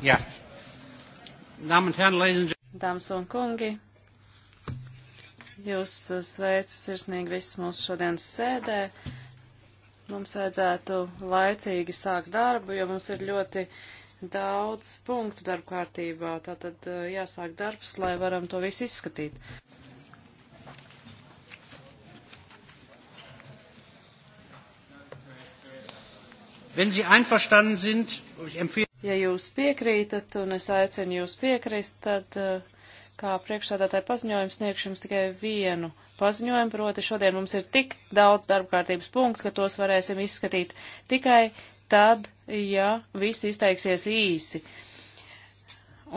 Jā. Dāmas un kungi, jūs uh, sveicu sirsnīgi visus mūsu šodienas sēdē. Mums vajadzētu laicīgi sākt darbu, jo mums ir ļoti daudz punktu darba kārtībā. Tātad uh, jāsāk darbs, lai varam to visu izskatīt. Wenn Sie einverstanden sind, ich empfehle Ja jūs piekrītat, un es aicinu jūs piekrist, tad eh, kā priekšsādātāja paziņojums sniegšu jums tikai vienu paziņojumu, proti šodien mums ir tik daudz darba kārtības punktu, ka tos varēsim izskatīt tikai tad, ja viss izteiksies īsi.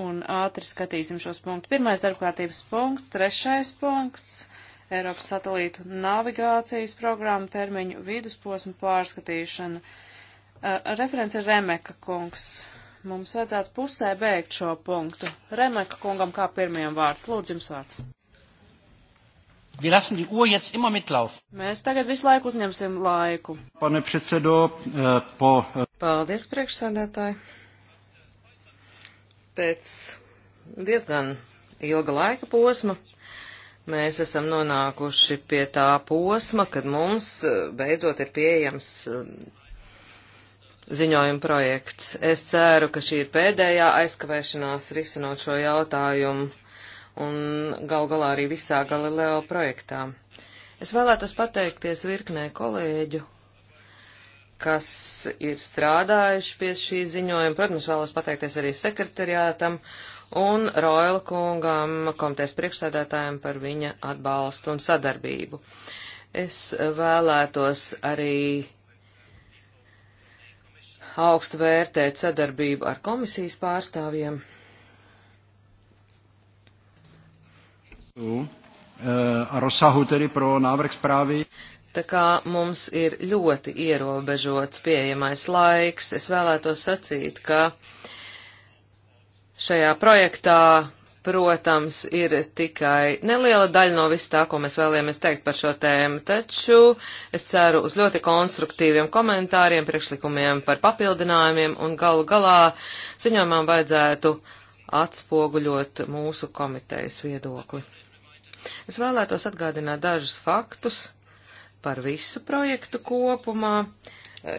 Un ātri skatīsim šos punktus. Pirmais darba kārtības punkts, trešais punkts. Eiropas satelītu navigācijas programma termiņu vidusposmu pārskatīšana. Uh, Eh, referents ir Remeka kungs. Mums vajadzētu pusē beigt šo punktu. Remeka kungam kā pirmajam vārds. Lūdzu, jums vārds. Wir lassen die Uhr jetzt immer mitlaufen. Mēs tagad visu laiku uzņemsim laiku. Pane predsedo, eh, po... Eh, Paldies, priekšsēdētāji. Pēc diezgan ilga laika posma mēs esam nonākuši pie tā posma, kad mums beidzot ir pieejams ziņojuma projekts. Es ceru, ka šī ir pēdējā aizkavēšanās risinot šo jautājumu un gal galā arī visā Galileo projektā. Es vēlētos pateikties virknē kolēģu, kas ir strādājuši pie šī ziņojuma. Protams, vēlos pateikties arī sekretariātam un Roila kungam, komitejas priekšsēdētājiem par viņa atbalstu un sadarbību. Es vēlētos arī augstu vērtēt sadarbību ar komisijas pārstāvjiem. E, rozsahu tedy pro návrh zprávy. Tā kā mums ir ļoti ierobežots pieejamais laiks, es vēlētos sacīt, ka šajā projektā protams, ir tikai neliela daļa no viss tā, ko mēs vēlamies teikt par šo tēmu, taču es ceru uz ļoti konstruktīviem komentāriem, priekšlikumiem par papildinājumiem un galu galā ziņojumam vajadzētu atspoguļot mūsu komitejas viedokli. Es vēlētos atgādināt dažus faktus par visu projektu kopumā,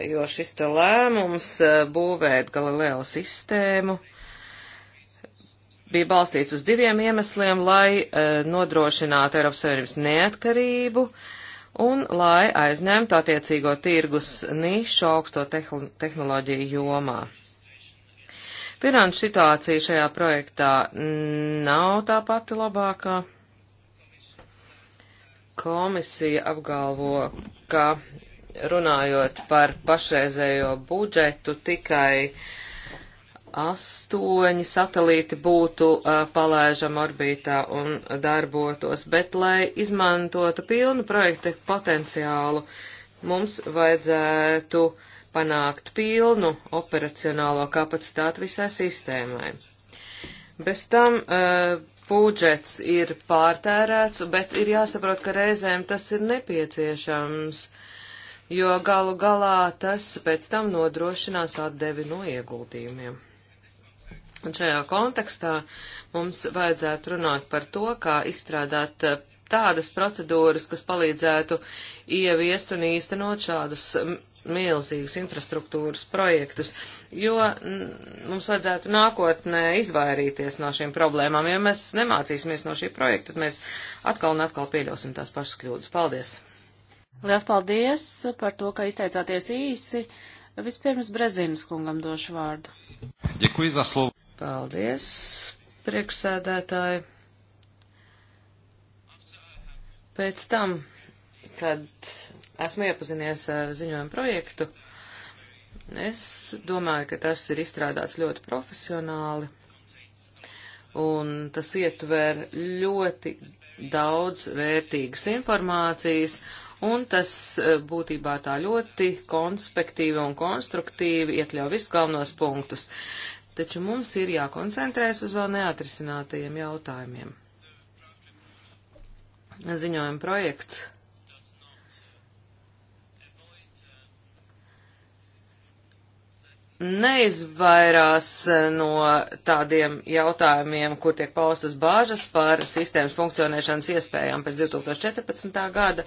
jo šis te lēmums būvēt Galileo sistēmu bija balstīts uz diviem iemesliem, lai e, nodrošinātu Eiropas Savienības neatkarību un lai aizņemtu attiecīgo tirgus nišu augsto tehnoloģiju jomā. Finanšu situācija šajā projektā nav tā pati labākā. Komisija apgalvo, ka runājot par pašreizējo budžetu tikai uh, astoņi satelīti būtu uh, palaižami orbītā un darbotos, bet, lai izmantotu pilnu projekta potenciālu, mums vajadzētu panākt pilnu operacionālo kapacitāti visai sistēmai. Bez tam uh, budžets ir pārtērēts, bet ir jāsaprot, ka reizēm tas ir nepieciešams jo galu galā tas pēc tam nodrošinās atdevi no ieguldījumiem. Un šajā kontekstā mums vajadzētu runāt par to, kā izstrādāt eh, tādas procedūras, kas palīdzētu ieviest un īstenot šādus milzīgus infrastruktūras projektus, jo mums vajadzētu nākotnē izvairīties no šīm problēmām. Ja mēs nemācīsimies no šī projekta, tad mēs atkal un atkal pieļausim tās pašas kļūdas. Paldies! Lielas paldies par to, ka izteicāties īsi. Vispirms Brezīnas kungam došu vārdu. Ďakujem za slovo. Paldies, priekšsēdētāji. Pēc tam, kad esmu iepazinies ar ziņojumu projektu, es domāju, ka tas ir izstrādāts ļoti profesionāli, un tas ietver ļoti daudz vērtīgas informācijas, un tas e, būtībā tā ļoti konspektīvi un konstruktīvi iekļauj visus galvenos punktus taču mums ir jākoncentrēs uz vēl neatrisinātajiem jautājumiem. Ziņojuma projekts neizvairās eh, no tādiem jautājumiem, kur tiek paustas bāžas par sistēmas funkcionēšanas iespējām pēc 2014. gada.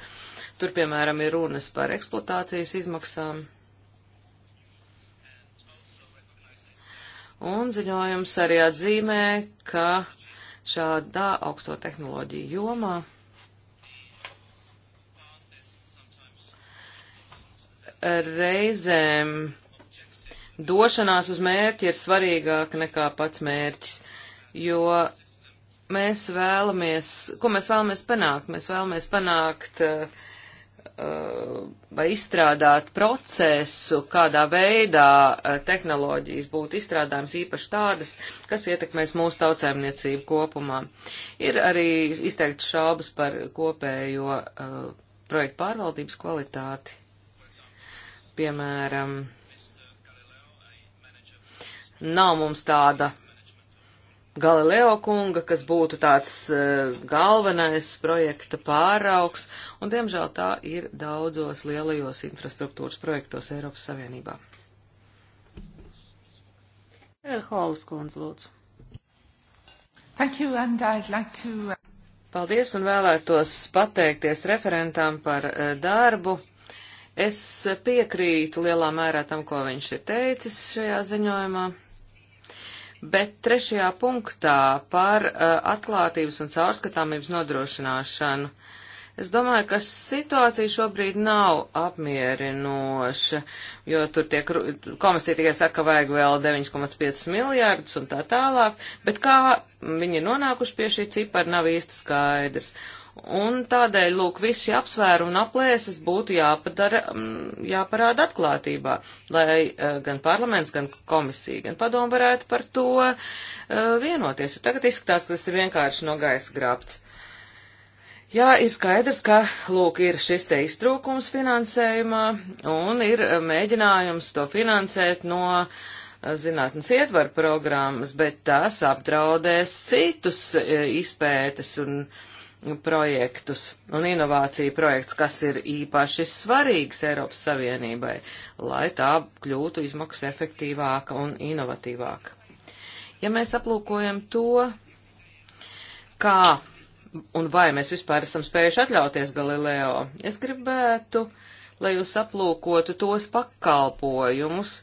Tur, piemēram, ir runas par eksploatācijas izmaksām. Un ziņojums arī atzīmē, ka šādā augsto tehnoloģiju jomā reizēm došanās uz mērķi ir svarīgāka nekā pats mērķis, jo mēs vēlamies, ko mēs vēlamies panākt? Mēs vēlamies panākt uh, vai izstrādāt procesu, kādā veidā eh, tehnoloģijas būtu izstrādājums īpaši tādas, kas ietekmēs mūsu tautsēmniecību kopumā. Ir arī izteikts šaubas par kopējo uh, projektu pārvaldības kvalitāti. Piemēram, nav mums tāda Galileo kunga, kas būtu tāds uh, galvenais projekta pāraugs, un diemžēl tā ir daudzos lielajos infrastruktūras projektos Eiropas Savienībā. Holas kundze, lūdzu. Thank you, and I'd like to... Uh, Paldies un vēlētos pateikties referentam par uh, darbu. Es piekrītu lielā mērā tam, ko viņš ir teicis šajā ziņojumā. Bet trešajā punktā par uh, atklātības un caurskatāmības nodrošināšanu. Es domāju, ka situācija šobrīd nav apmierinoša, jo tur tiek, komisija tikai saka, ka vajag vēl 9,5 miljārdus un tā tālāk, bet kā viņi ir nonākuši pie šī cipara, nav īsti skaidrs. Uh, Un tādēļ, lūk, visi apsvērumi un aplēses būtu jāpadara, jāparāda atklātībā, lai eh, gan parlaments, gan komisija, gan padomu varētu par to eh, vienoties. Jo tagad izskatās, ka tas ir vienkārši no gaisa grābts. Jā, ir skaidrs, ka, lūk, ir šis te iztrūkums finansējumā un ir eh, mēģinājums to finansēt no uh, zinātnes ietvaru programmas, bet tas apdraudēs citus izpētes un uh, projektus un inovāciju projekts, kas ir īpaši svarīgs Eiropas Savienībai, lai tā kļūtu izmaksu efektīvāka un inovatīvāka. Ja mēs aplūkojam to, kā un vai mēs vispār esam spējuši atļauties Galileo, es gribētu, lai jūs aplūkotu tos pakalpojumus,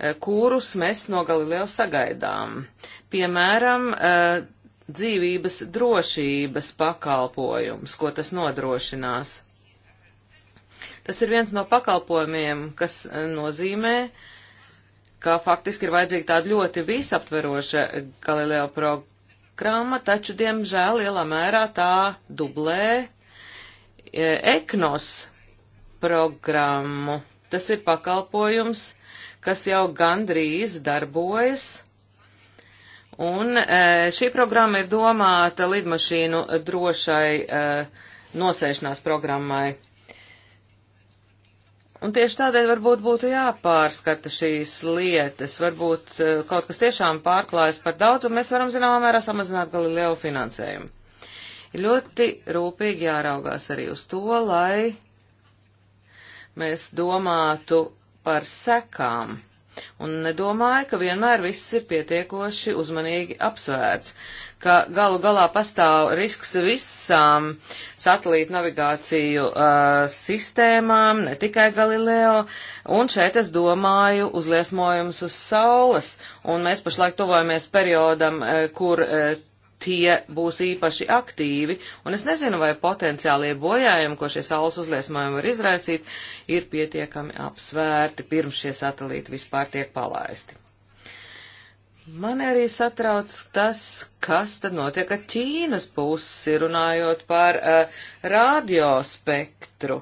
eh, kurus mēs no Galileo sagaidām. Piemēram, eh, dzīvības drošības pakalpojums, ko tas nodrošinās. Tas ir viens no pakalpojumiem, kas e, nozīmē, ka faktiski ir vajadzīga tāda ļoti visaptveroša Galileo programma, taču, diemžēl, lielā mērā tā dublē e, eknos programmu. Tas ir pakalpojums, kas jau gandrīz darbojas Un e, šī programma ir domāta lidmašīnu drošai e, nosēšanās programmai. Un tieši tādēļ varbūt būtu jāpārskata šīs lietas, varbūt e, kaut kas tiešām pārklājas par daudz, un mēs varam zināmā mērā samazināt Galileo finansējumu. Ir ļoti rūpīgi jāraugās arī uz to, lai mēs domātu par sekām un nedomāju, ka vienmēr viss ir pietiekoši uzmanīgi apsvērts, ka galu galā pastāv risks visām satelīta navigāciju uh, sistēmām, ne tikai Galileo, un šeit es domāju uzliesmojums uz Saules, un mēs pašlaik tuvojamies periodam, uh, kur uh, tie būs īpaši aktīvi, un es nezinu, vai potenciālie bojājumi, ko šie saules uzliesmojumi var izraisīt, ir pietiekami apsvērti pirms šie satelīti vispār tiek palaisti. Man arī satrauc tas, kas tad notiek ar Ķīnas pusi, runājot par uh, radiospektru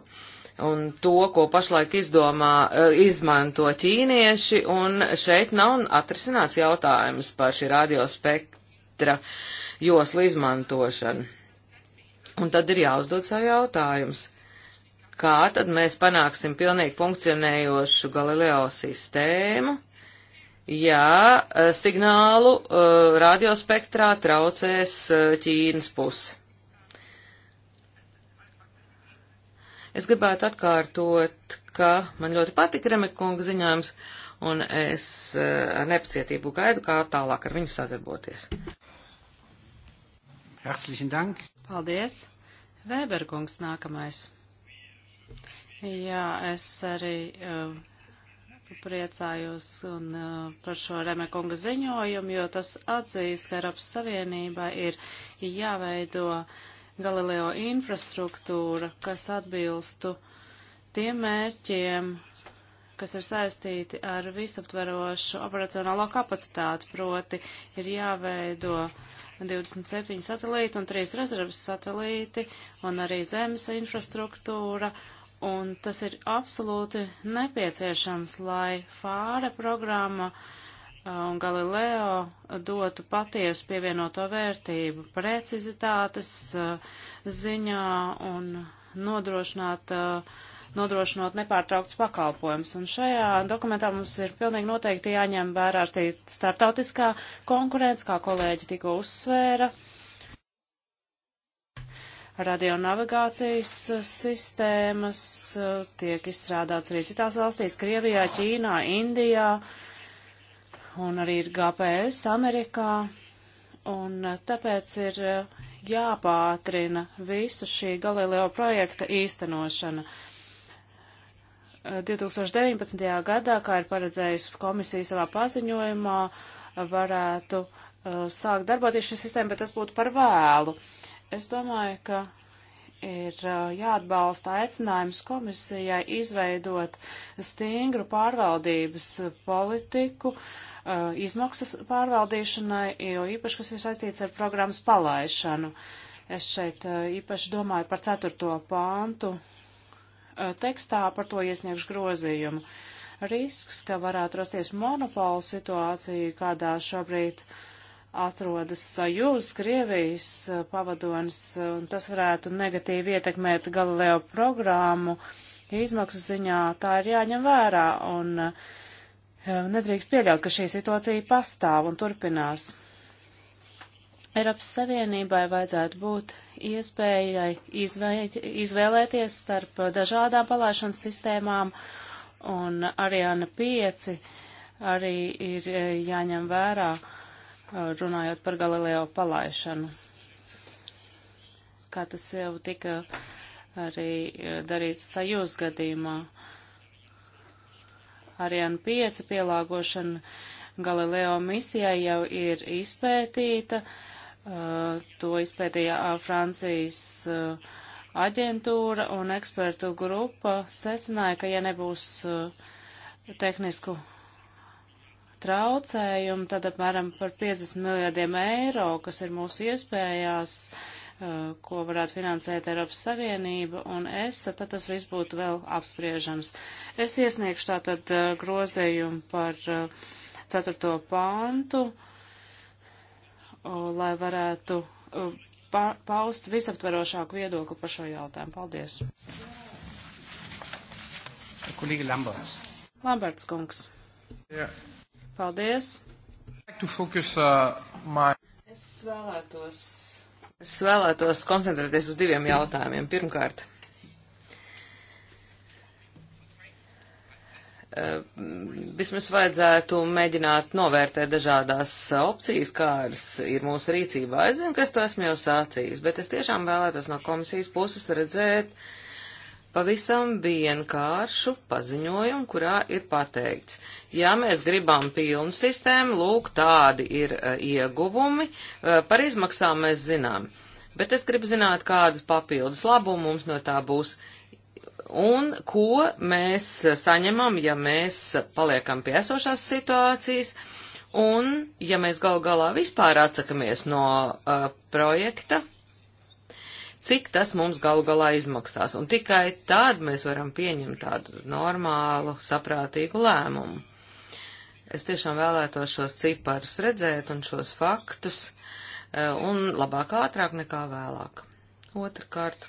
un to, ko pašlaik izdomā, uh, izmanto ķīnieši, un šeit nav atrisināts jautājums par šī radiospektra uh, joslu izmantošanu. Un tad ir jāuzdod savu jautājums, kā tad mēs panāksim pilnīgi funkcionējošu Galileo sistēmu, ja eh, signālu uh, radiospektrā traucēs uh, Ķīnas puse. Es gribētu atkārtot, ka man ļoti patika Remekunga ziņojums, un es ar nepacietību gaidu, kā tālāk ar viņu sadarboties. Herzlichen Dank. Paldies. Vēberkungs nākamais. Jā, es arī uh, priecājos un, uh, par šo Remekunga ziņojumu, jo tas atzīst, ka Eiropas Savienībai ir jāveido Galileo infrastruktūra, kas atbilstu tiem mērķiem, kas ir saistīti ar visaptverošu operacionālo kapacitāti, proti ir jāveido 27 satelīti un 3 rezerves satelīti un arī zemes infrastruktūra. Un tas ir absolūti nepieciešams, lai fāra programma uh, un Galileo dotu patiesu pievienoto vērtību precizitātes uh, ziņā un nodrošināt uh, nodrošinot nepārtraukts pakalpojums. Un šajā dokumentā mums ir pilnīgi noteikti jāņem vērā arī startautiskā konkurence, kā kolēģi tikko uzsvēra. Radionavigācijas sistēmas uh, tiek izstrādāts arī citās valstīs - Krievijā, Ķīnā, Indijā un arī ir GPS Amerikā. Un uh, tāpēc ir uh, jāpātrina visa šī Galileo projekta īstenošana. 2019. Eh, gadā, kā ir paredzējusi komisija savā paziņojumā, varētu eh, sākt darboties šī sistēma, bet tas būtu par vēlu. Es domāju, ka ir eh, jāatbalsta aicinājums komisijai izveidot stingru pārvaldības politiku, izmaksu pārvaldīšanai, jo īpaši, kas ir saistīts ar programmas palaišanu. Es šeit īpaši domāju par ceturto pāntu Eh, tekstā, par to iesniegšu grozījumu. Risks, ka varētu rasties monopola situācija, kādā šobrīd atrodas Sajūz, Krievijas eh, pavadonis, eh, un tas varētu negatīvi ietekmēt Galileo programmu izmaksu ziņā, tā ir jāņem vērā, un nedrīkst pieļaut, ka šī situācija pastāv un turpinās. Eiropas Savienībai vajadzētu būt iespējai izvēļ, izvēlēties starp dažādām palaišanas sistēmām, un Ariana 5 arī ir e, jāņem vērā, e, runājot par Galileo palaišanu. Kā tas jau tika arī e, darīts sajūs gadījumā. Ariana 5 pielāgošana Galileo misijai jau ir izpētīta. Uh, Eh, to izpētīja eh, Francijas eh, aģentūra un ekspertu grupa secināja, ka ja nebūs tehnisku traucējumu, tad apmēram par 50 miljardiem eiro, kas ir mūsu iespējās, ko varētu finansēt Eiropas Savienība un es, tad tas viss būtu vēl apspriežams. Es iesniegšu tātad grozējumu par 4. pāntu. Uh, lai varētu paust visaptverošāku viedokli par šo jautājumu. Paldies! Kolīgi Lamberts. Lamberts kungs. Jā. Yeah. Paldies. Focus, uh, my... Es vēlētos. Es vēlētos koncentrēties uz diviem jautājumiem. Pirmkārt, Eh, vismaz vajadzētu mēģināt novērtēt dažādās opcijas, kādas ir mūsu rīcībā. Es zinu, kas to esmu jau sācījis, bet es tiešām vēlētos no komisijas puses redzēt pavisam vienkāršu paziņojumu, kurā ir pateikts, ja mēs gribam pilnu sistēmu, lūk, tādi ir eh, ieguvumi, eh, par izmaksām mēs zinām. Bet es gribu zināt, kādus papildus labumus mums no tā būs. Uh, un ko mēs saņemam, ja mēs paliekam pie esošās situācijas, un ja mēs gal galā vispār atsakamies no uh, projekta, cik tas mums gal galā izmaksās, un tikai tad mēs varam pieņemt tādu normālu, saprātīgu lēmumu. Es tiešām vēlētos šos ciparus redzēt un šos faktus, uh, un labāk ātrāk nekā vēlāk. Otrakārt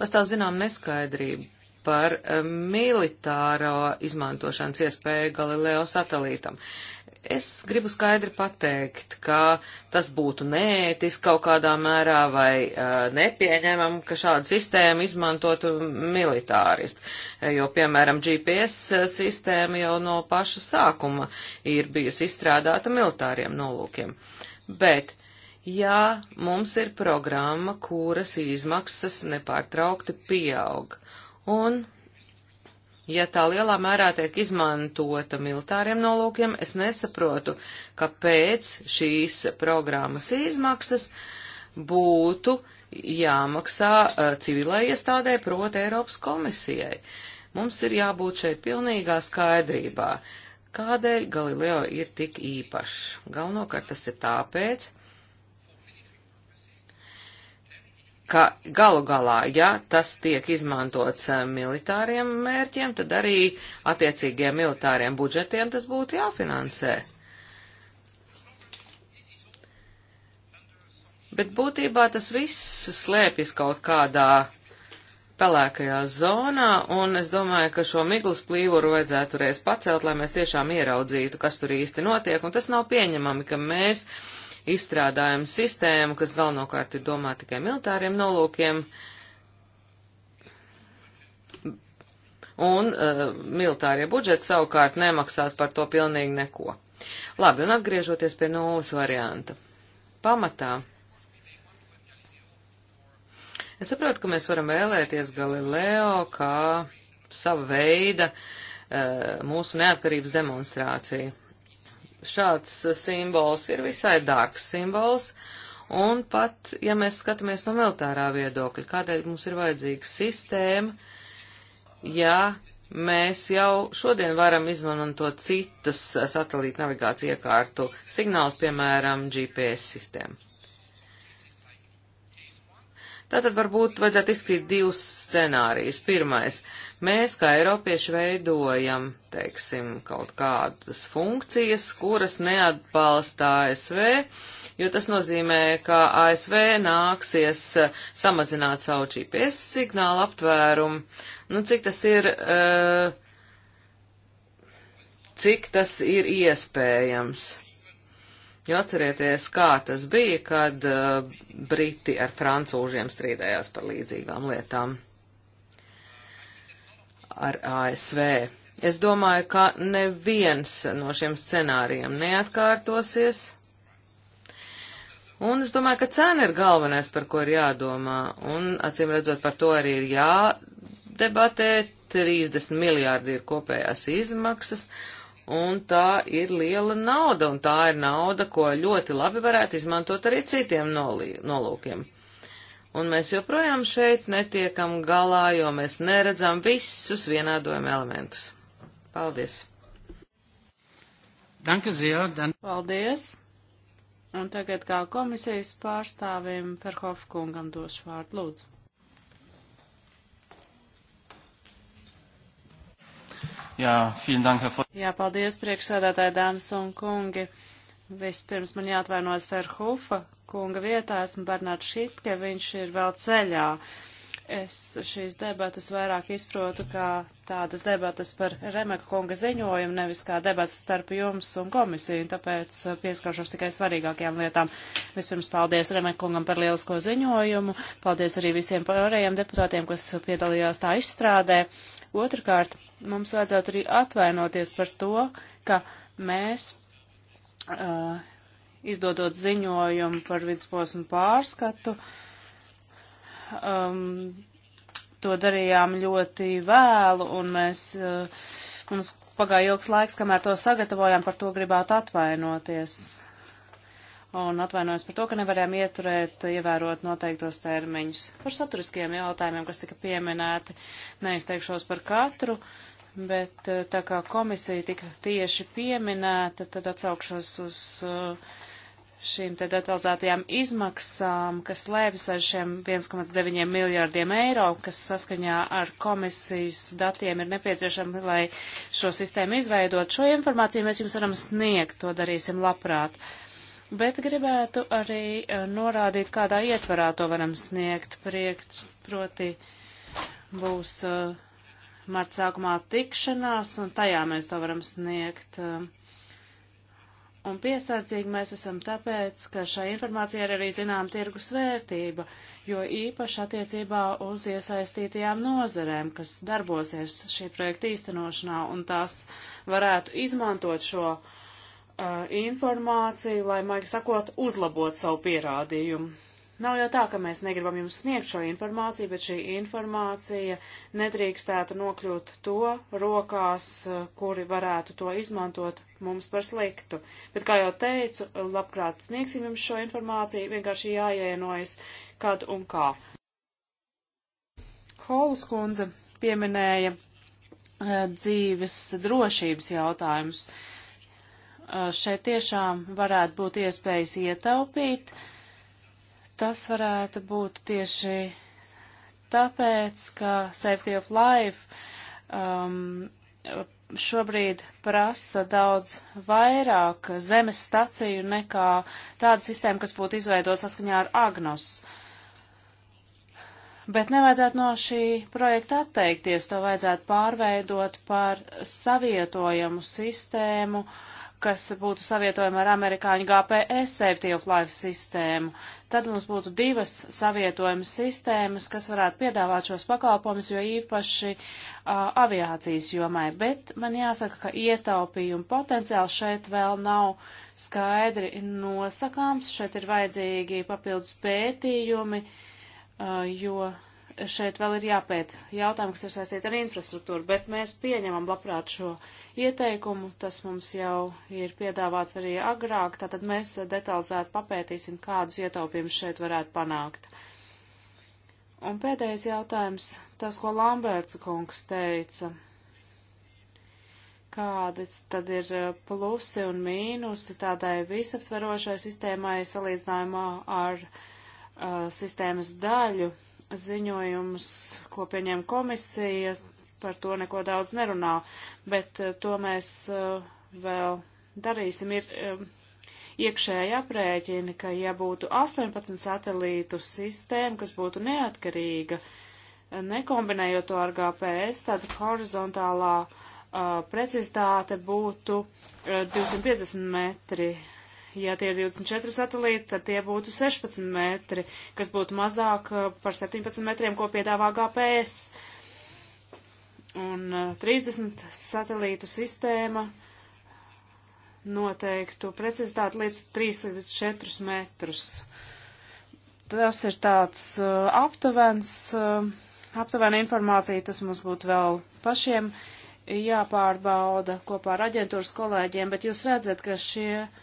pastāv zinām neskaidrība par eh, militāro izmantošanas iespēju Galileo satelītam. Es gribu skaidri pateikt, ka tas būtu neētiski kaut kādā mērā vai uh, nepieņemam, ka šādu sistēmu izmantotu militāristi, jo, piemēram, GPS sistēma jau no paša sākuma ir bijusi izstrādāta militāriem nolūkiem. Bet uh, Jā, mums ir programma, kuras izmaksas nepārtraukti pieaug. Un, ja tā lielā mērā tiek izmantota militāriem nolūkiem, es nesaprotu, kāpēc šīs programmas izmaksas būtu jāmaksā uh, civilai iestādē, proti Eiropas komisijai. Mums ir jābūt šeit pilnīgā skaidrībā, kādēļ Galileo ir tik īpašs. Galvenokārt tas ir tāpēc, ka galu galā, ja tas tiek izmantots eh, militāriem mērķiem, tad arī attiecīgiem militāriem budžetiem tas būtu jāfinansē. Bet būtībā tas viss slēpjas kaut kādā pelēkajā zonā, un es domāju, ka šo miglas plīvuru vajadzētu reiz pacelt, lai mēs tiešām ieraudzītu, kas tur īsti notiek, un tas nav pieņemami, ka mēs uh, izstrādājam sistēmu, kas galvenokārt ir domāta tikai militāriem nolūkiem. Un uh, militārie budžeti savukārt nemaksās par to pilnīgi neko. Labi, un atgriežoties pie nulles varianta. Pamatā Es saprotu, ka mēs varam vēlēties Galileo kā sava veida uh, mūsu neatkarības demonstrāciju šāds eh, simbols ir visai dārgs simbols, un pat, ja mēs skatāmies no militārā viedokļa, kādēļ mums ir vajadzīga sistēma, ja mēs jau šodien varam izmantot citus eh, satelīta navigāciju iekārtu signālus, piemēram, GPS sistēmu. Tātad varbūt vajadzētu izskatīt divus scenārijus. Pirmais Mēs, kā Eiropieši, veidojam, teiksim, kaut kādas funkcijas, kuras neatbalsta ASV, jo tas nozīmē, ka ASV nāksies eh, samazināt savu GPS signālu aptvērumu. Nu, cik tas ir. Uh, cik tas ir iespējams. Jo atcerieties, kā tas bija, kad uh, Briti ar francūžiem strīdējās par līdzīgām lietām ar ASV. Es domāju, ka neviens no šiem scenārijiem neatkārtosies. Un es domāju, ka cena ir galvenais, par ko ir jādomā. Un acīm redzot, par to arī ir jādebatē. 30 miljārdi ir kopējās izmaksas. Un tā ir liela nauda, un tā ir nauda, ko ļoti labi varētu izmantot arī citiem nolī, nolūkiem un mēs joprojām šeit netiekam galā, jo mēs neredzam visus vienādojuma elementus. Paldies! Danke sehr, dan... Paldies! Un tagad kā komisijas pārstāvim Perhof kungam došu vārdu lūdzu. Jā, dank, Herr... Jā, paldies priekšsēdētāji dāmas un kungi. Vispirms man jāatvainojas Ferhofa kunga vietā esmu Bernārds Šitke, viņš ir vēl ceļā. Es šīs debatas vairāk izprotu kā tādas debatas par Remeka kunga ziņojumu, nevis kā debatas starp jums un komisiju, un tāpēc uh, pieskaršos tikai svarīgākajām lietām. Vispirms paldies Remeka kungam par lielisko ziņojumu, paldies arī visiem pārējiem deputātiem, kas piedalījās tā izstrādē. Otrakārt, mums vajadzētu arī atvainoties par to, ka mēs uh, izdodot ziņojumu par vidusposmu pārskatu. Um, to darījām ļoti vēlu, un mēs, uh, mums pagāja ilgs laiks, kamēr to sagatavojām, par to gribētu atvainoties. Un atvainojos par to, ka nevarējām ieturēt, ievērot noteiktos termiņus. Par saturiskiem jautājumiem, kas tika pieminēti, neizteikšos par katru, bet uh, tā kā komisija tika tieši pieminēta, tad atsaukšos uz uh, šīm te detalizētajām izmaksām, kas lēvis ar šiem 1,9 miljārdiem eiro, kas saskaņā ar komisijas datiem ir nepieciešami, lai šo sistēmu izveidot. Šo informāciju mēs jums varam sniegt, to darīsim labprāt. Bet gribētu arī eh, norādīt, kādā ietvarā to varam sniegt priekš, proti būs uh, eh, marta sākumā tikšanās, un tajā mēs to varam sniegt. Uh, Un piesardzīgi mēs esam tāpēc, ka šai informācijai ir arī zinām tirgus vērtība, jo īpaši attiecībā uz iesaistītajām nozerēm, kas darbosies šī projekta īstenošanā, un tās varētu izmantot šo uh, informāciju, lai, maigi sakot, uzlabot savu pierādījumu. Nav jau tā, ka mēs negribam jums sniegt šo informāciju, bet šī informācija nedrīkstētu nokļūt to rokās, eh, kuri varētu to izmantot mums par sliktu. Bet, kā jau teicu, labprāt sniegsim jums šo informāciju, vienkārši jāienojas, kad un kā. Holas kundze pieminēja eh, dzīves drošības jautājumus. Eh, šeit tiešām varētu būt iespējas ietaupīt. Uh, Tas varētu būt tieši tāpēc, ka Safety of Life um, šobrīd prasa daudz vairāk zemes staciju nekā tāda sistēma, kas būtu izveidota saskaņā ar Agnos. Bet nevajadzētu no šī projekta atteikties, to vajadzētu pārveidot par savietojamu sistēmu uh, kas būtu savietojama ar amerikāņu GPS Safety of Life sistēmu. Tad mums būtu divas savietojamas sistēmas, kas varētu piedāvāt šos pakalpojumus, jo īpaši uh, aviācijas jomai. Bet man jāsaka, ka ietaupījumu potenciāls šeit vēl nav skaidri nosakāms. Šeit ir vajadzīgi papildus pētījumi, uh, jo šeit vēl ir jāpēt jautājumi, kas ir saistīti ar infrastruktūru, bet mēs pieņemam labprāt šo ieteikumu, tas mums jau ir piedāvāts arī agrāk, tātad mēs detalizēti papētīsim, kādus ietaupījumus šeit varētu panākt. Un pēdējais jautājums, tas, ko Lamberts kungs teica, kādi tad ir uh, plusi un mīnusi tādai visaptverošai sistēmai salīdzinājumā ar uh, sistēmas daļu, ziņojums, ko pieņem komisija, par to neko daudz nerunā, bet eh, to mēs eh, vēl darīsim. Ir eh, iekšēji aprēķini, ka ja būtu 18 satelītu sistēma, kas būtu neatkarīga, nekombinējot to ar GPS, tad horizontālā uh, precizitāte būtu 250 metri Ja tie ir 24 satelīti, tad tie būtu 16 metri, kas būtu mazāk eh, par 17 metriem, ko piedāvā GPS. Un 30 eh, satelītu sistēma noteiktu precizitāti līdz 3 līdz 4 metrus. Tas ir tāds uh, aptuvens, uh, aptuvena informācija, tas mums būtu vēl pašiem jāpārbauda kopā ar aģentūras kolēģiem, bet jūs redzat, ka šie uh,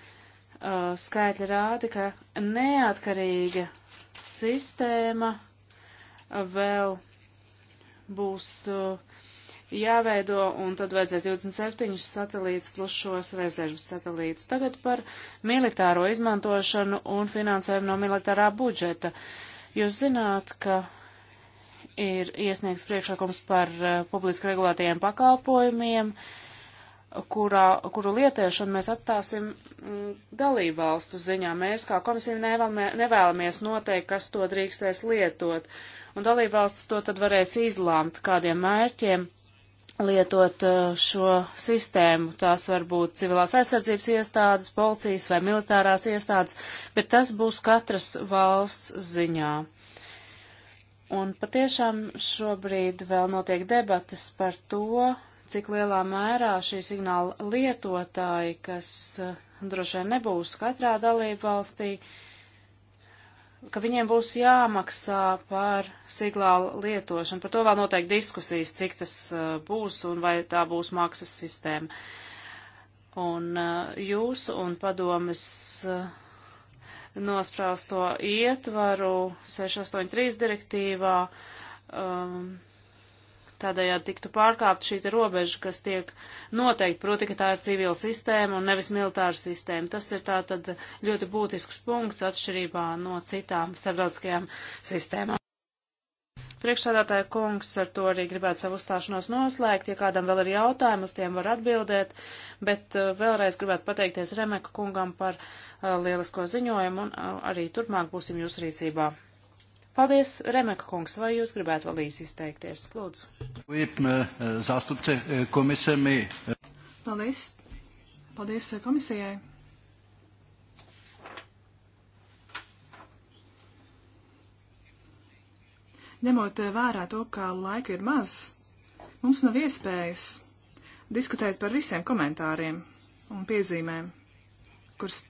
uh, skaitļi rāda, ka neatkarīga sistēma uh, vēl būs uh, jāveido, un tad vajadzēs 27 satelītus plus šos rezervas satelītus. Tagad par militāro izmantošanu un finansējumu no militārā budžeta. Jūs zināt, ka ir iesniegts priekšlikums par uh, publiski regulētajiem pakalpojumiem, uh, kurā, kuru lietošanu mēs atstāsim mm, dalībvalstu ziņā. Mēs kā komisija nevēlamie, nevēlamies noteikt, kas to drīkstēs lietot, un dalībvalsts to tad varēs izlāmt, kādiem mērķiem lietot eh, šo sistēmu. Tās var būt civilās aizsardzības iestādes, policijas vai militārās iestādes, bet tas būs katras valsts ziņā. Un patiešām šobrīd vēl notiek debatas par to, cik lielā mērā šī signāla lietotāji, kas eh, droši vien nebūs katrā dalību valstī, ka viņiem būs jāmaksā par signālu lietošanu. Par to vēl noteikti diskusijas, cik tas eh, būs un vai tā būs maksas sistēma. Un eh, jūsu un padomes nospraustu ietvaru 683 direktīvā. Um, Tādējādi tiktu pārkāpt šī robeža, kas tiek noteikti, proti, ka tā ir civila sistēma un nevis militāra sistēma. Tas ir tātad ļoti būtisks punkts atšķirībā no citām starptautiskajām sistēmām. Priekšsādātāja kungs ar to arī gribētu savu uzstāšanos noslēgt. Ja kādam vēl ir jautājumi, uz tiem var atbildēt, bet uh, vēlreiz gribētu pateikties Remeka kungam par uh, lielisko ziņojumu un uh, arī turpmāk būsim jūsu rīcībā. Paldies, Remeka kungs, vai jūs gribētu vēl īsi izteikties? Lūdzu. Eh, Paldies. Paldies eh, komisijai. Ņemot eh, vērā to, ka laika ir maz, mums nav iespējas diskutēt par visiem komentāriem un piezīmēm, kuras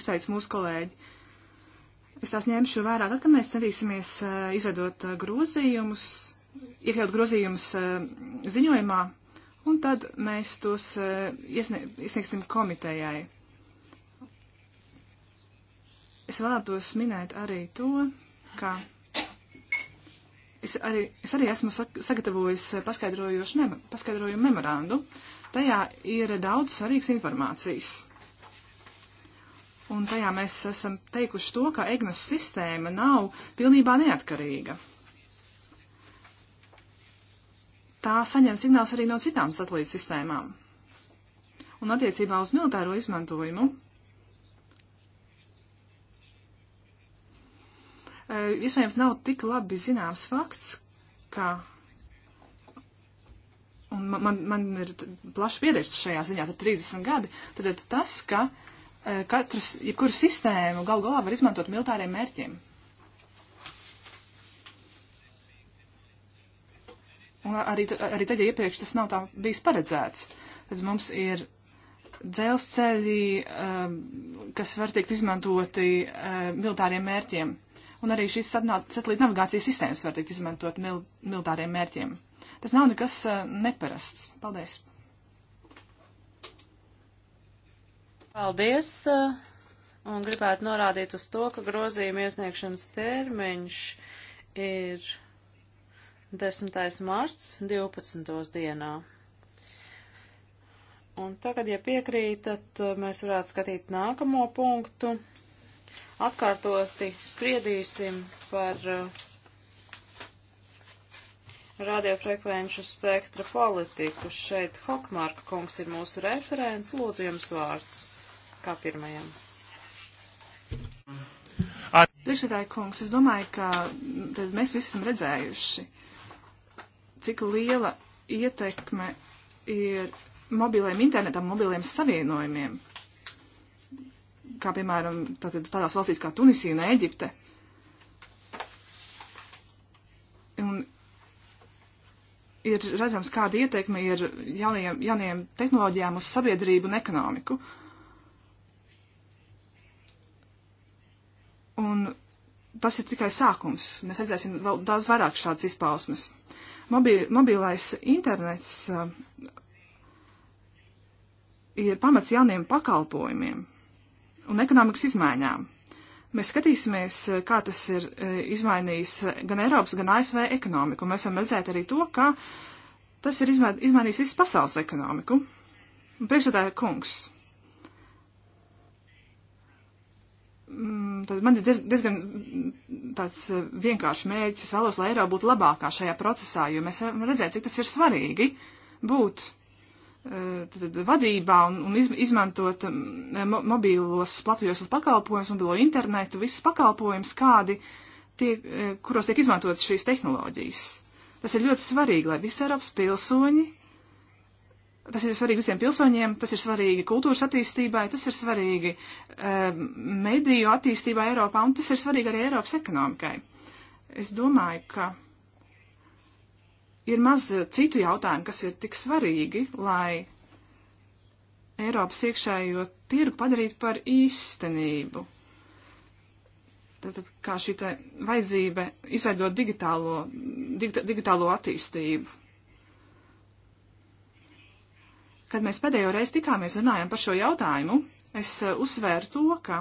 izteica mūsu kolēģi. Es tās ņemšu vērā, tad, kad mēs centīsimies eh, izveidot eh, grozījumus, iekļaut grozījumus eh, ziņojumā, un tad mēs tos iesniegsim komitejai. Es vēlētos minēt arī to, ka es arī, es arī esmu sagatavojis paskaidrojumu mem paskaidroju memorandu. Tajā ir daudz svarīgas informācijas Un tajā mēs esam teikuši to, ka EGNOS sistēma nav pilnībā neatkarīga. Tā saņem signāls arī no citām satelīta sistēmām. Un attiecībā uz militāro izmantojumu e, iespējams nav tik labi zināms fakts, ka un man, man, man ir plaši pieredze šajā ziņā, tad 30 gadi, tad tas, ka uh, Eh, katrs, jebkuru sistēmu gal galā var izmantot militāriem mērķiem. Un arī, arī tad, ja iepriekš tas nav tā bijis paredzēts, tad mums ir dzelzceļi, eh, kas var tikt izmantoti eh, militāriem mērķiem. Un arī šīs satelīta navigācijas sistēmas var tikt izmantot mil militāriem mērķiem. Tas nav nekas neparasts. Paldies! Paldies! Eh, un gribētu norādīt uz to, ka grozījuma iesniegšanas termiņš ir 10. marts 12. dienā. Un tagad, ja piekrītat, eh, mēs varētu skatīt nākamo punktu. Atkārtoti spriedīsim par eh, radiofrekvenču spektra politiku. Šeit Hokmārka kungs ir mūsu referents. Lūdzu, jums vārds kā pirmajam. Priekšsēdētāji kungs, es domāju, ka mēs visi esam redzējuši, cik liela ietekme ir mobiliem internetam, mobiliem savienojumiem. Kā piemēram tātad, tādās valstīs kā Tunisija un Eģipte. Un ir redzams, kāda ietekme ir jaunajiem, jaunajiem tehnoloģijām uz sabiedrību un ekonomiku. Uh, Un tas ir tikai sākums. Mēs redzēsim vēl daudz vairāk šādas izpausmes. Mobi mobilais internets uh, ir pamats jauniem pakalpojumiem un ekonomikas izmaiņām. Mēs skatīsimies, eh, kā tas ir uh, izmainījis gan Eiropas, gan ASV ekonomiku. Mēs varam redzēt arī to, ka tas ir izma izmainījis visu pasaules ekonomiku. Priekšsēdētāja kungs, Mm, tad man ir diez, diezgan tāds eh, vienkāršs mērķis. Es vēlos, lai Eiropa būtu labākā šajā procesā, jo mēs redzējām, cik tas ir svarīgi būt eh, tad, tad, vadībā un, un iz, izmantot mm, eh, mo, mobīlos platujos pakalpojumus, mobilo internetu, visus pakalpojumus, kādi tie, kuros tiek izmantotas šīs tehnoloģijas. Tas ir ļoti svarīgi, lai visi Eiropas pilsoņi Tas ir svarīgi visiem pilsoņiem, tas ir svarīgi kultūras attīstībai, tas ir svarīgi uh, mediju attīstībai Eiropā un tas ir svarīgi arī Eiropas ekonomikai. Es domāju, ka ir maz citu jautājumu, kas ir tik svarīgi, lai Eiropas iekšējo tirgu padarītu par īstenību. Tātad kā šī vajadzība izveidot digitālo, digita, digitālo attīstību. Kad mēs pēdējo reizi tikāmies runājām par šo jautājumu, es eh, uzsvēru to, ka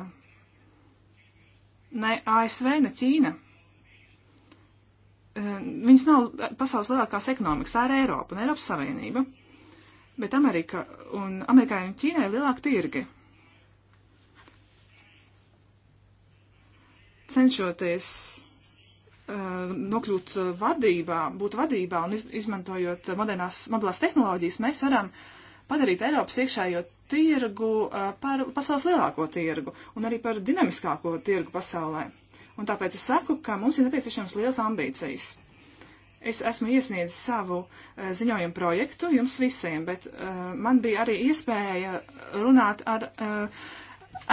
ne ASV, ne Ķīna. Eh, viņas nav pasaules lielākās ekonomikas, tā ir Eiropa un Eiropas Savienība. Bet Amerika un Amerikai un Ķīnai ir lielāki tirgi. Cenšoties uh, nokļūt vadībā, būt vadībā un iz, izmantojot modernās mobilās tehnoloģijas, mēs varam uh, padarīt Eiropas iekšējo tirgu par pasaules lielāko tirgu un arī par dinamiskāko tirgu pasaulē. Un tāpēc es saku, ka mums ir nepieciešams liels ambīcijas. Es esmu iesniedzis savu ziņojumu projektu jums visiem, bet uh, man bija arī iespēja runāt ar uh,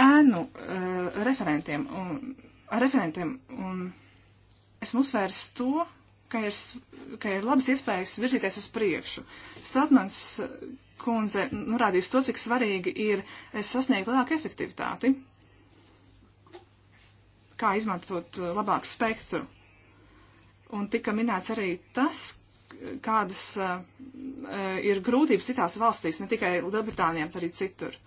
ēnu uh, referentiem un, ar referentiem, un esmu uzsvērs to, ka ir, ka ir labas iespējas virzīties uz priekšu. Stratmans kundze norādījusi to, cik svarīgi ir sasniegt lielāku efektivitāti. Kā izmantot uh, labāku spektru. Un tika minēts arī tas, kādas uh, uh, ir grūtības citās valstīs, ne tikai Lielbritānijā, bet arī citur.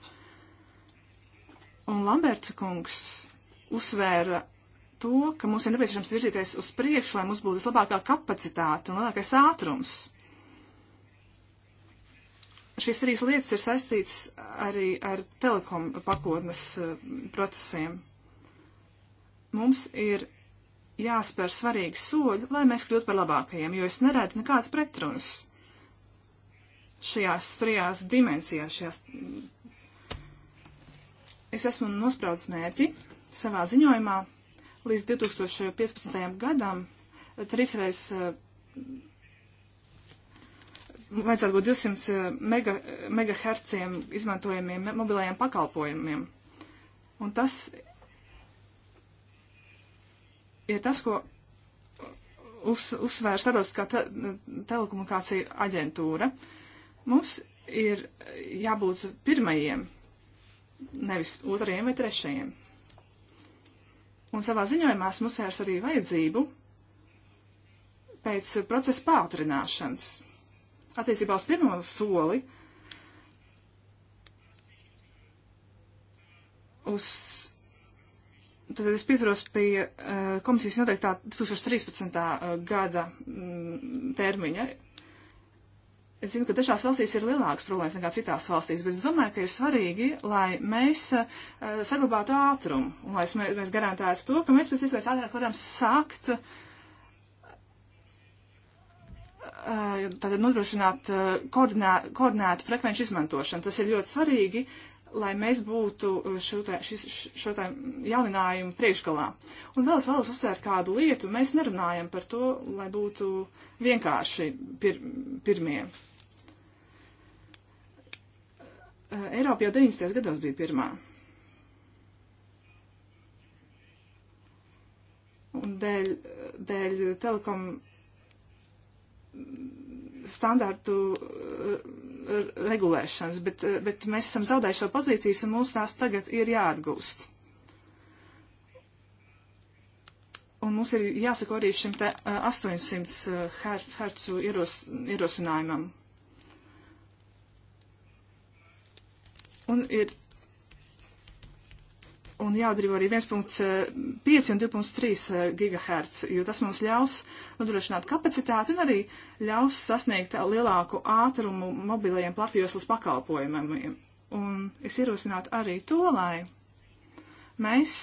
Un Lamberts kungs uzsvēra to, ka mums ir nepieciešams virzīties uz priekšu, lai mums būtu vislabākā kapacitāte un lielākais ātrums šīs trīs lietas ir saistītas arī ar telekom pakotnes eh, procesiem. Mums ir jāspēr svarīgi soļi, lai mēs kļūtu par labākajiem, jo es neredzu nekādas pretrunas šajās trijās dimensijās. Šajās... Es esmu nospraudis mērķi savā ziņojumā līdz 2015. gadam trīsreiz eh, vajadzētu būt 200 eh, mega, megaherciem izmantojamiem mobilajiem pakalpojumiem. Un tas ir tas, ko uz, uzsvēra starptautiskā te, telekomunikācija aģentūra. Mums ir jābūt pirmajiem, nevis otrajiem vai trešajiem. Un savā ziņojumā esmu uzsvērs arī vajadzību pēc procesa pātrināšanas attiecībā uz pirmo soli, uz, tad es pieturos pie uh, komisijas noteiktā 2013. Eh, gada mm, termiņa. Es zinu, ka dažās valstīs ir lielākas problēmas nekā citās valstīs, bet es domāju, ka ir svarīgi, lai mēs uh, saglabātu ātrumu un lai mēs, mēs garantētu to, ka mēs pēc iespējas ātrāk varam sākt uh, Eh, tātad nodrošināt eh, koordinē, koordinētu frekvenču izmantošanu. Tas ir ļoti svarīgi, lai mēs būtu eh, šo, tā, šis, šo tā jauninājumu priekšgalā. Un vēl es vēlos uzsvērt kādu lietu. Mēs nerunājam par to, lai būtu vienkārši pir, pirmie. Eiropa jau 90. gados bija pirmā. Un dēļ, dēļ telekom standartu eh, regulēšanas, bet, eh, bet mēs esam zaudējuši savu pozīcijas un mums tās tagad ir jāatgūst. Un mums ir jāsako arī šim te 800 herc, hercu ieros, ierosinājumam. Un ir un jāatbrīvo arī 1.5 un 2.3 eh, GHz, jo tas mums ļaus nodrošināt kapacitāti un arī ļaus sasniegt lielāku ātrumu mobilajiem platjoslas pakalpojumiem. Un es ierosinātu arī to, lai mēs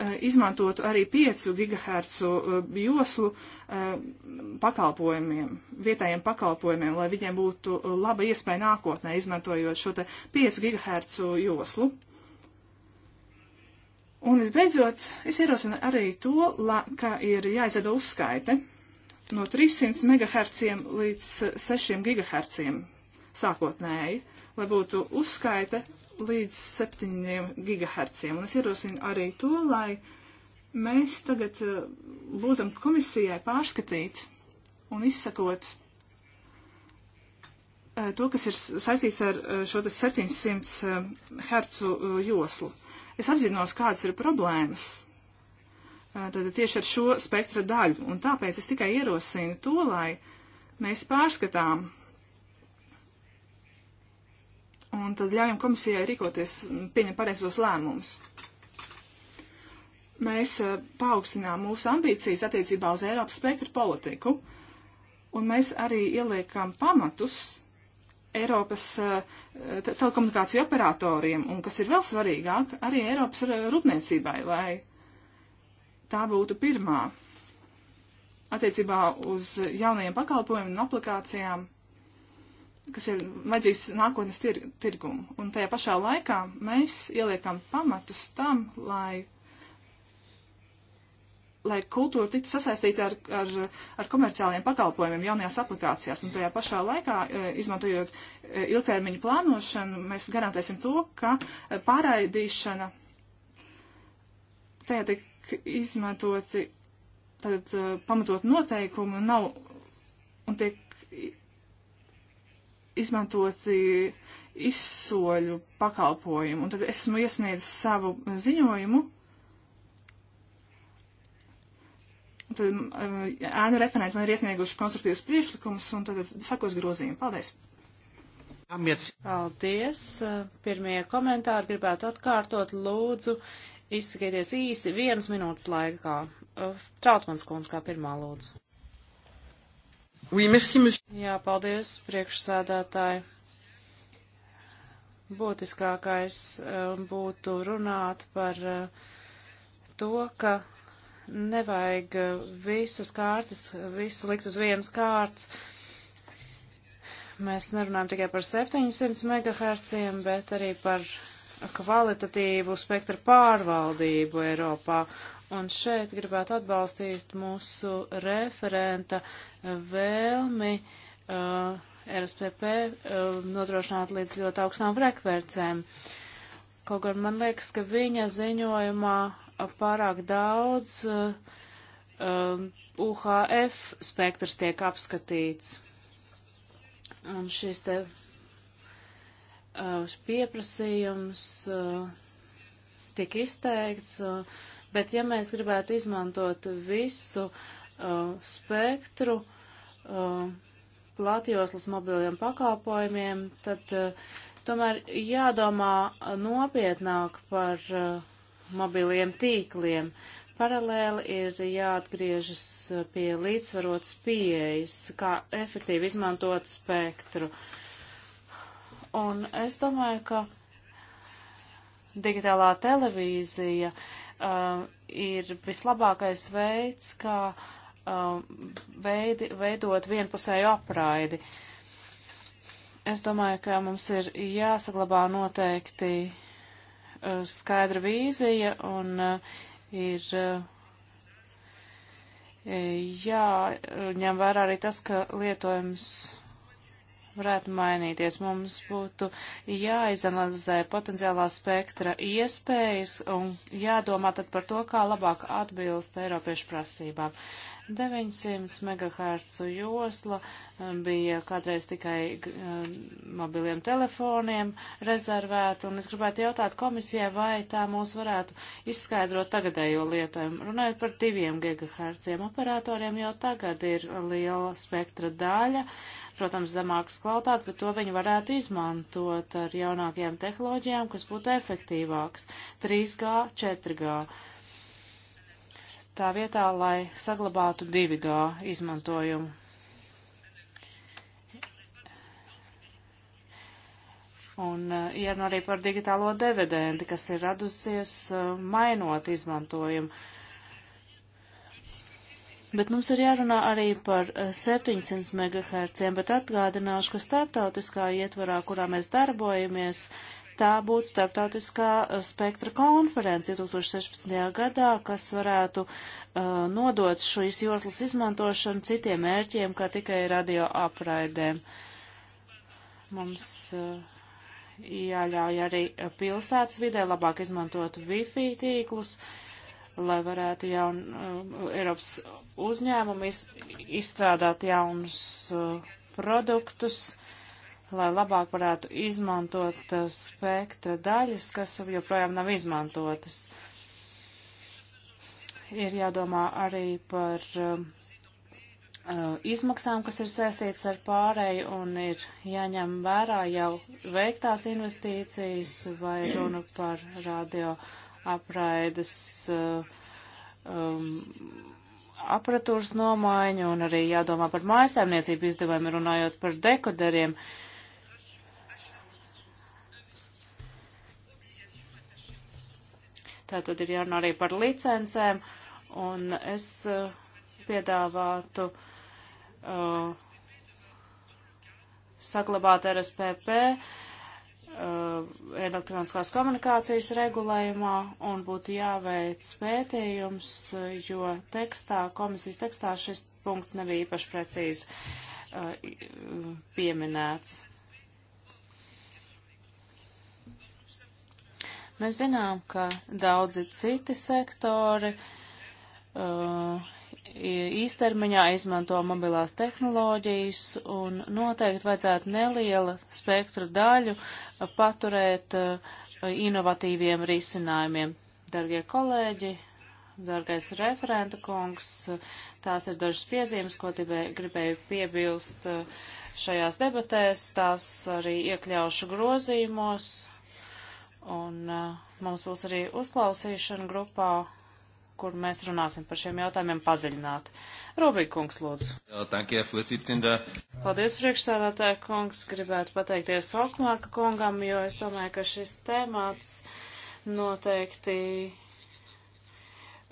E, izmantotu arī 5 GHz e, joslu e, pakalpojumiem, vietējiem pakalpojumiem, lai viņiem būtu laba iespēja nākotnē izmantojot šo 5 GHz joslu. Un visbeidzot, es ierosinu arī to, la, ka ir jāizveido uzskaite no 300 MHz līdz 6 GHz sākotnēji, lai būtu uzskaite līdz 7 GHz. Un es ierosinu arī to, lai mēs tagad uh, lūdzam komisijai pārskatīt un izsakot uh, to, kas ir saistīts ar uh, šo 700 Hz joslu. Es apzinos, kādas ir problēmas tad tieši ar šo spektra daļu, un tāpēc es tikai ierosinu to, lai mēs pārskatām un tad ļaujam komisijai rīkoties, pieņemt pareizos lēmumus. Mēs uh, paaugstinām mūsu ambīcijas attiecībā uz Eiropas spektru politiku, un mēs arī ieliekam pamatus Eiropas uh, telekomunikāciju operatoriem, un kas ir vēl svarīgāk, arī Eiropas eh, rūpniecībai, lai tā būtu pirmā attiecībā uz jaunajiem pakalpojumiem un aplikācijām kas ir vajadzīgs nākotnes tir tirgumu. Un tajā pašā laikā mēs ieliekam pamatus tam, lai, lai kultūra tiktu sasaistīta ar, ar, ar komerciāliem pakalpojumiem jaunajās aplikācijās. Un tajā pašā laikā, e, izmantojot e, ilgtermiņu plānošanu, mēs garantēsim to, ka e, pārraidīšana tajā tiek izmantoti, tad pamatot noteikumi nav un tiek izmantoti izsoļu pakalpojumu. Un tad esmu iesniedzis savu ziņojumu. Un tad um, ēnu um, referenti man ir iesnieguši konstruktīvas priekšlikumus, un tad sakos grozījumi. Paldies! Paldies! Pirmie komentāri gribētu atkārtot. Lūdzu, izsakieties īsi vienas minūtes laikā. Trautmans kundz kā pirmā lūdzu. Oui, merci, monsieur. Jā, paldies, priekšsēdētāji. Būtiskākais um, būtu runāt par uh, to, ka nevajag uh, visas kārtas, visu likt uz vienas kārtas. Mēs nerunājam tikai par 700 MHz, bet arī par kvalitatīvu spektru pārvaldību Eiropā. Un šeit gribētu atbalstīt mūsu referenta vēlmi uh, eh, RSPP uh, eh, nodrošināt līdz ļoti augstām frekvencēm. Kaut gan man liekas, ka viņa ziņojumā pārāk daudz uh, eh, UHF spektrs tiek apskatīts. Un šis te uh, pieprasījums uh, tik izteikts. Uh, Bet ja mēs gribētu izmantot visu uh, spektru uh, platjoslas mobiliem pakalpojumiem, tad uh, tomēr jādomā nopietnāk par uh, mobiliem tīkliem. Paralēli ir jāatgriežas uh, pie līdzsvarotas pieejas, kā efektīvi izmantot spektru. Un es domāju, ka digitālā televīzija uh, uh, ir vislabākais veids, kā uh, veidi, veidot vienpusēju apraidi. Es domāju, ka mums ir jāsaglabā noteikti uh, skaidra vīzija un uh, ir. Uh, Jā, ņem vērā arī tas, ka lietojums varētu mainīties. Mums būtu jāizanalizē potenciālā spektra iespējas un jādomā tad par to, kā labāk atbilst Eiropiešu prasībām. 900 MHz josla um, bija kādreiz tikai um, mobiliem telefoniem rezervēta, un es gribētu jautāt komisijai, vai tā mūs varētu izskaidrot tagadējo lietojumu. Runājot par 2 GHz, operatoriem jau tagad ir liela spektra daļa, protams, zemākas kvalitātes, bet to viņi varētu izmantot ar jaunākajām tehnoloģijām, kas būtu efektīvāks - 3G, 4G tā vietā, lai saglabātu 2G izmantojumu. Un uh, jārunā arī par digitālo dividendi, kas ir radusies uh, mainot izmantojumu. Bet mums ir jārunā arī par 700 uh, MHz, bet atgādināšu, ka starptautiskā ietvarā, kurā mēs darbojamies, uh, tā būtu starptautiskā uh, spektra konference 2016. gadā, kas varētu uh, nodot šīs joslas izmantošanu citiem mērķiem, kā tikai radio apraidēm. Mums uh, jāļauj arī pilsētas vidē labāk izmantot Wi-Fi tīklus, lai varētu jaun, uh, Eiropas uzņēmumi iz, izstrādāt jaunus uh, produktus lai labāk varētu izmantot uh, spektra daļas, kas joprojām nav izmantotas. Ir jādomā arī par um, uh, izmaksām, kas ir saistītas ar pārēju un ir jāņem vērā jau veiktās investīcijas vai runa par radio apraides uh, um, aparatūras nomaiņu un arī jādomā par mājasēmniecību izdevumiem runājot par dekoderiem. Uh, Tātad ir jārunā arī par licencēm, un es eh, piedāvātu uh, saglabāt RSPP uh, eh, elektroniskās komunikācijas regulējumā un būtu jāveic pētījums, jo tekstā, komisijas tekstā šis punkts nebija īpaši precīzi uh, pieminēts. Mēs zinām, ka daudzi citi sektori uh, īstermiņā izmanto mobilās tehnoloģijas un noteikti vajadzētu neliela spektra daļu uh, paturēt uh, inovatīviem risinājumiem. Dargie kolēģi, dargais referenta kungs, tās ir dažas piezīmes, ko tibē, gribēju piebilst uh, šajās debatēs, tās arī iekļaušu grozījumos Un uh, mums būs arī uzklausīšana grupā, kur mēs runāsim par šiem jautājumiem padziļināti. Rūbīgi kungs, lūdzu. Paldies, priekšsēdētāja kungs. Gribētu pateikties Okmārka kungam, jo es domāju, ka šis temats noteikti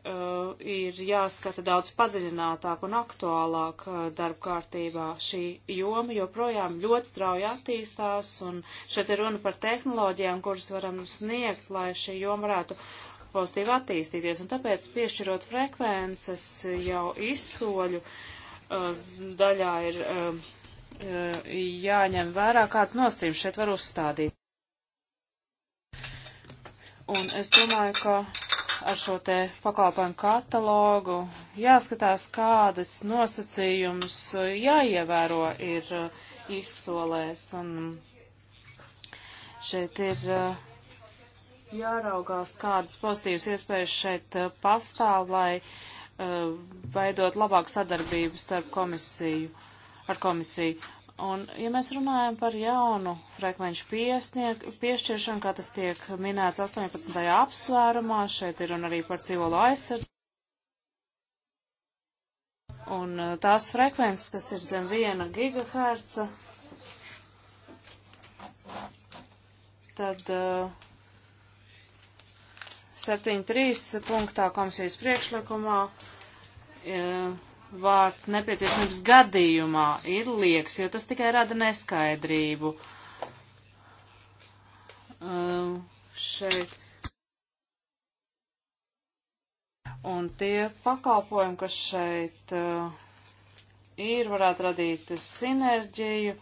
uh, ir jāskata daudz padziļinātāk un aktuālāk uh, darba kārtībā. Šī joma joprojām ļoti strauji attīstās, un šeit ir runa par tehnoloģijām, kuras varam sniegt, lai šī joma varētu pozitīvi attīstīties. Un tāpēc piešķirot frekvences jau izsoļu uh, daļā ir uh, uh, jāņem vērā, kāds nosacījums šeit var uzstādīt. Un es domāju, ka ar šo te pakalpojumu katalogu, jāskatās, kādas nosacījums jāievēro ir uh, izsolēs. Un šeit ir uh, jāraugās, kādas pozitīvas iespējas šeit uh, pastāv, lai uh, veidot labāku sadarbību starp komisiju, ar komisiju. Un, ja mēs runājam par jaunu frekvenču piešķiršanu, kā tas tiek minēts 18. apsvērumā, šeit ir un arī par civilo aizsardzību. Un eh, tās frekvences, kas ir zem 1 gigaherca, tad uh, eh, 7.3. punktā komisijas priekšlikumā uh, vārds nepieciešamības gadījumā ir liekas, jo tas tikai rada neskaidrību. Uh, šeit. Un tie pakalpojumi, kas šeit uh, ir, varētu radīt sinerģiju.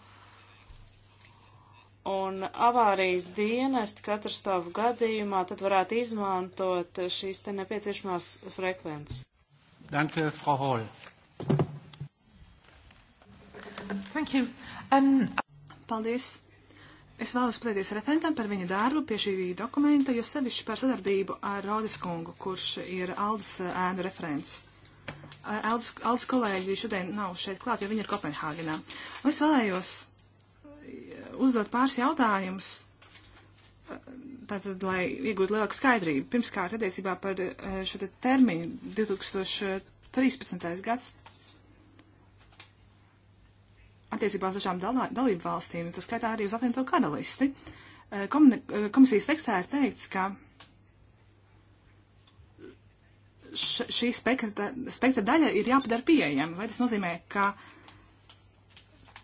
Un avārijas dienesti katastrofu gadījumā tad varētu izmantot šīs te nepieciešamās frekvences. Danke, Frau Hall. Thank you. Um... Paldies. Es vēlos pateikties referentam par viņa darbu pie šī dokumenta, jo sevišķi par sadarbību ar Rodis Kungu, kurš ir Aldis uh, ēnu referents. Uh, Aldis, Aldis kolēģi šodien nav šeit klāt, jo viņi ir Kopenhāgenā. Un es vēlējos uh, uzdot pāris jautājumus, tātad, lai iegūtu lielāku skaidrību. Pirmkārt, attiecībā par šo te termiņu 2013. gads attiecībā uz dažām dalā, dalību valstīm, tas skaitā arī uz apvienoto karalisti. Eh, komuni, eh, komisijas tekstā ir teikts, ka š, šī spektra, spektra daļa ir jāpadara pieejama. Vai tas nozīmē, ka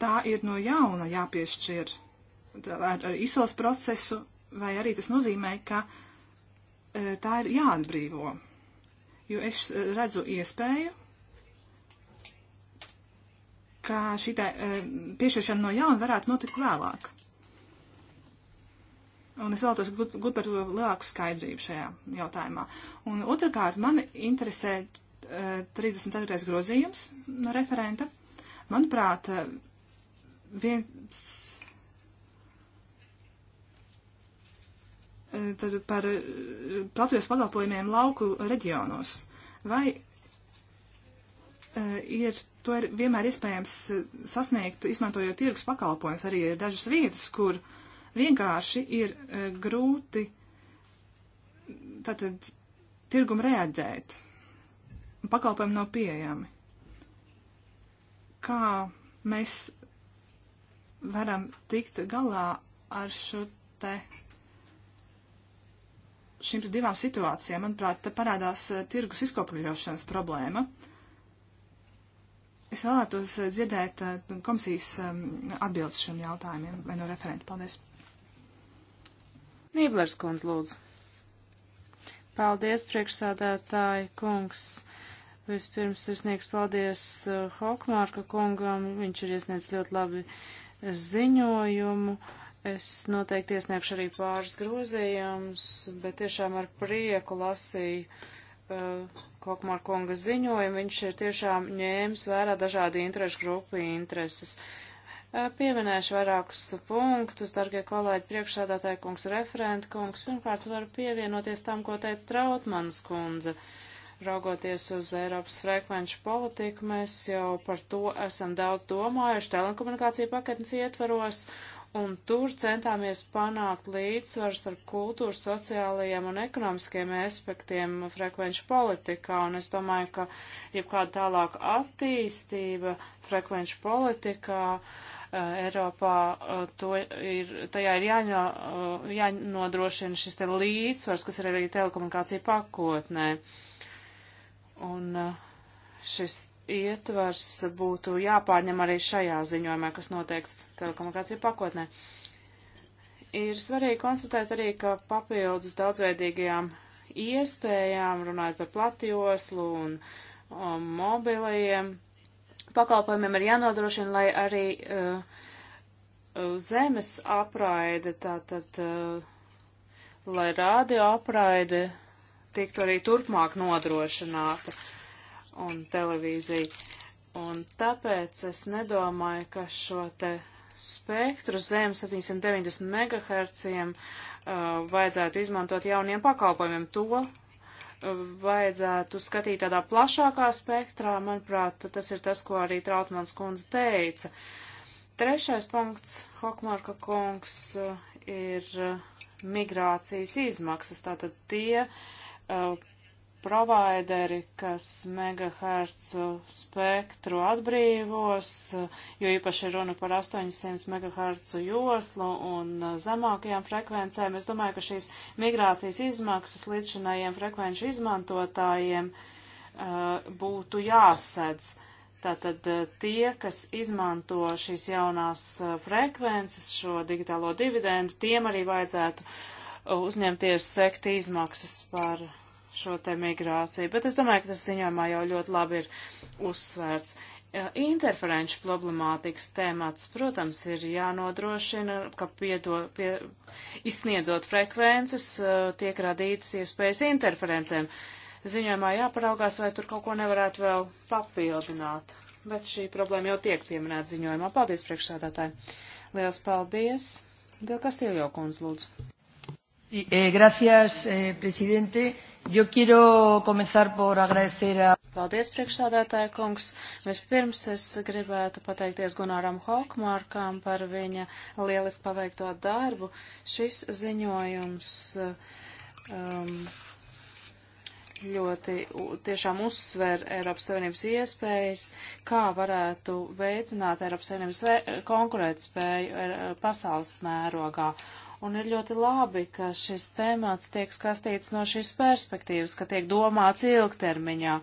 tā ir no jauna jāpiešķir ar, ar izsoles procesu, vai arī tas nozīmē, ka eh, tā ir jāatbrīvo? Jo es redzu iespēju ka šī e, piešķiršana no jauna varētu notikt vēlāk. Un es vēlētos gūt, gūt par to lielāku skaidrību šajā jautājumā. Un otrkārt, mani interesē e, uh, 34. grozījums no referenta. Manuprāt, e, viens. Tad par platības pakalpojumiem lauku reģionos. Vai uh, ir to ir vienmēr iespējams eh, sasniegt, izmantojot tirgus pakalpojumus. Arī ir dažas vietas, kur vienkārši ir uh, grūti tātad tirgum reaģēt. Pakalpojumi nav pieejami. Kā mēs varam tikt galā ar šo te šīm divām situācijām, manuprāt, te parādās uh, tirgus izkopļošanas problēma. Uh, Es vēlētos dzirdēt uh, komisijas um, atbildes šiem jautājumiem vai no referenta. Paldies. Nīblers kundz, lūdzu. Paldies, priekšsādātāji kungs. Vispirms es sniegs paldies uh, Hokmārka kungam. Viņš ir iesniedz ļoti labi ziņojumu. Es noteikti iesniegšu arī pāris grozījumus, bet tiešām ar prieku lasīju. Uh, Kokmar kunga ziņojumu. Viņš ir tiešām ņēmis vērā dažādu interešu grupu intereses. Pieminēšu vairākus punktus, dargie kolēģi, priekšsādātāji kungs, referenta kungs. Pirmkārt, varu pievienoties tam, ko teica Trautmanas kundze raugoties uz Eiropas frekvenču politiku, mēs jau par to esam daudz domājuši telekomunikāciju paketnes ietvaros, un tur centāmies panākt līdzsvars ar kultūras, sociālajiem un ekonomiskajiem aspektiem frekvenču politikā, un es domāju, ka jebkāda tālāka attīstība frekvenču politikā uh, Eiropā uh, to ir, tajā ir jāņo, uh, jānodrošina šis te līdzsvars, kas ir arī telekomunikācija pakotnē. Un šis ietvars būtu jāpārņem arī šajā ziņojumā, kas noteikts telekomunikāciju pakotnē. Ir svarīgi konstatēt arī, ka papildus daudzveidīgajām iespējām, runājot par platjoslu un, un um, mobilajiem pakalpojumiem, ir jānodrošina, lai arī uh, uh, zemes apraide, tātad, uh, lai radio apraide tiktu arī turpmāk nodrošināta. Uh, un televīziju. Un tāpēc es nedomāju, ka šo te spektru zem 790 MHz uh, vajadzētu izmantot jauniem pakalpojumiem. To uh, vajadzētu skatīt tādā plašākā spektrā, manuprāt, tas ir tas, ko arī Trautmans kundze teica. Trešais punkts, Hokmarka kungs, uh, ir uh, migrācijas izmaksas, tātad tie uh, provaideri, kas megahercu spektru atbrīvos, jo īpaši runa par 800 megahercu joslu un zemākajām frekvencēm. Es domāju, ka šīs migrācijas izmaksas līdzinājiem frekvenču izmantotājiem uh, būtu jāsedz. Tātad uh, tie, kas izmanto šīs jaunās uh, frekvences, šo digitālo dividendu, tiem arī vajadzētu uzņemties sekti izmaksas par šo te migrāciju, bet es domāju, ka tas ziņojumā jau ļoti labi ir uzsvērts. E, interferenču problemātikas tēmats, protams, ir jānodrošina, ka piedo, pie, izsniedzot frekvences, e, tiek radītas iespējas interferencēm. Ziņojumā jāparaugās, vai tur kaut ko nevarētu vēl papildināt, bet šī problēma jau tiek pieminēta ziņojumā. Paldies, priekšsādātāji! Liels paldies! Vilkastīļokums, lūdzu! Eh, gracias, eh, presidente. Yo quiero comenzar por agradecer a. Paldies, priekšsādātāja kungs. Vispirms es gribētu pateikties Gunāram Hokmārkām par viņa lieliski paveikto darbu. Šis ziņojums eh, um, ļoti tiešām uzsver Eiropas Savienības iespējas, kā varētu veicināt Eiropas Savienības konkurētspēju eh, pasaules mērogā Un ir ļoti labi, ka šis temats tiek skatīts no šīs perspektīvas, ka tiek domāts ilgtermiņā.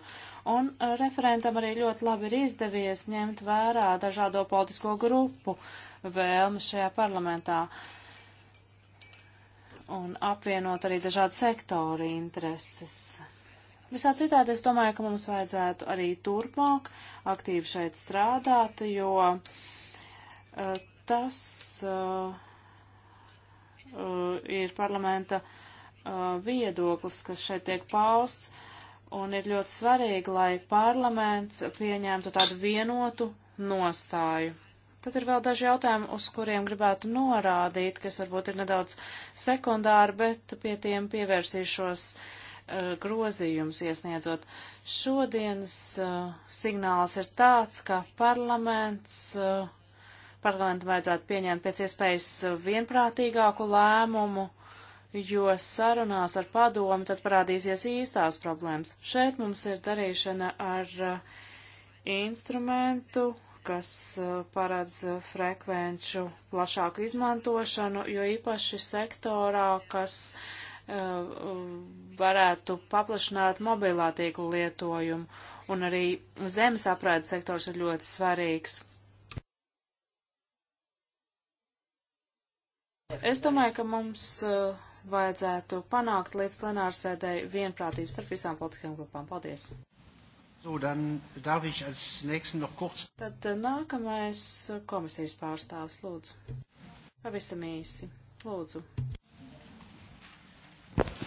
Un uh, referentam arī ļoti labi ir izdevies ņemt vērā dažādo politisko grupu vēlmes šajā parlamentā un apvienot arī dažādu sektoru intereses. Visā citādi es domāju, ka mums vajadzētu arī turpmāk aktīvi šeit strādāt, jo uh, tas. Uh, Uh, ir parlamenta uh, viedoklis, kas šeit tiek pausts, un ir ļoti svarīgi, lai parlaments pieņemtu tādu vienotu nostāju. Tad ir vēl daži jautājumi, uz kuriem gribētu norādīt, kas varbūt ir nedaudz sekundāri, bet pie tiem pievērsīšos uh, grozījums iesniedzot. Šodienas uh, signāls ir tāds, ka parlaments uh, parlamentu vajadzētu pieņemt pēc iespējas vienprātīgāku lēmumu, jo sarunās ar padomu tad parādīsies īstās problēmas. Šeit mums ir darīšana ar eh, instrumentu, kas eh, paredz eh, frekvenču plašāku izmantošanu, jo īpaši sektorā, kas varētu paplašināt mobilā tīkla lietojumu, un arī zemes apraides sektors ir ļoti svarīgs. Es domāju, ka mums uh, vajadzētu panākt līdz plenārsēdēji vienprātības starp visām politiskajām grupām. Paldies! So, dann darf ich als nächsten noch kurz. Tad uh, nākamais komisijas pārstāvs, lūdzu. Pavisam īsi, lūdzu.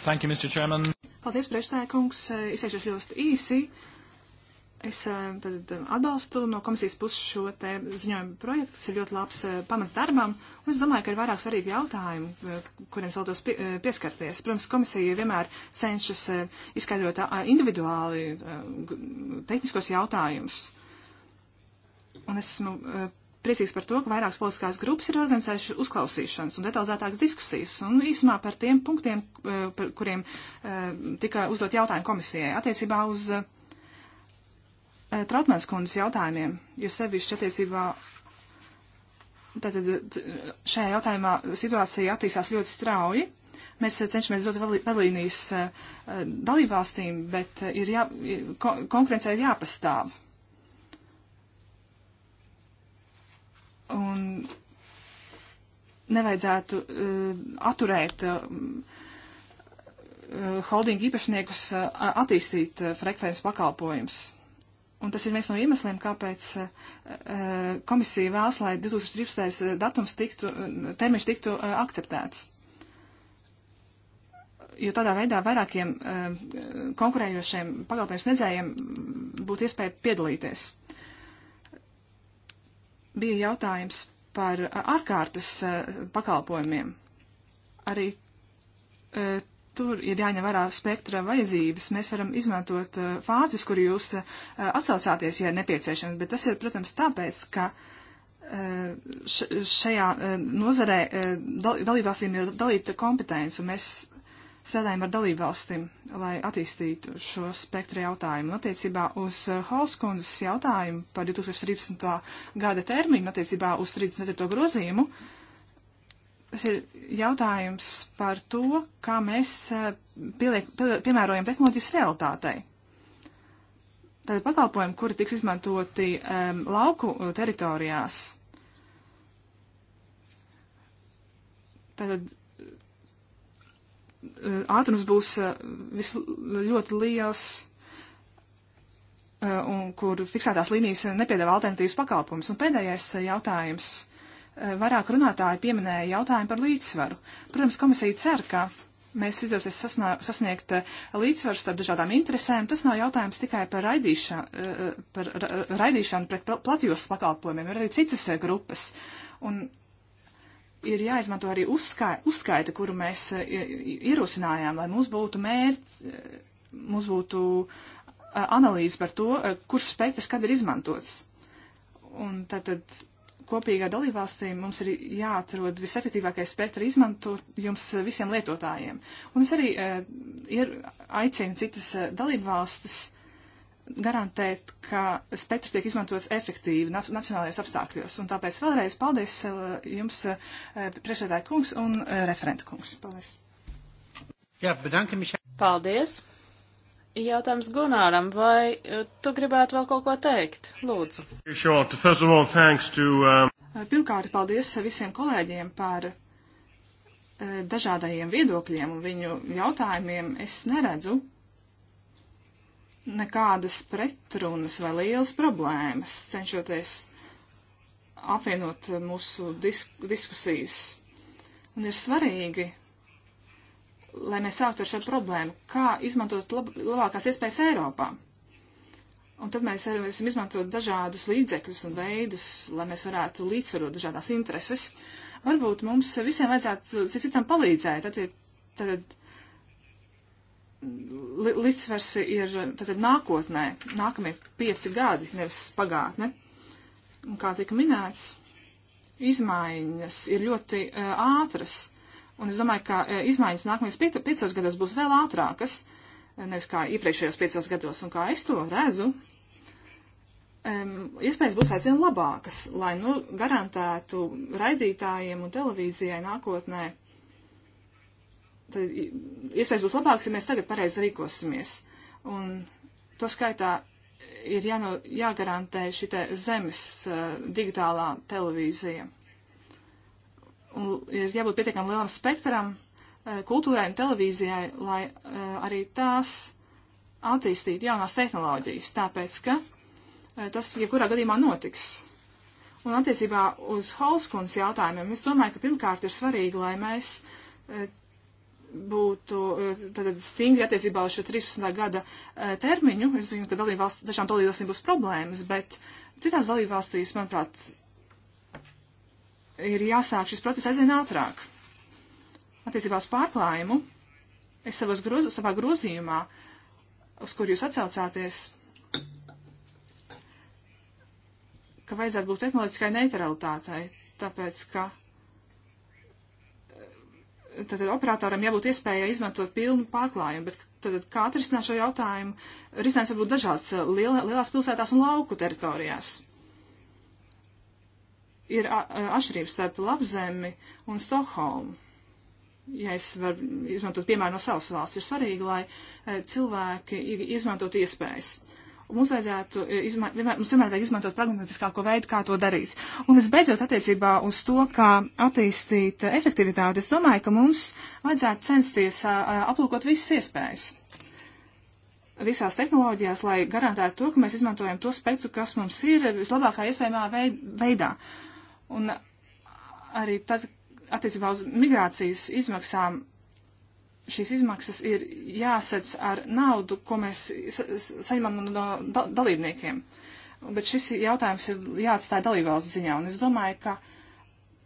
Thank you, Mr. Chairman. Paldies, priekšsēkungs. Izsēžos ļoti īsi. Uh, Es eh, tad eh, atbalstu no komisijas puses šo te ziņojumu projektu, tas ir ļoti labs eh, pamats darbam, un es domāju, ka ir vairāk svarīgi jautājumi, kuriem es vēlos pie, pieskarties. Protams, komisija vienmēr cenšas izskaidrot individuāli tehniskos jautājumus, un es esmu priecīgs par to, ka vairākas politiskās grupas ir organizējušas uzklausīšanas un detalizētākas diskusijas, un īsumā par tiem punktiem, par kuriem tika uzdot jautājumu komisijai attiecībā uz Eh, Trautmans kundas jautājumiem, jo sevišķi attiecībā tātad šajā jautājumā situācija attīstās ļoti strauji. Mēs eh, cenšamies dot vadlīnijas eh, dalībvalstīm, bet ir jā, ko, konkurence ir jāpastāv. Un nevajadzētu uh, atturēt uh, holdingu īpašniekus uh, attīstīt uh, frekvences pakalpojumus. Un tas ir viens no iemesliem, kāpēc uh, komisija vēlas, lai 2013. Eh, datums tiktu, termiņš tiktu uh, akceptēts. Jo tādā veidā vairākiem uh, konkurējošiem pakalpojumu sniedzējiem mm, būtu iespēja piedalīties. Bija jautājums par ārkārtas pakalpojumiem. Arī tur ir jāņem vērā spektra vajadzības. Mēs varam izmantot uh, fāzes, kur jūs uh, atsaucāties, ja nepieciešams, bet tas ir, protams, tāpēc, ka uh, šajā nozarē dal dalībvalstīm ir dalīta kompetence, un mēs strādājam ar dalībvalstīm, lai attīstītu šo spektra jautājumu. Un attiecībā uz Holskundzes jautājumu par 2013. gada termiņu, attiecībā uz 34. grozījumu, uh, Tas ir jautājums par to, kā mēs eh, pieliek, piemērojam tehnoloģijas realitātei. Tātad pakalpojumi, kuri tiks izmantoti um, lauku eh, teritorijās. Tātad eh, ātrums būs vis, ļoti liels, un kur fiksētās līnijas nepiedāvā alternatīvas pakalpojumus. Un pēdējais jautājums Eh, vairāk runātāji pieminēja jautājumu par līdzsvaru. Protams, komisija cer, ka mēs izdosies sasnā, sasniegt eh, līdzsvaru starp dažādām interesēm. Tas nav jautājums tikai par raidīšanu, eh, par raidīšanu pret platījos pakalpojumiem, ir arī citas grupas. Un ir jāizmanto arī uzskai, uzskaita, kuru mēs ierosinājām, lai mums būtu mērķi, mums būtu analīze par to, kurš spektrs kad ir izmantots. Un tātad kopīgā dalībvalstīm mums ir jāatrod visefektīvākais spektra izmantojums eh, visiem lietotājiem. Un es arī uh, eh, ir, aicinu citas uh, dalībvalstis garantēt, ka spektrs tiek izmantots efektīvi nac nacionālajās apstākļos. Un tāpēc vēlreiz paldies uh, jums, uh, priekšsēdētāji kungs un uh, referenta kungs. Paldies. Jā, bedanke, Mišā. Paldies. Jautājums Gunāram, vai eh, tu gribētu vēl kaut ko teikt? Lūdzu. Um, eh, pirmkārt, paldies visiem kolēģiem par eh, dažādajiem viedokļiem un viņu jautājumiem. Es neredzu nekādas pretrunas vai lielas problēmas, cenšoties apvienot mūsu disk diskusijas. Un ir svarīgi lai mēs sāktu ar šo problēmu, kā izmantot lab labākās iespējas Eiropā. Un tad mēs varam izmantot dažādus līdzekļus un veidus, lai mēs varētu līdzsvarot dažādās intereses. Varbūt mums visiem vajadzētu citam palīdzēt. Tad, tad li līdzsvars ir tad nākotnē, nākamie pieci gadi, nevis pagātne. Un kā tika minēts, izmaiņas ir ļoti uh, ātras Un es domāju, ka e, izmaiņas nākamajos piecos gados būs vēl ātrākas, e, nevis kā iepriekšējos piecos gados. Un kā es to redzu, um, iespējas būs aizvien labākas, lai nu, garantētu raidītājiem un televīzijai nākotnē. Tad iespējas būs labākas, ja mēs tagad pareizi rīkosimies. Un to skaitā ir jāno, jāgarantē šī zemes uh, digitālā televīzija ir jābūt pietiekam lielam spektram eh, kultūrai un televīzijai, lai eh, arī tās attīstītu jaunās tehnoloģijas, tāpēc ka eh, tas jebkurā gadījumā notiks. Un attiecībā uz Holskundas jautājumiem, es domāju, ka pirmkārt ir svarīgi, lai mēs būtu tātad stingri attiecībā uz šo 13. gada termiņu. Es zinu, ka dalībvalsts, dažām dalībvalstīm būs problēmas, bet citās dalībvalstīs, manuprāt, ir jāsāk šis process aizvien ātrāk. Attiecībā uz pārklājumu es savas groz, savā grozījumā, uz kur jūs atsaucāties, ka vajadzētu būt tehnoloģiskai neutralitātei, tāpēc ka eh, tātad operatoram jābūt iespējai izmantot pilnu pārklājumu, bet tātad kā atrisināt šo jautājumu, risinājums var būt dažāds liel, lielās pilsētās un lauku teritorijās ir atšķirības starp labzemi un Stokholmu. Ja es varu izmantot piemēru no savas valsts, ir svarīgi, lai e, cilvēki izmantot iespējas. Mums vajadzētu, e, izma, vienmēr, mums vienmēr vajag izmantot pragmatiskāko veidu, kā to darīt. Un visbeidzot, attiecībā uz to, kā attīstīt efektivitāti, es domāju, ka mums vajadzētu censties aplūkot visas iespējas visās tehnoloģijās, lai garantētu to, ka mēs izmantojam to spektru, kas mums ir vislabākā iespējamā veidā. Un arī tad, attiecībā uz migrācijas izmaksām, šīs izmaksas ir jāsadz ar naudu, ko mēs saņemam no da dalībniekiem. Bet šis jautājums ir jāatstāja dalībvalsts ziņā, un es domāju, ka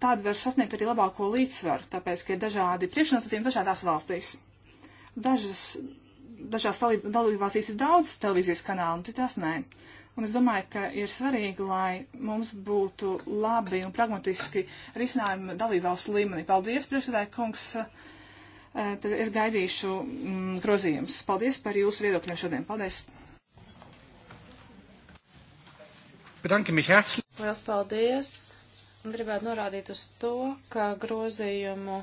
tādu var sasniegt arī labāko līdzsvaru, tāpēc, ka ir dažādi priekšnosacījumi dažādās valstīs. Dažas, dažās dalībvalstīs ir daudz televīzijas kanālu, un citās nē. Uh, Un es domāju, ka ir svarīgi, lai mums būtu labi un pragmatiski risinājumi dalībvalstu līmenī. Paldies, priekšsēdētāji kungs. Eh, tad es gaidīšu mm, grozījumus. Paldies par jūsu viedokļiem šodien. Paldies. Liels paldies. Gribētu norādīt uz to, ka grozījumu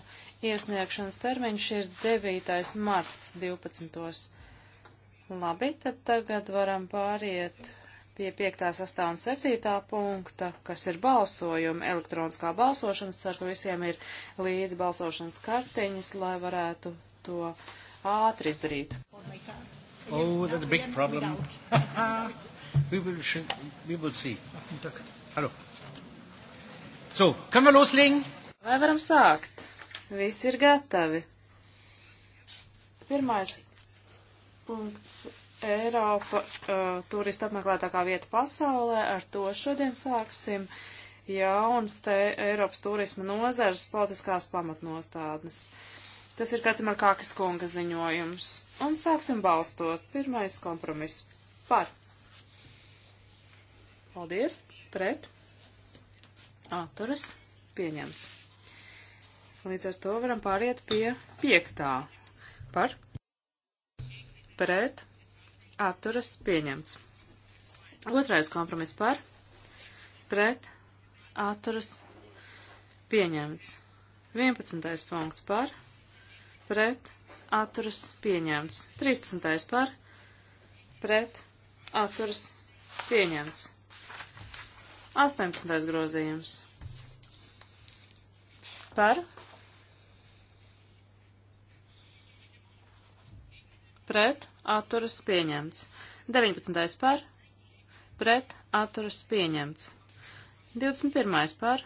iesniegšanas termiņš ir 9. marts 12. Labi, tad tagad varam pāriet pie 5, 6 un 7 punkta, kas ir balsojumi, elektroniskā balsošanas, ceru, ka visiem ir līdz balsošanas kartiņas, lai varētu to ātri izdarīt. Oh, that's a big problem. we, will, we will see. Hallo. So, können wir loslegen? Vai varam sākt? Visi ir gatavi. Pirmais punkts Eiropa uh, turista apmeklētākā vieta pasaulē. Ar to šodien sāksim jauns te Eiropas turisma nozares politiskās pamatnostādnes. Tas ir kāds Markākis kunga ziņojums. Un sāksim balstot. Pirmais kompromiss. Par. Paldies. Pret. Atturas. Pieņemts. Līdz ar to varam pāriet pie piektā. Par. Pret atturas pieņemts. Otrais kompromiss par, pret, atturas pieņemts. 11. punkts par, pret, atturas pieņemts. 13. par, pret, atturas pieņemts. 18. grozījums par, pret atturas pieņemts. 19. par pret atturas pieņemts. 21. par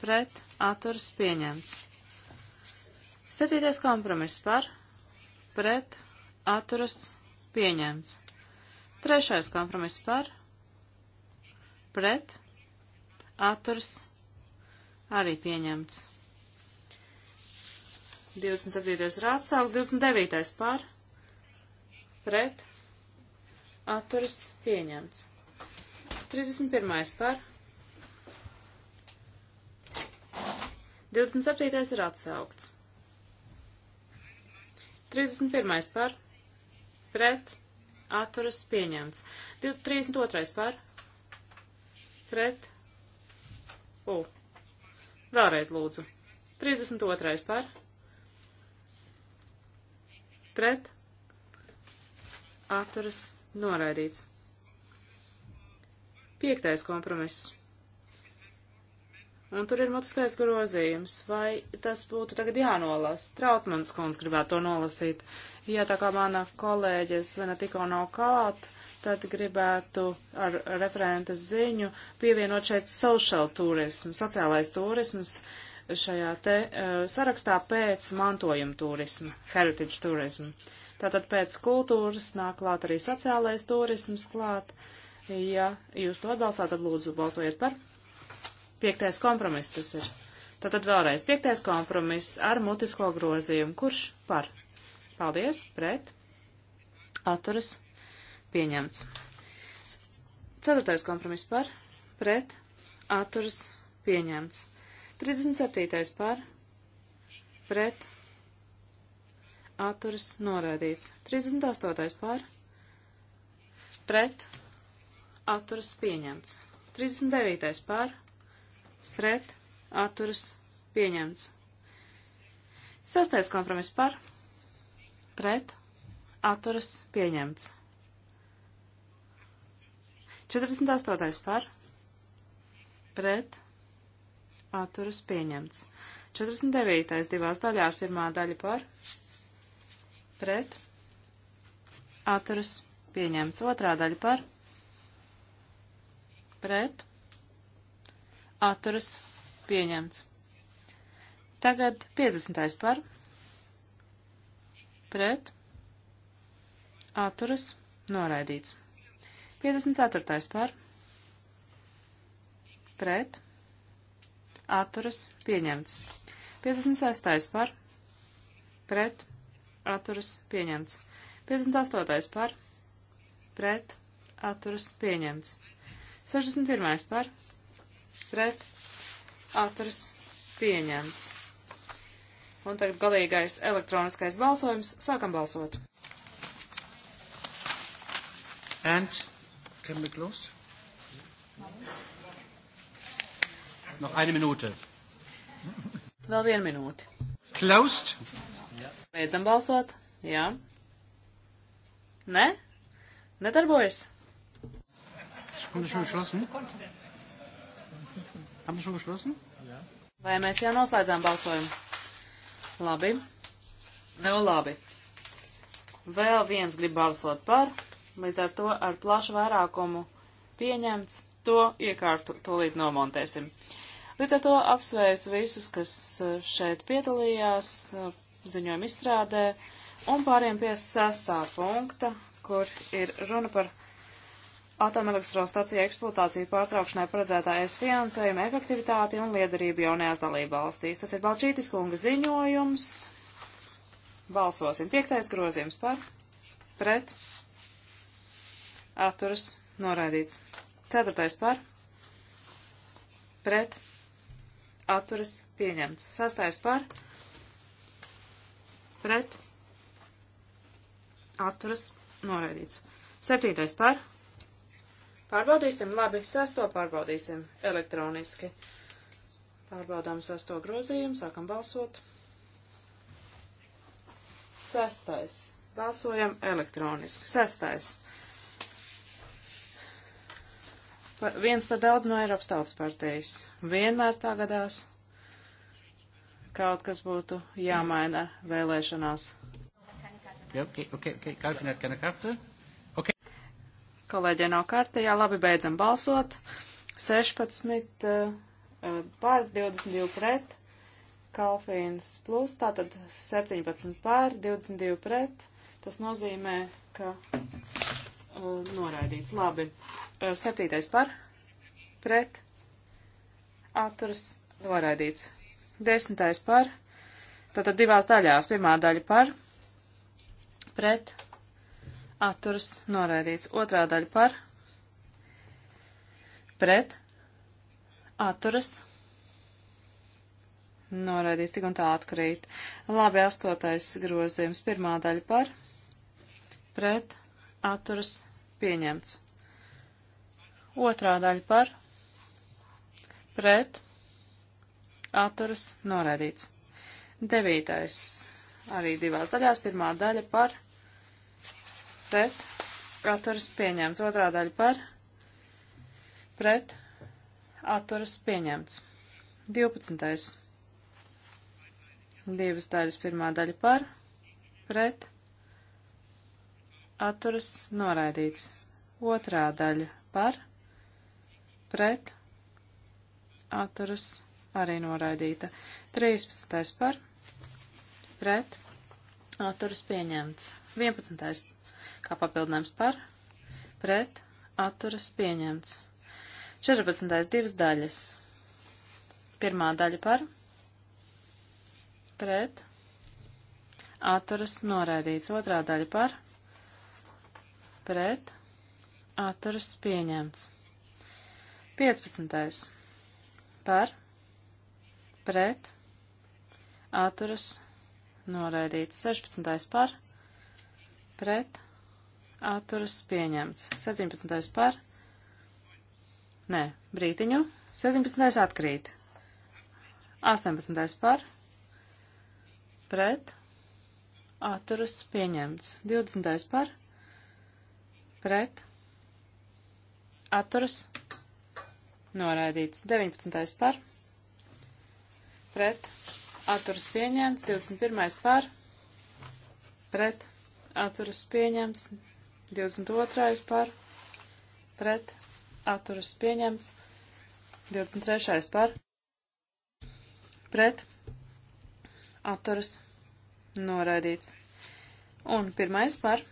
pret atturas pieņemts. 7. kompromiss par pret atturas pieņemts. 3. kompromiss par pret atturas arī pieņemts. 27. rāds sāks 29. par pret, atturas pieņemts. 31. par. 27. ir atsaukts. 31. par. Pret. Atturas pieņemts. 32. par. Pret. U. Vēlreiz lūdzu. 32. par. Pret atturas noraidīts. Piektais kompromiss. Un tur ir mutiskais grozījums, vai tas būtu tagad jānolasa? Trautmans kundz gribētu to nolasīt. Ja tā kā mana kolēģe Svena tikko nav klāt, tad gribētu ar referentes ziņu pievienot šeit social turismu, sociālais turisms šajā te uh, sarakstā pēc mantojuma turisma, heritage turismu. Uh, Tātad pēc kultūras nāk klāt arī sociālais turisms klāt. Ja jūs to atbalstāt, tad lūdzu balsojiet par. Piektais kompromiss tas ir. Tātad vēlreiz piektais kompromiss ar mutisko grozījumu. Kurš par? Paldies, pret. Atturas. Pieņemts. Ceturtais kompromiss par. Pret. Atturas. Pieņemts. 37. par. Pret atturas noraidīts. 38. par pret atturas pieņemts. 39. par pret atturas pieņemts. 6. kompromiss par pret atturas pieņemts. 48. par pret atturas pieņemts. 49. divās daļās pirmā daļa par pret pret, atturas, pieņemts. Otrā daļa par, pret, atturas, pieņemts. Tagad 50. par, pret, atturas, noraidīts. 54. par, pret, atturas, pieņemts. 56. par, pret, atturas pieņemts. 58. par, pret, atturas pieņemts. 61. par, pret, atturas pieņemts. Un tagad galīgais elektroniskais balsojums. Sākam balsot. And can we close? Noch eine Minute. Vēl vienu minūti. Closed. Beidzam balsot. Jā. Nē? Ne? Nedarbojas? Vai mēs jau noslēdzām balsojumu? Labi. Nu, labi. Vēl viens grib balsot par, līdz ar to ar plašu vairākumu pieņemts, to iekārtu tūlīt nomontēsim. Līdz ar to apsveicu visus, kas eh, šeit piedalījās, ziņojuma izstrādē un pāriem pie sestā punkta, kur ir runa par atomelektrostaciju eksploatāciju pārtraukšanai paredzētā es finansējuma efektivitāti un liederību jaunajās dalībvalstīs. Tas ir Balčītis kunga ziņojums. Balsosim. Piektais grozījums par pret atturas noraidīts. Ceturtais par pret atturas pieņemts. Sastais par pret pret, atturas, noraidīts. Septītais par. Pārbaudīsim, labi, sesto pārbaudīsim elektroniski. Pārbaudām sesto grozījumu, sākam balsot. Sestais. Balsojam elektroniski. Sestais. Pa, viens par daudz no Eiropas tautas partijas. Vienmēr tā gadās kaut kas būtu jāmaina vēlēšanās. Okay, okay, okay. okay. Kolēģi nav karte, jā, labi, beidzam balsot. 16 pār 22 pret, Kalfīns plus, tātad 17 pār 22 pret. Tas nozīmē, ka uh, noraidīts. Labi. Uh, septītais par, pret, atturs, noraidīts. Desmitais par. Tātad divās daļās. Pirmā daļa par. Pret. Atturs noraidīts. Otrā daļa par. Pret. Atturas. Noraidīts tik un tā atkrīt. Labi, astotais grozījums. Pirmā daļa par. Pret. Atturas. Pieņemts. Otrā daļa par. Pret atturas norādīts. Devītais arī divās daļās. Pirmā daļa par pret atturas pieņemts. Otrā daļa par pret atturas pieņemts. 12. Divas daļas pirmā daļa par pret atturas noraidīts. Otrā daļa par pret atturas pieņemts arī noraidīta. 13. par pret atturas pieņemts. 11. kā papildinājums par pret atturas pieņemts. 14. divas daļas. Pirmā daļa par pret atturas noraidīts. Otrā daļa par pret atturas pieņemts. 15. par pret, atturas, noraidīts. 16. par, pret, atturas, pieņemts. 17. par, nē, brītiņu, 17. atkrīt. 18. par, pret, atturas, pieņemts. 20. par, pret, atturas, noraidīts. 19. par, pret, pret atturas pieņemts, 21. par pret atturas pieņemts, 22. par pret atturas pieņemts, 23. par pret atturas noraidīts. Un pirmais par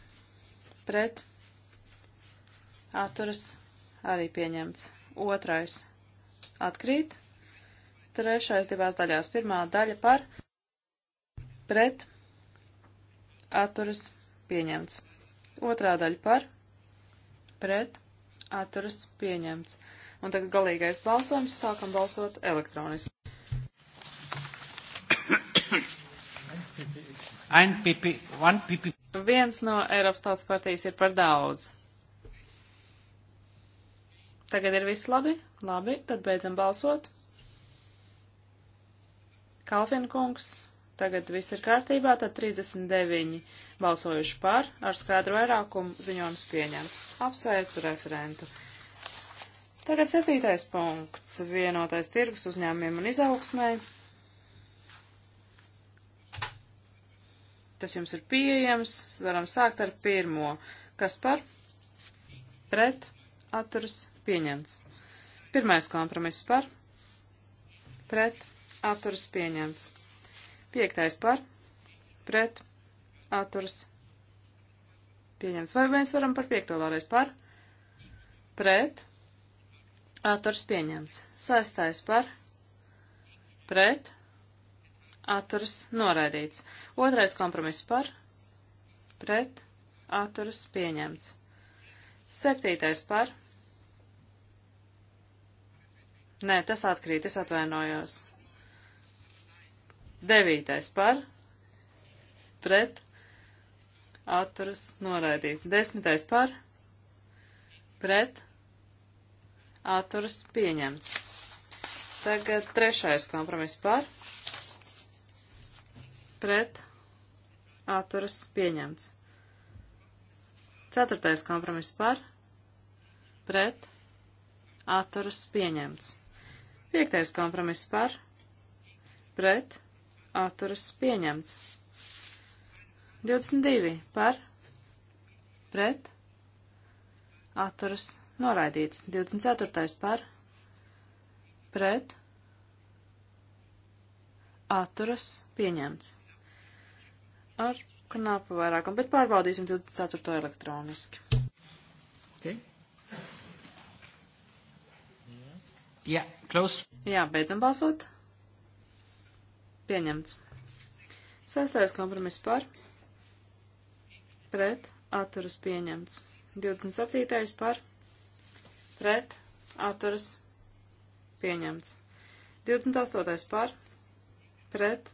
pret atturas arī pieņemts. Otrais atkrīt. Trešais divās daļās. Pirmā daļa par pret atturas pieņemts. Otrā daļa par pret atturas pieņemts. Un tagad galīgais balsojums. Sākam balsot elektroniski. Viens no Eiropas tautas partijas ir par daudz. Tagad ir viss labi? Labi, tad beidzam balsot. Kalfinkungs, tagad viss ir kārtībā, tad 39 balsojuši par, ar skaidru vairākumu ziņojums pieņems. Apsveicu referentu. Tagad septītais punkts - vienotais tirgus uzņēmumiem un izaugsmai. Tas jums ir pieejams, varam sākt ar pirmo. Kas par? Pret, atturas, pieņemts. Pirmais kompromiss par? Pret, atturas pieņemts. Piektais par, pret, atturas pieņemts. Vai mēs varam par piekto vēlreiz par, pret, atturas pieņemts. Sestais par, pret, atturas noraidīts. Otrais kompromiss par, pret, atturas pieņemts. Septītais par. Nē, tas atkrīt, es atvainojos. Devītais par, pret, atturas noraidīts. Desmitais par, pret, atturas pieņemts. Tagad trešais kompromiss par, pret, atturas pieņemts. Ceturtais kompromiss par, pret, atturas pieņemts. Piektais kompromiss par, pret, atturas pieņemts. 22 par, pret, atturas noraidīts. 24 par, pret, atturas pieņemts. Ar knapu vairākam, bet pārbaudīsim 24 elektroniski. Okay. Yeah, close. Jā, beidzam balsot. Pieņemts. Sestais kompromiss par. Pret. Atturas pieņemts. 27. par. Pret. Atturas pieņemts. 28. par. Pret.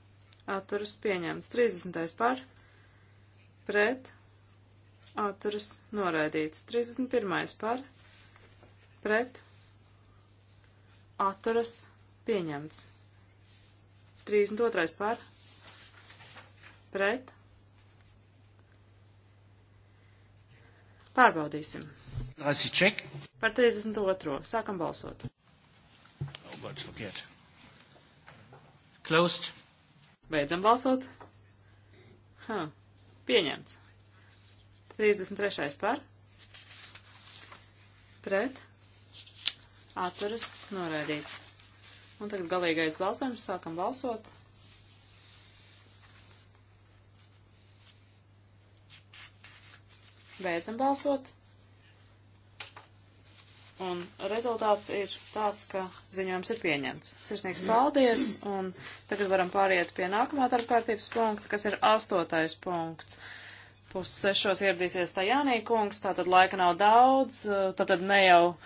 Atturas pieņemts. 30. par. Pret. Atturas noraidīts. 31. par. Pret. Atturas pieņemts. 32. par pret. Pārbaudīsim. Par 32. Sākam balsot. Oh, Closed. Beidzam balsot. Huh. Pieņemts. 33. par. Pret. Atturas noraidīts. Un tagad galīgais balsojums. Sākam balsot. Beidzam balsot. Un rezultāts ir tāds, ka ziņojums ir pieņemts. Sirsnīgs paldies, un tagad varam pāriet pie nākamā darbkārtības punkta, kas ir astotais punkts. Pus sešos ieradīsies Tajānī kungs, tātad laika nav daudz, tātad ne jau uh,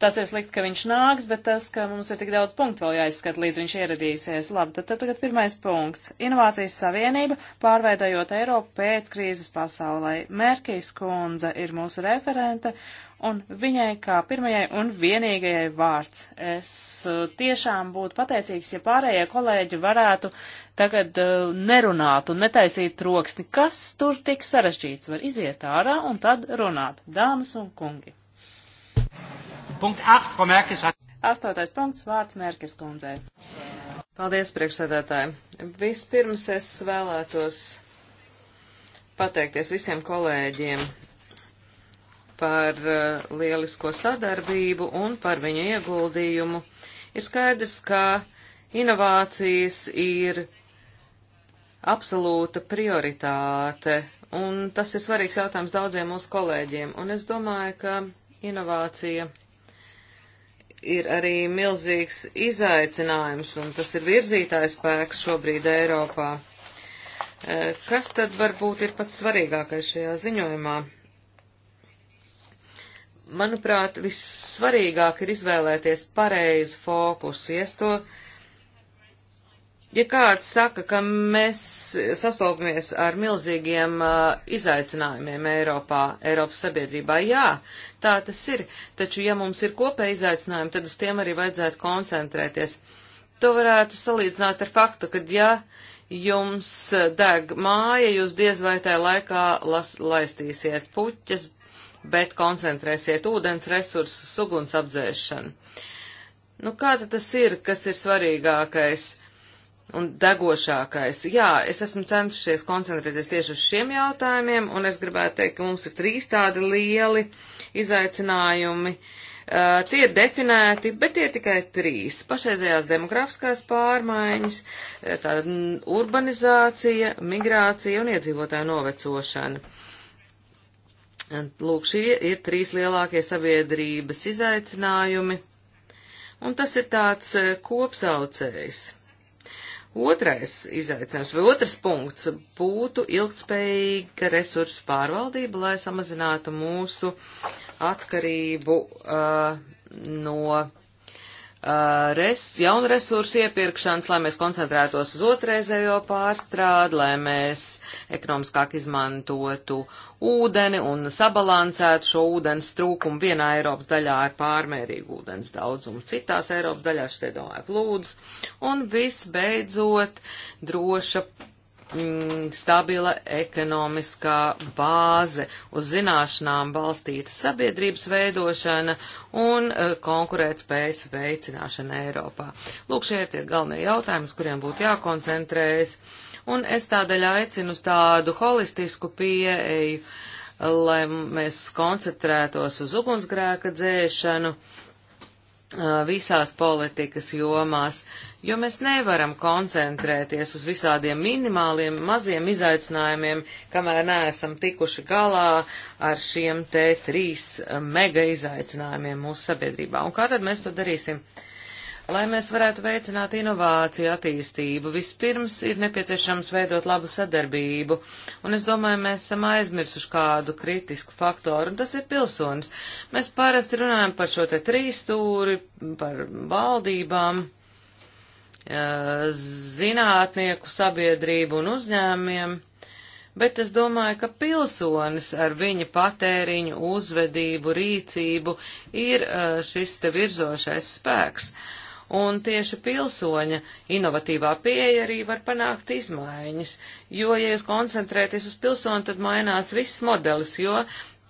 tas ir slikti, ka viņš nāks, bet tas, ka mums ir tik daudz punktu vēl jāizskat, līdz viņš ieradīsies. Labi, tad, tad tagad pirmais punkts. Inovācijas savienība, pārveidojot Eiropu pēc krīzes pasaulē. Merkīs kundze ir mūsu referente, un viņai kā pirmajai un vienīgajai vārds. Es uh, tiešām būtu pateicīgs, ja pārējie kolēģi varētu tagad uh, nerunāt un netaisīt troksni. Kas tur tik sarežģīts? Var iziet ārā un tad runāt. Dāmas un kungi. Punkt 8, Frau Merkis hat. Astotais punkts, vārds Merkis kundzei. Paldies, priekšsēdētāji. Vispirms es vēlētos pateikties visiem kolēģiem par uh, lielisko sadarbību un par viņu ieguldījumu. Ir skaidrs, ka inovācijas ir absolūta prioritāte, un tas ir svarīgs jautājums daudziem mūsu kolēģiem, un es domāju, ka inovācija ir arī milzīgs izaicinājums, un tas ir virzītājs spēks šobrīd Eiropā. E, kas tad varbūt ir pats svarīgākais šajā ziņojumā? Manuprāt, vissvarīgāk ir izvēlēties pareizu fokusu, ies to Ja kāds saka, ka mēs sastopamies ar milzīgiem uh, izaicinājumiem Eiropā, Eiropas sabiedrībā, jā, tā tas ir, taču ja mums ir kopēji izaicinājumi, tad uz tiem arī vajadzētu koncentrēties. To varētu salīdzināt ar faktu, ka ja jums deg māja, jūs diez vai tajā laikā las, laistīsiet puķes, bet koncentrēsiet ūdens resursus, uguns apdzēšanu. Nu, kā tad tas ir, kas ir svarīgākais? un degošākais. Jā, es esmu centušies koncentrēties tieši uz šiem jautājumiem, un es gribētu teikt, ka mums ir trīs tādi lieli izaicinājumi. Uh, tie ir definēti, bet tie tikai trīs. Pašreizējās demografiskās pārmaiņas, uh, tāda urbanizācija, migrācija un iedzīvotāju novecošana. Lūk, šie ir trīs lielākie sabiedrības izaicinājumi, un tas ir tāds uh, kopsaucējs Otrais izaicinājums vai otrs punkts būtu ilgtspējīga resursu pārvaldība, lai samazinātu mūsu atkarību uh, no Uh, res, jaunu resursu iepirkšanas, lai mēs koncentrētos uz otrreizējo pārstrādi, lai mēs ekonomiskāk izmantotu ūdeni un sabalansētu šo ūdens trūkumu vienā Eiropas daļā ar pārmērīgu ūdens daudzumu, citās Eiropas daļās, šeit domāju, plūdus, un visbeidzot droša Mm, stabila ekonomiskā bāze, uz zināšanām balstīta sabiedrības veidošana un eh, konkurētspējas veicināšana Eiropā. Lūk, šie ir tie galvenie jautājumi, uz kuriem būtu jākoncentrējas, un es tādēļ aicinu uz tādu holistisku pieeju, lai mēs koncentrētos uz ugunsgrēka dzēšanu visās politikas jomās, jo mēs nevaram koncentrēties uz visādiem minimāliem, maziem izaicinājumiem, kamēr neesam tikuši galā ar šiem te trīs mega izaicinājumiem mūsu sabiedrībā. Un kā tad mēs to darīsim? Uh, Lai mēs varētu veicināt inovāciju attīstību, vispirms ir nepieciešams veidot labu sadarbību, un es domāju, mēs esam aizmirsuši kādu kritisku faktoru, un tas ir pilsonis. Mēs parasti runājam par šo te trīstūri, par valdībām, zinātnieku sabiedrību un uzņēmiem, bet es domāju, ka pilsonis ar viņa patēriņu, uzvedību, rīcību ir šis te virzošais spēks. Uh, un tieši pilsoņa inovatīvā pieeja arī var panākt izmaiņas, jo, ja jūs koncentrēties uz pilsoni, tad mainās viss modelis, jo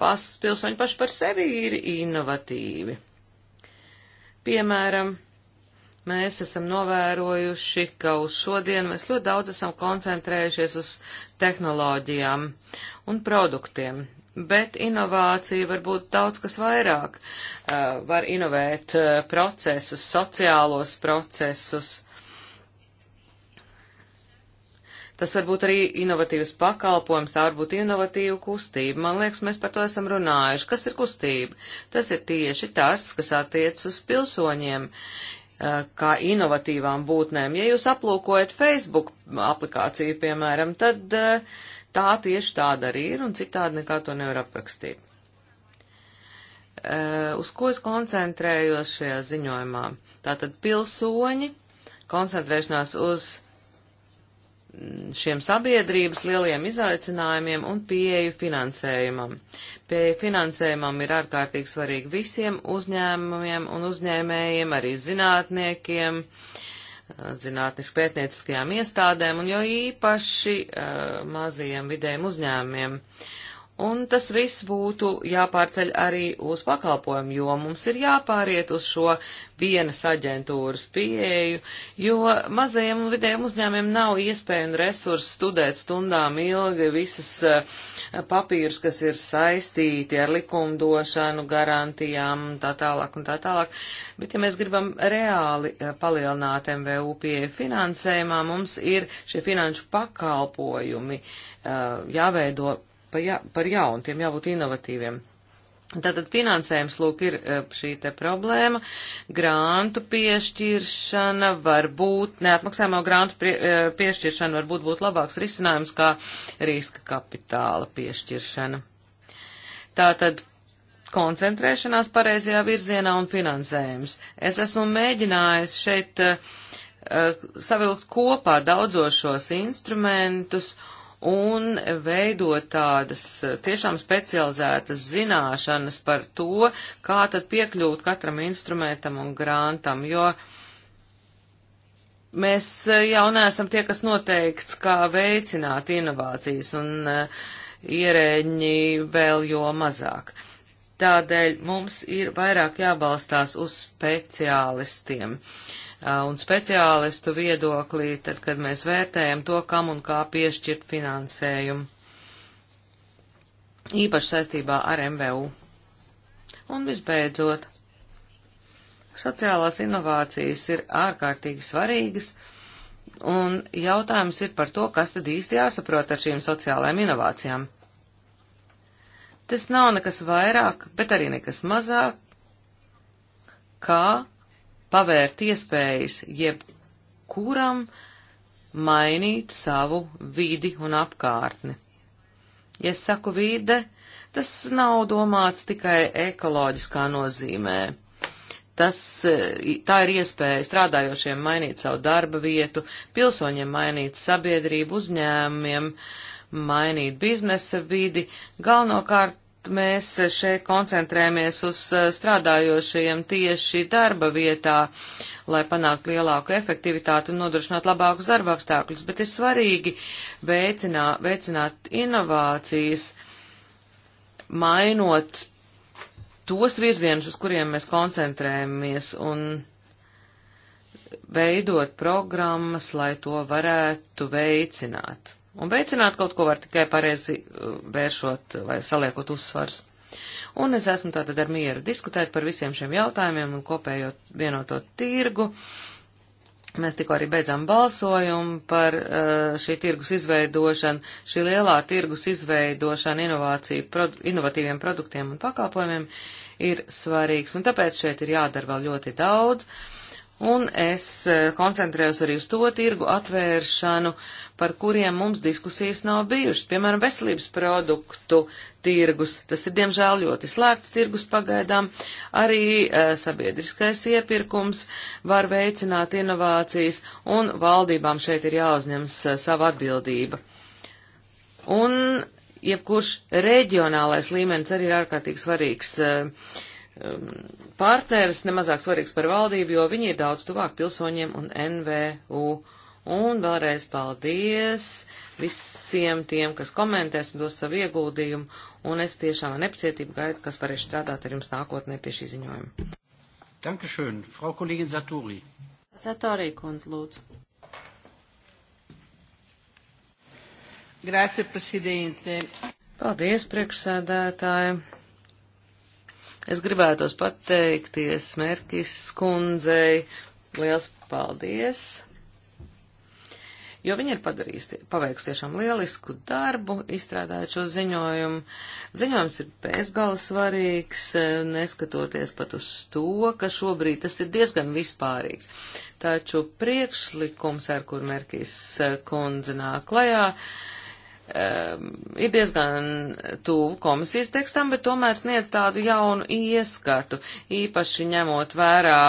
pas, pilsoņi paši par sevi ir inovatīvi. Piemēram, mēs esam novērojuši, ka uz šodien mēs ļoti daudz esam koncentrējušies uz tehnoloģijām un produktiem, bet inovācija var būt daudz kas vairāk. Uh, var inovēt uh, procesus, sociālos procesus. Tas var būt arī inovatīvs pakalpojums, tā var būt inovatīva kustība. Man liekas, mēs par to esam runājuši. Kas ir kustība? Tas ir tieši tas, kas attiec uz pilsoņiem uh, kā inovatīvām būtnēm. Ja jūs aplūkojat Facebook aplikāciju, piemēram, tad uh, Tā tieši tāda arī ir, un citādi nekā to nevar aprakstīt. E, uz ko es koncentrējos šajā ziņojumā? Tātad pilsoņi, koncentrēšanās uz šiem sabiedrības lieliem izaicinājumiem un pieeju finansējumam. Pieeja finansējumam ir ārkārtīgi svarīga visiem uzņēmumiem un uzņēmējiem, arī zinātniekiem, uh, zinātniski pētnieciskajām iestādēm un jau īpaši uh, mazajiem vidējiem uzņēmiem. Un tas viss būtu jāpārceļ arī uz pakalpojumu, jo mums ir jāpāriet uz šo vienas aģentūras pieeju, jo mazajiem un vidējiem uzņēmiem nav iespēja un resursu studēt stundām ilgi visas uh, papīrus, kas ir saistīti ar likumdošanu, garantijām un tā tālāk un tā tālāk. Bet, ja mēs gribam reāli eh, palielināt MVU pie finansējumā, mums ir šie finanšu pakalpojumi eh, jāveido par jaunu, tiem jābūt inovatīviem. Tātad finansējums, lūk, ir e, šī te problēma. Grāntu piešķiršana var būt, neatmaksājamo grāntu prie, e, piešķiršana var būt, būt labāks risinājums kā riska kapitāla piešķiršana. Tātad koncentrēšanās pareizajā virzienā un finansējums. Es esmu mēģinājis šeit uh, savilkt kopā daudzos šos instrumentus. Uh, un veidot tādas tiešām specializētas zināšanas par to, kā tad piekļūt katram instrumentam un grantam, jo mēs jau neesam tie, kas noteikts, kā veicināt inovācijas, un eh, ierēģi vēl jo mazāk. Tādēļ mums ir vairāk jābalstās uz speciālistiem. Uh, un speciālistu viedoklī, tad, kad mēs vērtējam to, kam un kā piešķirt finansējumu. Īpaši saistībā ar MVU. Un visbeidzot, sociālās inovācijas ir ārkārtīgi svarīgas, un jautājums ir par to, kas tad īsti jāsaprot ar šīm sociālajām inovācijām. Tas nav nekas vairāk, bet arī nekas mazāk, kā pavērt iespējas jebkuram mainīt savu vidi un apkārtni. Ja saku vide, tas nav domāts tikai ekoloģiskā nozīmē. Tas, tā ir iespēja strādājošiem mainīt savu darba vietu, pilsoņiem mainīt sabiedrību, uzņēmumiem, mainīt biznesa vidi, galvenokārt mēs šeit koncentrējamies uz eh, strādājošajiem tieši darba vietā, lai panāktu lielāku efektivitāti un nodrošinātu labākus darba apstākļus, bet ir svarīgi veicināt, veicināt inovācijas, mainot tos virzienus, uz kuriem mēs koncentrējamies un veidot programmas, lai to varētu veicināt. Un veicināt kaut ko var tikai pareizi uh, vēršot vai saliekot uzsvars. Un es esmu tātad ar mieru diskutēt par visiem šiem jautājumiem un kopējot vienoto tirgu. Mēs tikko arī beidzām balsojumu par uh, šī tirgus izveidošanu, šī lielā tirgus izveidošana inovāciju, produ, inovatīviem produktiem un pakalpojumiem ir svarīgs, un tāpēc šeit ir jādara vēl ļoti daudz. Un es uh, koncentrējos arī uz to tirgu atvēršanu, par kuriem mums diskusijas nav bijušas, piemēram, veselības produktu tirgus. Tas ir, diemžēl, ļoti slēgts tirgus pagaidām. Arī e, sabiedriskais iepirkums var veicināt inovācijas, un valdībām šeit ir jāuzņems e, sava atbildība. Un jebkurš reģionālais līmenis arī ir ārkārtīgi svarīgs. E, partneris nemazāk svarīgs par valdību, jo viņi ir daudz tuvāk pilsoņiem un NVU. Un vēlreiz paldies visiem tiem, kas komentēs un dos savu ieguldījumu, un es tiešām ar nepacietību gaidu, kas varēs strādāt ar jums nākotnē pie šī ziņojuma. Dankeschön, Frau Kollegin Saturi. Saturi, kundz, lūdzu. Grazie, presidente. Paldies, priekšsēdētāji. Es gribētos pateikties Merkis kundzei. Liels paldies! jo viņi ir padarījuši, paveiks tiešām lielisku darbu, izstrādājot šo ziņojumu. Ziņojums ir bezgala svarīgs, e, neskatoties pat uz to, ka šobrīd tas ir diezgan vispārīgs. Taču priekšlikums, ar kur Merkīs e, kundze nāk klajā, e, ir diezgan tuvu komisijas tekstam, bet tomēr sniedz tādu jaunu ieskatu, īpaši ņemot vērā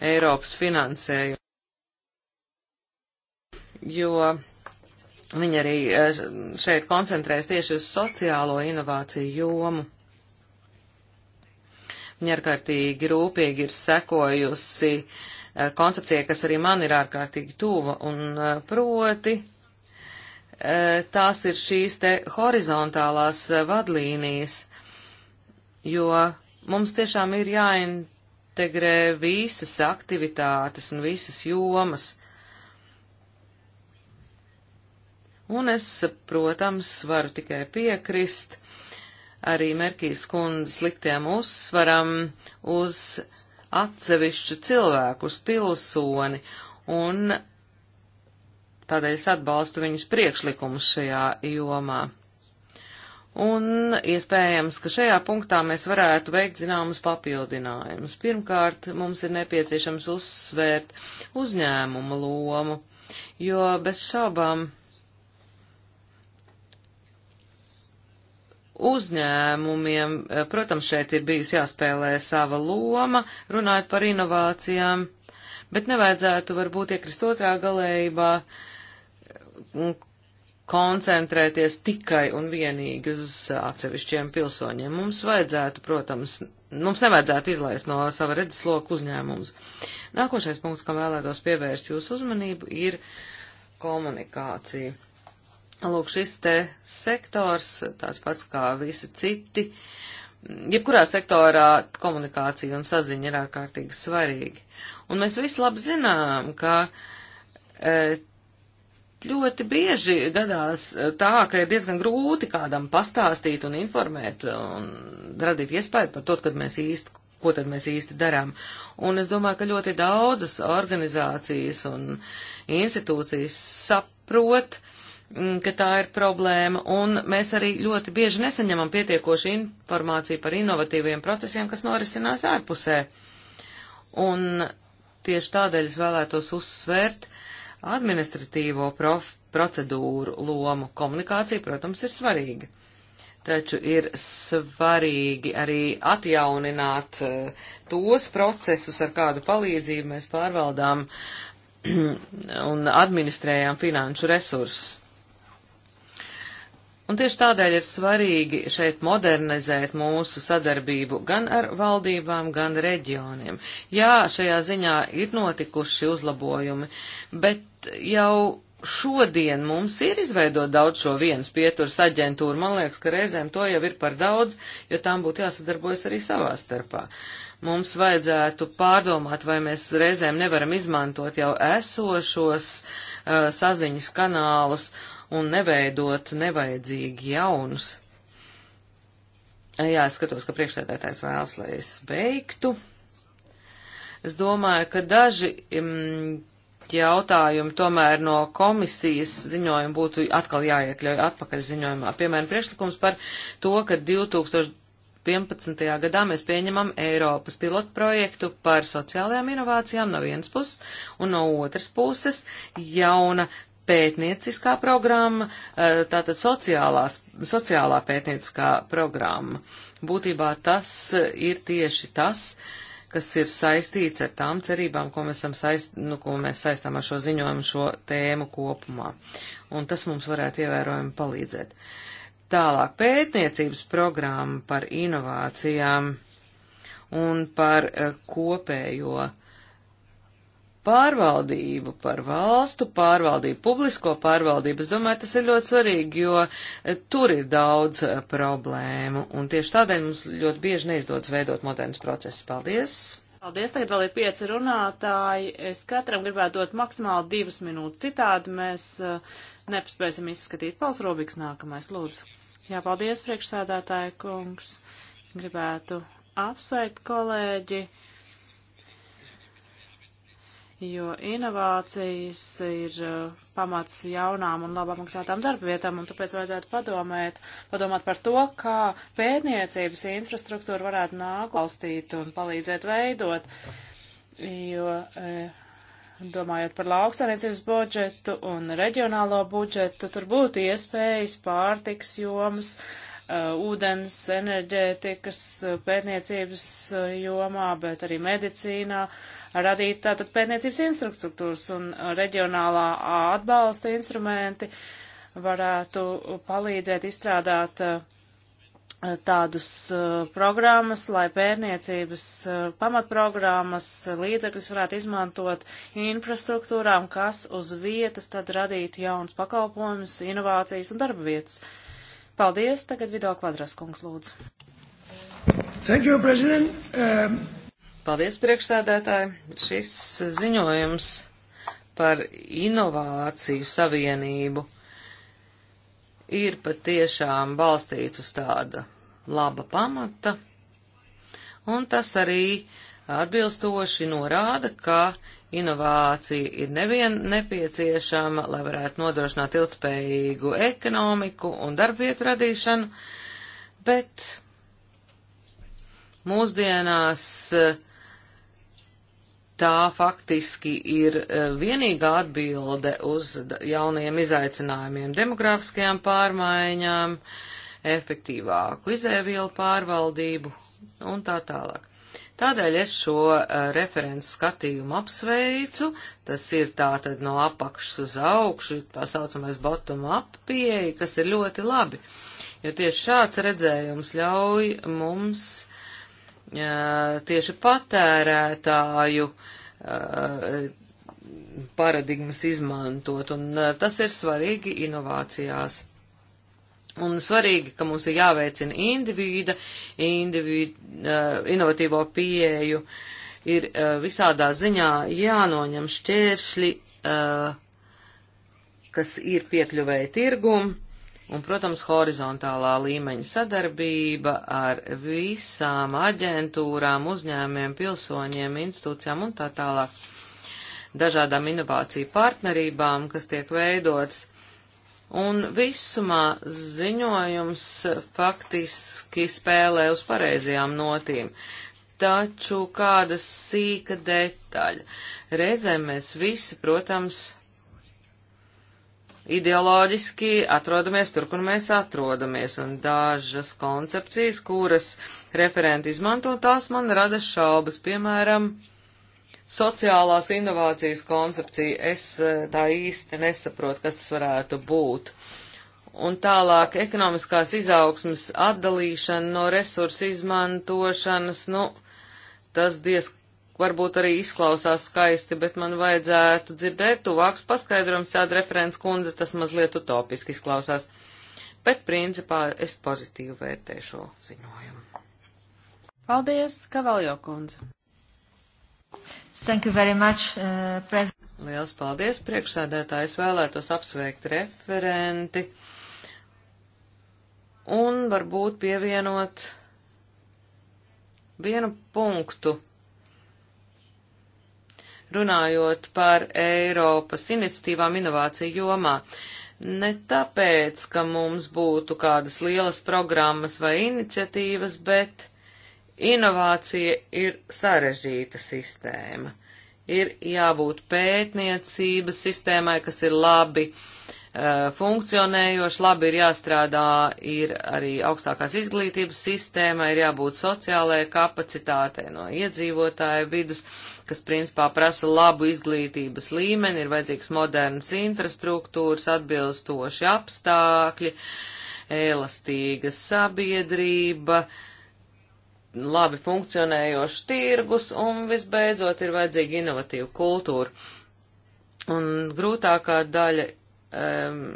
Eiropas finansējumu jo Viņi arī eh, šeit koncentrēs tieši uz sociālo inovāciju jomu. Viņa ārkārtīgi rūpīgi ir sekojusi eh, koncepcijai, kas arī man ir ārkārtīgi tuva, un eh, proti tās ir šīs te horizontālās vadlīnijas, jo mums tiešām ir jāintegrē visas aktivitātes un visas jomas Un es, protams, varu tikai piekrist arī Merkīs kundzes liktiem uzsvaram uz atsevišķu cilvēku, uz pilsoni, un tādēļ es atbalstu viņas priekšlikumus šajā jomā. Un iespējams, ka šajā punktā mēs varētu veikt zināmas papildinājumus. Pirmkārt, mums ir nepieciešams uzsvērt uzņēmumu lomu, jo bez šaubām uzņēmumiem, eh, protams, šeit ir bijusi jāspēlē sava loma, runājot par inovācijām, bet nevajadzētu varbūt iekrist otrā galējībā koncentrēties tikai un vienīgi uz atsevišķiem pilsoņiem. Mums vajadzētu, protams, mums nevajadzētu izlaist no sava redzesloka uzņēmumus. Nākošais punkts, kam vēlētos pievērst jūsu uzmanību, ir komunikācija. Lūk, šis te sektors, tāds pats kā visi citi, jebkurā sektorā komunikācija un saziņa ir ārkārtīgi svarīgi. Un mēs visi labi zinām, ka e, ļoti bieži gadās e, tā, ka ir diezgan grūti kādam pastāstīt un informēt un radīt iespēju par to, kad mēs īsti, ko tad mēs īsti darām. Un es domāju, ka ļoti daudzas organizācijas un institūcijas saprot, Mm, ka tā ir problēma, un mēs arī ļoti bieži nesaņemam pietiekošu informāciju par inovatīviem procesiem, kas norisinās ārpusē. Un tieši tādēļ es vēlētos uzsvērt administratīvo prof, procedūru lomu. Komunikācija, protams, ir svarīga taču ir svarīgi arī atjaunināt uh, tos procesus, ar kādu palīdzību mēs pārvaldām un administrējām finanšu resursus. Un tieši tādēļ ir svarīgi šeit modernizēt mūsu sadarbību gan ar valdībām, gan reģioniem. Jā, šajā ziņā ir notikuši uzlabojumi, bet jau šodien mums ir izveidot daudz šo vienas pieturas aģentūru. Man liekas, ka reizēm to jau ir par daudz, jo tām būtu jāsadarbojas arī savā starpā. Mums vajadzētu pārdomāt, vai mēs reizēm nevaram izmantot jau esošos uh, saziņas kanālus. Uh, un neveidot nevajadzīgi jaunus. Jā, es skatos, ka priekšsēdētājs vēlas, lai es beigtu. Es domāju, ka daži mm, jautājumi tomēr no komisijas ziņojuma būtu atkal jāiekļauj atpakaļ ziņojumā. Piemēram, priekšlikums par to, ka 2011. gadā mēs pieņemam Eiropas pilotu projektu par sociālajām inovācijām no vienas puses, un no otras puses jauna pētnieciskā programma, eh, tātad sociālās, sociālā pētnieciskā programma. Būtībā tas eh, ir tieši tas, kas ir saistīts ar tām cerībām, ko mēs, saist, nu, ko mēs saistām ar šo ziņojumu, šo tēmu kopumā. Un tas mums varētu ievērojami palīdzēt. Tālāk pētniecības programma par inovācijām un par eh, kopējo pārvaldību, par valstu pārvaldību, publisko pārvaldību. Es domāju, tas ir ļoti svarīgi, jo eh, tur ir daudz eh, problēmu, un tieši tādēļ mums ļoti bieži neizdodas veidot modernas procesus. Paldies! Paldies, tagad vēl ir pieci runātāji. Es katram gribētu dot maksimāli divas minūtes, citādi mēs eh, nepaspēsim izskatīt. Pals Robiks nākamais, lūdzu. Jā, paldies, priekšsādātāja kungs. Gribētu apsveikt kolēģi jo inovācijas ir uh, pamats jaunām un labi apmaksātām darbvietām, un tāpēc vajadzētu padomēt, padomāt par to, kā pētniecības infrastruktūra varētu nāk valstīt un palīdzēt veidot, jo, uh, domājot par lauksaimniecības budžetu un reģionālo budžetu, tur būtu iespējas pārtiks jomas, eh, ūdens, enerģētikas, eh, pētniecības jomā, bet arī medicīnā. Uh, radīt tātad pētniecības infrastruktūras un reģionālā atbalsta instrumenti varētu palīdzēt izstrādāt eh, tādus eh, programmas, lai pērniecības eh, pamatprogrammas līdzekļus varētu izmantot infrastruktūrām, kas uz vietas tad radītu jaunas pakalpojumus, inovācijas un darba vietas. Paldies, tagad video kvadrās kungs lūdzu. Thank you, President. Um... Paldies, priekšsēdētāji. Šis ziņojums par inovāciju savienību ir patiešām balstīts uz tāda laba pamata, un tas arī atbilstoši norāda, ka inovācija ir nevien nepieciešama, lai varētu nodrošināt ilgspējīgu ekonomiku un darbvietu radīšanu, bet mūsdienās uh, tā faktiski ir e, vienīgā atbilde uz jaunajiem izaicinājumiem - demografiskajām pārmaiņām, efektīvāku izēvielu pārvaldību un tā tālāk. Tādēļ es šo e, referents skatījumu apsveicu, tas ir tātad no apakšas uz augšu, tā saucamais bottom up pieeja, kas ir ļoti labi, jo tieši šāds redzējums ļauj mums tieši patērētāju paradigmas izmantot, un tas ir svarīgi inovācijās. Un svarīgi, ka mums ir jāveicina individa, individa, inovatīvo pieeju, ir visādā ziņā jānoņem šķēršļi, kas ir piekļuvēja tirgumu Un, protams, horizontālā līmeņa sadarbība ar visām aģentūrām, uzņēmiem, pilsoņiem, institūcijām un tā tālāk. Dažādām inovāciju partnerībām, kas tiek veidotas. Un visumā ziņojums faktiski spēlē uz pareizajām notīm. Taču kāda sīka detaļa. Reizēm mēs visi, protams, ideoloģiski atrodamies tur, kur mēs atrodamies, un dažas koncepcijas, kuras referenti izmanto, tās man rada šaubas, piemēram, sociālās inovācijas koncepcija. Es eh, tā īsti nesaprotu, kas tas varētu būt. Un tālāk ekonomiskās izaugsmas atdalīšana no resursu izmantošanas, nu, tas diez varbūt arī izklausās skaisti, bet man vajadzētu dzirdēt tuvāks paskaidrojums, tāda referents kundze, tas mazliet utopiski izklausās. Bet principā es pozitīvi vērtēju šo ziņojumu. Paldies, Kavaljo kundze. Thank you very much, uh, President. Liels paldies, priekšsēdētāji. Es vēlētos apsveikt referenti un varbūt pievienot vienu punktu runājot par Eiropas iniciatīvām inovāciju jomā. Ne tāpēc, ka mums būtu kādas lielas programmas vai iniciatīvas, bet inovācija ir sarežģīta sistēma. Ir jābūt pētniecības sistēmai, kas ir labi uh, Eh, funkcionējoši, labi ir jāstrādā, ir arī augstākās izglītības sistēma, ir jābūt sociālajai kapacitātei no iedzīvotāja vidus, kas principā prasa labu izglītības līmeni, ir vajadzīgs modernas infrastruktūras, atbilstoši apstākļi, elastīga sabiedrība, labi funkcionējošs tirgus un visbeidzot ir vajadzīga inovatīva kultūra. Un grūtākā daļa um,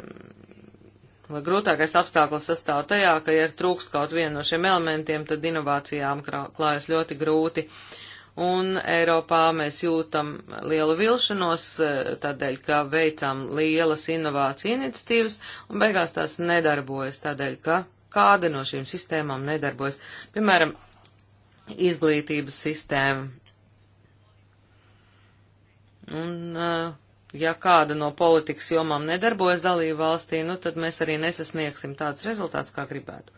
grūtākais apstākļus sastāv tajā, ka, ja trūkst kaut vienu no šiem elementiem, tad inovācijām klājas ļoti grūti. Un Eiropā mēs jūtam lielu vilšanos, e, tādēļ, ka veicam lielas inovāciju iniciatīvas, un beigās tās nedarbojas, tādēļ, ka kāda no šīm sistēmām nedarbojas. Piemēram, izglītības sistēma. Un uh, ja kāda no politikas jomām nedarbojas dalību valstī, nu tad mēs arī nesasniegsim tāds rezultāts, kā gribētu.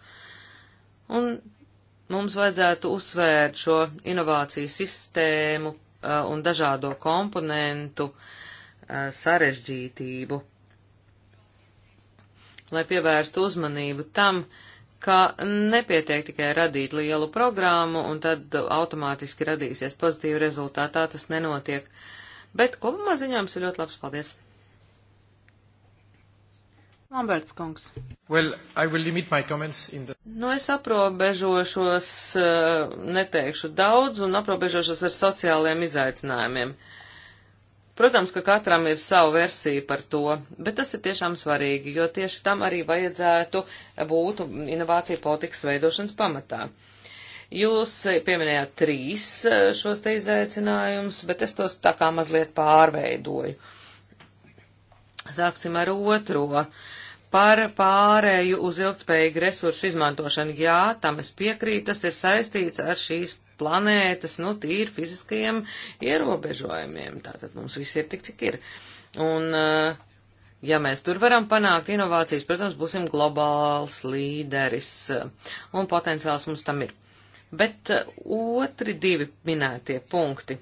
Un mums vajadzētu uzsvērt šo inovāciju sistēmu uh, un dažādo komponentu uh, sarežģītību, lai pievērstu uzmanību tam, ka nepietiek tikai radīt lielu programmu un tad automātiski radīsies pozitīvi rezultātā, tas nenotiek. Uh, Bet kopumā ziņojums ir ļoti labs. Paldies! Lamberts kungs. Well, I will limit my comments in the... Nu, es aprobežošos, eh, neteikšu daudz un aprobežošos ar sociālajiem izaicinājumiem. Protams, ka katram ir savu versiju par to, bet tas ir tiešām svarīgi, jo tieši tam arī vajadzētu būt inovāciju politikas veidošanas pamatā. Uh, Jūs pieminējāt trīs e, šos te izaicinājumus, bet es tos tā kā mazliet pārveidoju. Sāksim ar otro. Par pārēju uz ilgspējīgu resursu izmantošanu. Jā, tam es piekrītu, tas ir saistīts ar šīs planētas, nu, tīri fiziskajiem ierobežojumiem. Tātad mums viss ir tik, cik ir. Un, e, ja mēs tur varam panākt inovācijas, protams, būsim globāls līderis, un potenciāls mums tam ir. Bet uh, otri divi minētie punkti.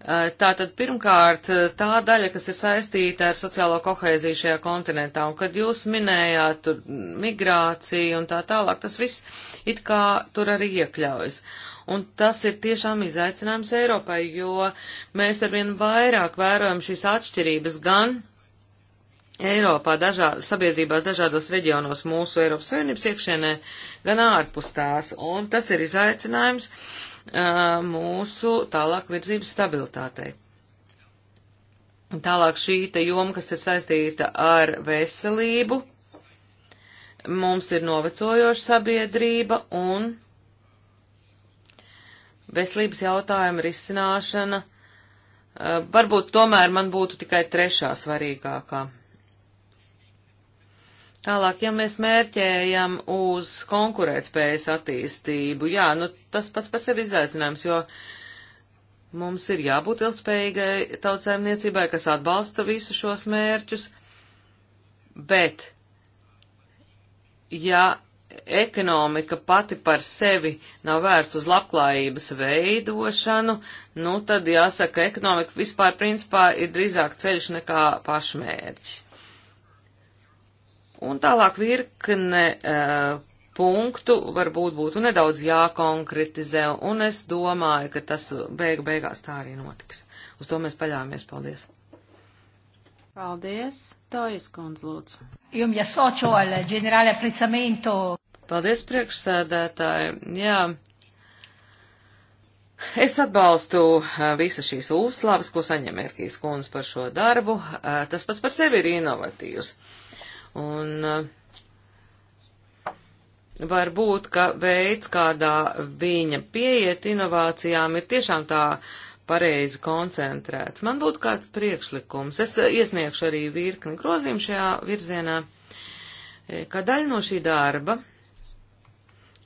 Uh, tātad pirmkārt uh, tā daļa, kas ir saistīta ar sociālo kohēziju šajā kontinentā, un kad jūs minējāt tur migrāciju un tā tālāk, tas viss it kā tur arī iekļaujas. Un tas ir tiešām izaicinājums Eiropai, jo mēs arvien vairāk vērojam šīs atšķirības gan Eiropā, dažā, sabiedrībās, dažādos reģionos mūsu Eiropas Savienības iekšienē, gan ārpus tās, un tas ir izaicinājums uh, mūsu tālāk virzības stabilitātei. Tālāk šī te joma, kas ir saistīta ar veselību, mums ir novecojoša sabiedrība un veselības jautājuma risināšana. Uh, varbūt tomēr man būtu tikai trešā svarīgākā Tālāk, ja mēs mērķējam uz konkurētspējas attīstību, jā, nu tas pats par sevi izaicinājums, jo mums ir jābūt ilgspējīgai tautsēmniecībai, kas atbalsta visus šos mērķus, bet ja ekonomika pati par sevi nav vērsta uz labklājības veidošanu, nu tad jāsaka, ekonomika vispār principā ir drīzāk ceļš nekā pašmērķis. Un tālāk virkne uh, punktu varbūt būtu nedaudz jākonkretizē, un es domāju, ka tas beigu beigās tā arī notiks. Uz to mēs paļāmies. Paldies! Paldies! Tojas kundz, lūdzu. Jum jāsočo al ģenerāli apricamento. Paldies, priekšsēdētāji. Jā. Es atbalstu eh, visas šīs uzslavas, ko saņem Erkijas kundze par šo darbu. Eh, tas pats par sevi ir inovatīvs. Un eh, varbūt, ka veids, kādā viņa pieiet inovācijām, ir tiešām tā pareizi koncentrēts. Man būtu kāds priekšlikums. Es eh, iesniegšu arī virkni grozījumu šajā virzienā, eh, kā daļa no šī darba,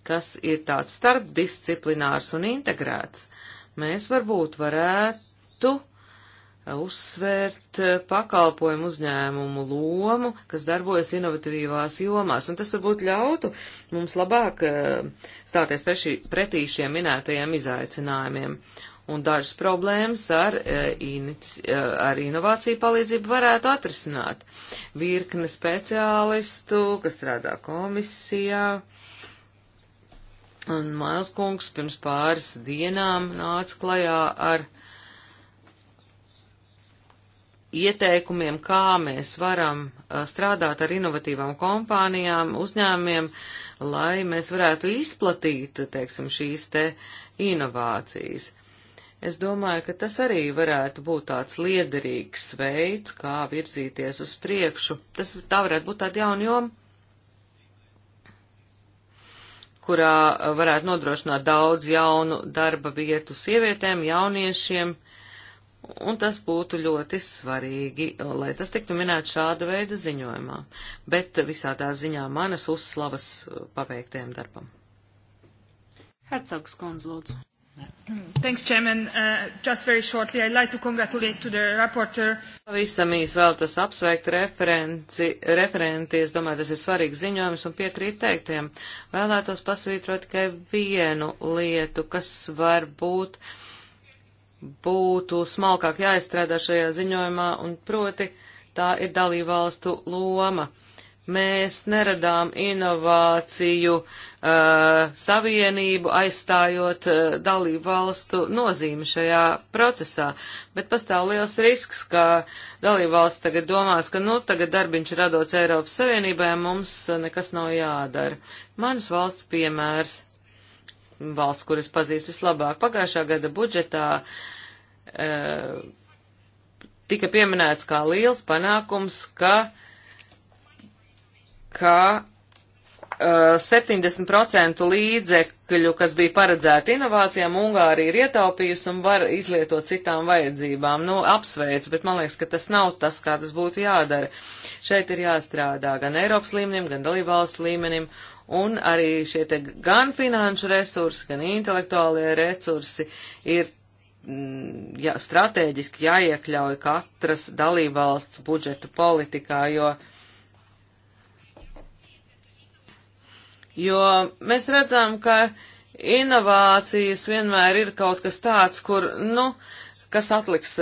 kas ir tāds starpdisciplinārs un integrēts, mēs varbūt varētu uzsvērt eh, pakalpojumu uzņēmumu lomu, kas darbojas inovatīvās jomās, un tas varbūt ļautu mums labāk eh, stāties prešī, pretī šiem minētajiem izaicinājumiem. Un dažas problēmas ar, eh, ar inovāciju palīdzību varētu atrisināt. Virkne speciālistu, kas strādā komisijā, un Mails kungs pirms pāris dienām nāca klajā ar uh, ieteikumiem, kā mēs varam uh, strādāt ar inovatīvām kompānijām, uzņēmiem, lai mēs varētu izplatīt, teiksim, šīs te inovācijas. Es domāju, ka tas arī varētu būt tāds liederīgs veids, kā virzīties uz priekšu. Tas tā varētu būt tāda jauna joma, kurā varētu nodrošināt daudz jaunu darba vietu sievietēm, jauniešiem un tas būtu ļoti svarīgi, lai tas tiktu minēts šāda veida ziņojumā, bet visā tā ziņā manas uzslavas paveiktajam darbam. Hercogs Kons, lūdzu. Thanks, Chairman. Uh, just very shortly, I'd like to congratulate to the rapporteur. Pavisam īsi vēltos apsveikt referenci, referenti. Es domāju, tas ir svarīgs ziņojums un piekrīt teiktiem. Vēlētos pasvītrot tikai vienu lietu, kas varbūt. Uh, būtu smalkāk jāizstrādā šajā ziņojumā, un proti tā ir dalībvalstu loma. Mēs neradām inovāciju uh, savienību, aizstājot uh, dalību valstu nozīmi šajā procesā, bet pastāv liels risks, ka dalību valsts tagad domās, ka nu tagad darbiņš ir radots Eiropas Savienībai, mums uh, nekas nav jādara. Manas valsts piemērs, valsts, kuras pazīst vislabāk, pagājušā gada budžetā uh, E, tika pieminēts kā liels panākums, ka, ka 70% e, līdzekļu, kas bija paredzēti inovācijām, Ungārija ir ietaupījusi un var izlietot citām vajadzībām. Nu, apsveicu, bet man liekas, ka tas nav tas, kā tas būtu jādara. Šeit ir jāstrādā gan Eiropas līmenim, gan dalībvalstu līmenim, un arī šie te gan finanšu resursi, gan intelektuālie resursi ir Mm, jā, strateģiski jāiekļauj katras dalībvalsts budžetu politikā, jo, jo mēs redzam, ka inovācijas vienmēr ir kaut kas tāds, kur, nu, kas atliks,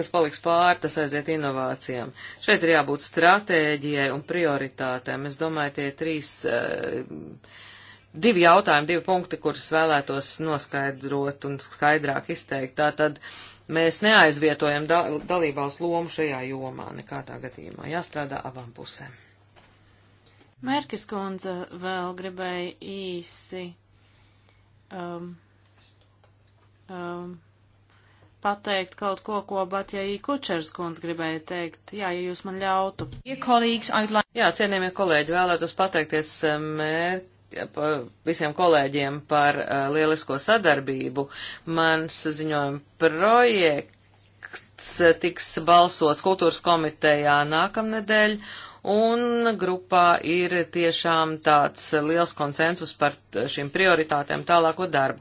kas paliks pāri, tas aiziet inovācijām. Šeit ir jābūt stratēģijai un prioritātēm. Es domāju, tie trīs. Uh, divi jautājumi, divi punkti, kurus vēlētos noskaidrot un skaidrāk izteikt. Tātad mēs neaizvietojam dal dalībvalsts lomu šajā jomā nekādā gadījumā. Jāstrādā abām pusēm. Mērķis kundze vēl gribēja īsi um, um, pateikt kaut ko, ko Batjai Kučers kundze gribēja teikt. Jā, ja jūs man ļautu. Jā, cienījamie kolēģi, vēlētos pateikties eh, mērķi visiem kolēģiem par uh, lielisko sadarbību. Mans ziņojuma projekts uh, tiks balsots kultūras komitejā nākamnedēļ un grupā ir tiešām tāds liels konsensus par šīm prioritātēm tālāko darbu.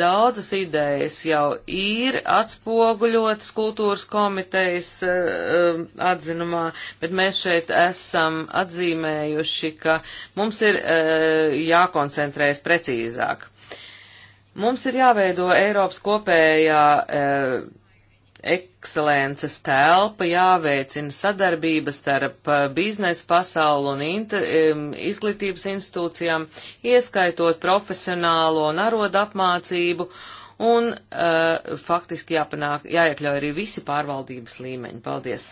Daudzas idejas jau ir atspoguļotas kultūras komitejas uh, atzinumā, bet mēs šeit esam atzīmējuši, ka mums ir uh, jākoncentrējas precīzāk. Mums ir jāveido Eiropas kopējā uh, ekscelences telpa jāveicina sadarbība starp eh, biznesa pasauli un inter, izglītības institūcijām, ieskaitot profesionālo un arodu apmācību, un uh, faktiski jāpanāk, jāiekļauj arī visi pārvaldības līmeņi. Paldies!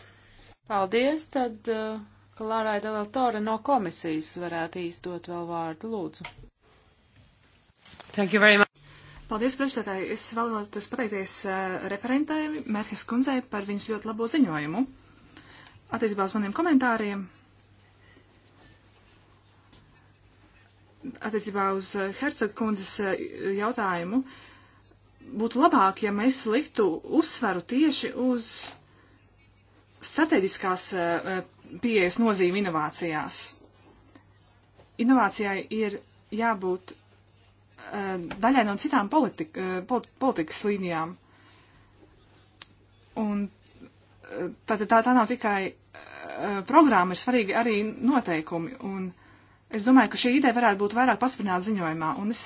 Paldies! Tad uh, Klārai Delatora no komisijas varētu īstot vēl vārdu, lūdzu. Thank you very much. Paldies, priekšstādāji. Es vēlos pateikties uh, eh, referentēm Mērķis kundzei par viņas ļoti labo ziņojumu. Attiecībā uz maniem komentāriem. Attiecībā uz eh, Hercega kundzes eh, jautājumu. Būtu labāk, ja mēs liktu uzsvaru tieši uz strateģiskās uh, pieejas nozīme inovācijās. Inovācijai ir jābūt Eh, daļai no citām politika, eh, politikas līnijām. Un eh, tā, tā, tā nav tikai programma, ir svarīgi arī noteikumi. Un es domāju, ka šī ideja varētu būt vairāk pasprināta ziņojumā. Un es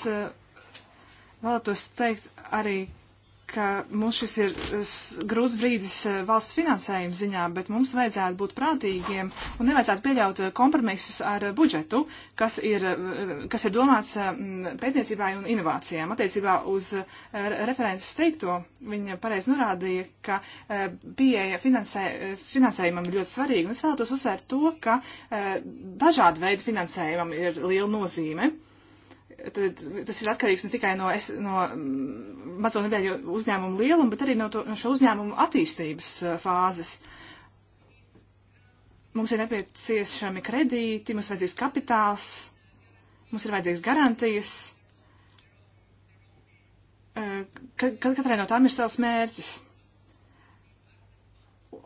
vēlētos teikt arī, ka mums šis ir grūts brīdis e, valsts finansējuma ziņā, bet mums vajadzētu būt prātīgiem un nevajadzētu pieļaut e, kompromisus ar e, budžetu, kas ir, kas ir domāts pētniecībai un inovācijām. Attiecībā uz referentes teikto, viņa pareizi norādīja, ka pieeja finansē, finansējumam ir ļoti svarīga, un es vēlētos uzsvērt to, ka dažādu veidu finansējumam ir liela nozīme tad, tas ir atkarīgs ne tikai no, es, no mm, mazo nedēļu uzņēmumu lieluma, bet arī no, to, no šo uzņēmumu attīstības uh, fāzes. Mums ir nepieciešami kredīti, mums vajadzīgs kapitāls, mums ir vajadzīgs garantijas. Uh, ka, katrai no tām ir savs mērķis.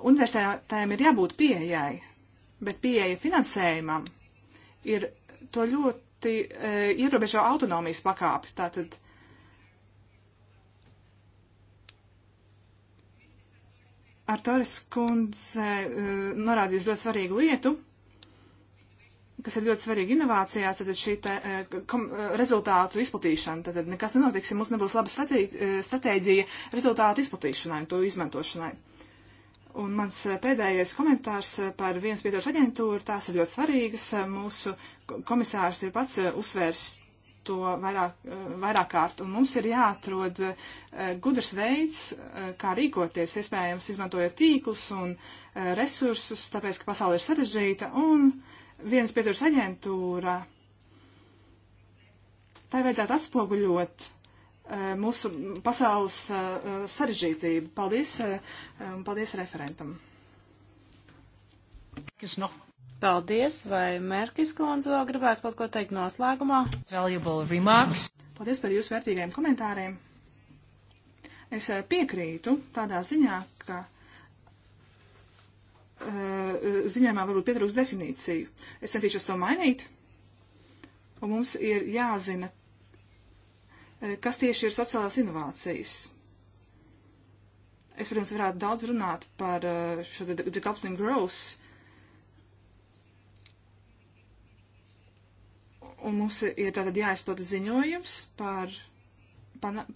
Universitātēm ir jābūt pieejai, bet pieeja finansējumam ir to ļoti ļoti e, ierobežo autonomijas pakāpi. Tātad, Artoris kundze e, norādījis ļoti svarīgu lietu, kas ir ļoti svarīga inovācijās, tad šī te, e, kom, e, rezultātu izplatīšana. Tad nekas nenotiks, ja mums nebūs laba e, stratēģija rezultātu izplatīšanai un to izmantošanai. Un mans eh, pēdējais komentārs eh, par viens pieturs aģentūru, tās ir ļoti svarīgas. Eh, mūsu komisārs ir pats uzsvērs to vairāk, vairāk kārt, un mums ir jāatrod gudrs veids, kā rīkoties, iespējams, izmantojot tīklus un resursus, tāpēc, ka pasaule ir sarežģīta, un viens pieturs aģentūra, tai vajadzētu atspoguļot Eh, mūsu pasaules eh, sarežģītību. Paldies eh, un paldies referentam. Paldies, vai Merkis Kondze vēl gribētu kaut ko teikt noslēgumā? Paldies par jūsu vērtīgajiem komentāriem. Es piekrītu tādā ziņā, ka ziņojumā varbūt pietrūks definīciju. Es centīšos to mainīt, un mums ir jāzina, Eh, kas tieši ir sociālās inovācijas. Es, protams, varētu daudz runāt par eh, šo decoupling growth. Un mums ir tātad jāizplata ziņojums par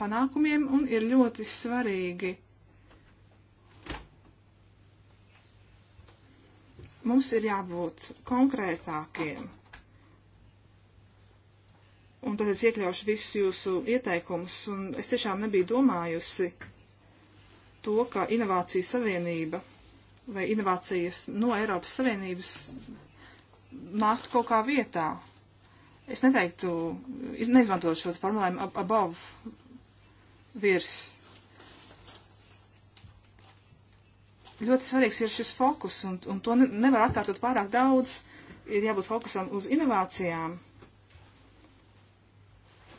panākumiem un ir ļoti svarīgi. Mums ir jābūt konkrētākiem un tad es iekļaušu visus jūsu ieteikumus, un es tiešām nebiju domājusi to, ka inovāciju savienība vai inovācijas no Eiropas Savienības nāktu kaut kā vietā. Es neteiktu, es neizmantotu šo formulējumu ab above, virs. Ļoti svarīgs ir šis fokus, un, un to nevar atkārtot pārāk daudz. Ir jābūt fokusam uz inovācijām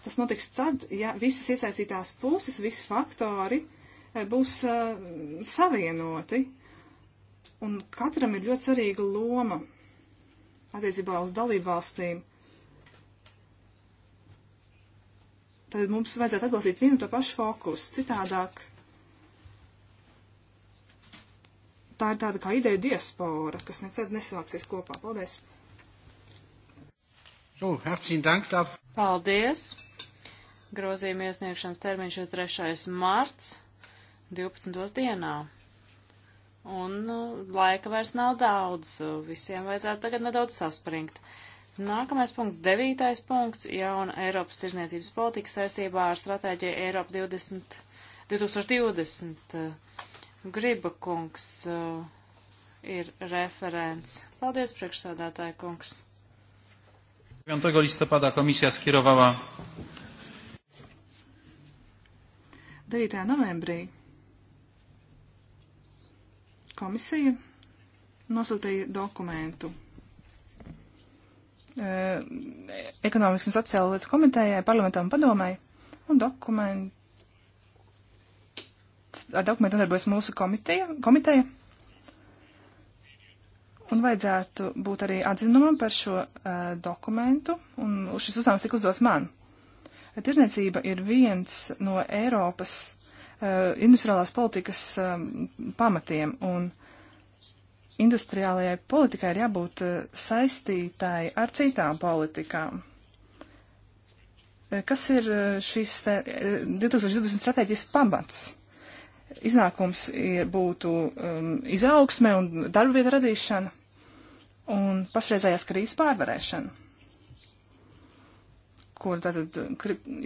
Tas notiks tad, ja visas iesaistītās puses, visi faktori eh, būs uh, savienoti, un katram ir ļoti svarīga loma attiecībā uz dalību valstīm. Tad mums vajadzētu atbalstīt vienu to pašu fokusu, citādāk tā ir tāda kā ideja diaspora, kas nekad nesāksies kopā. Paldies! So, herzlichen Dank dafür. Paldies Grozījuma iesniegšanas termiņš ir 3. marts 12. dienā. Un uh, laika vairs nav daudz, uh, visiem vajadzētu tagad nedaudz saspringt. Nākamais punkts, devītais punkts, jauna Eiropas tirzniecības politika saistībā ar stratēģiju Eiropa 20, 2020. Uh, Griba kungs ir referents. Paldies, priekšsādātāja kungs. 9 listopada komisija skierowała 9. novembrī komisija nosūtīja dokumentu e, ekonomikas un sociālo lietu komitējai, parlamentam un padomai, un dokument, ar dokumentu nodarbojas mūsu komiteja, komiteja. Un vajadzētu būt arī atzinumam par šo uh, dokumentu, un šis uzdevums tika uzdos man. Tirzniecība ir viens no Eiropas uh, industriālās politikas um, pamatiem, un industriālajai politikai ir jābūt uh, eh, saistītāji ar citām politikām. Kas ir šīs 2020 stratēģijas pamats? Iznākums ir, būtu um, izaugsme un darba vieta radīšana un pašreizējās krīzes pārvarēšana kur tātad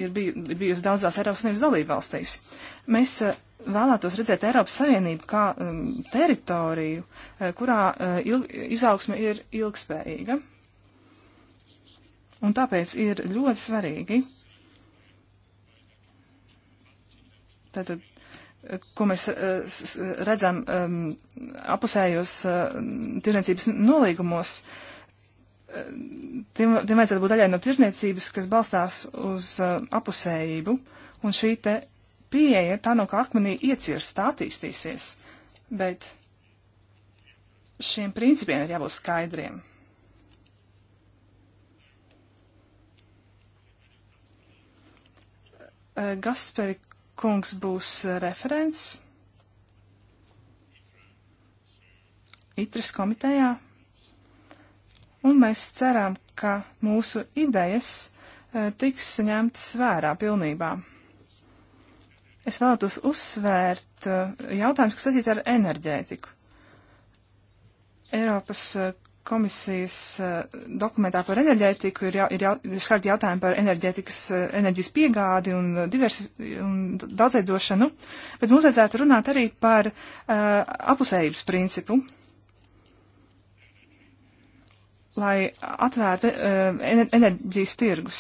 ir bijusi daudzās Eiropas Savienības dalībvalstīs. Mēs eh, vēlētos redzēt Eiropas Savienību kā um, teritoriju, eh, kurā uh, eh, ilg, izaugsme ir ilgspējīga. Un tāpēc ir ļoti svarīgi, tātad, ko mēs uh, redzam um, apusējos uh, tirdzniecības nolīgumos, uh, tiem, tiem vajadzētu būt daļai no tirzniecības, kas balstās uz uh, apusējību, un šī te pieeja tā no kā akmenī iecirst, tā attīstīsies, bet šiem principiem ir jābūt skaidriem. Uh, Gasperi kungs būs uh, referents. Itris komitejā un mēs ceram, ka mūsu idejas e, tiks ņemtas vērā pilnībā. Es vēlētos uzsvērt e, jautājumus, kas saistīti ar enerģētiku. Eiropas e, komisijas dokumentā par enerģētiku ir, jau, ir, jau, ir skarti jautājumi par enerģētikas, enerģijas piegādi un, diversi, un daudzveidošanu, bet mums vajadzētu runāt arī par uh, apusējības principu. Uh, lai atvērtu uh, enerģijas tirgus.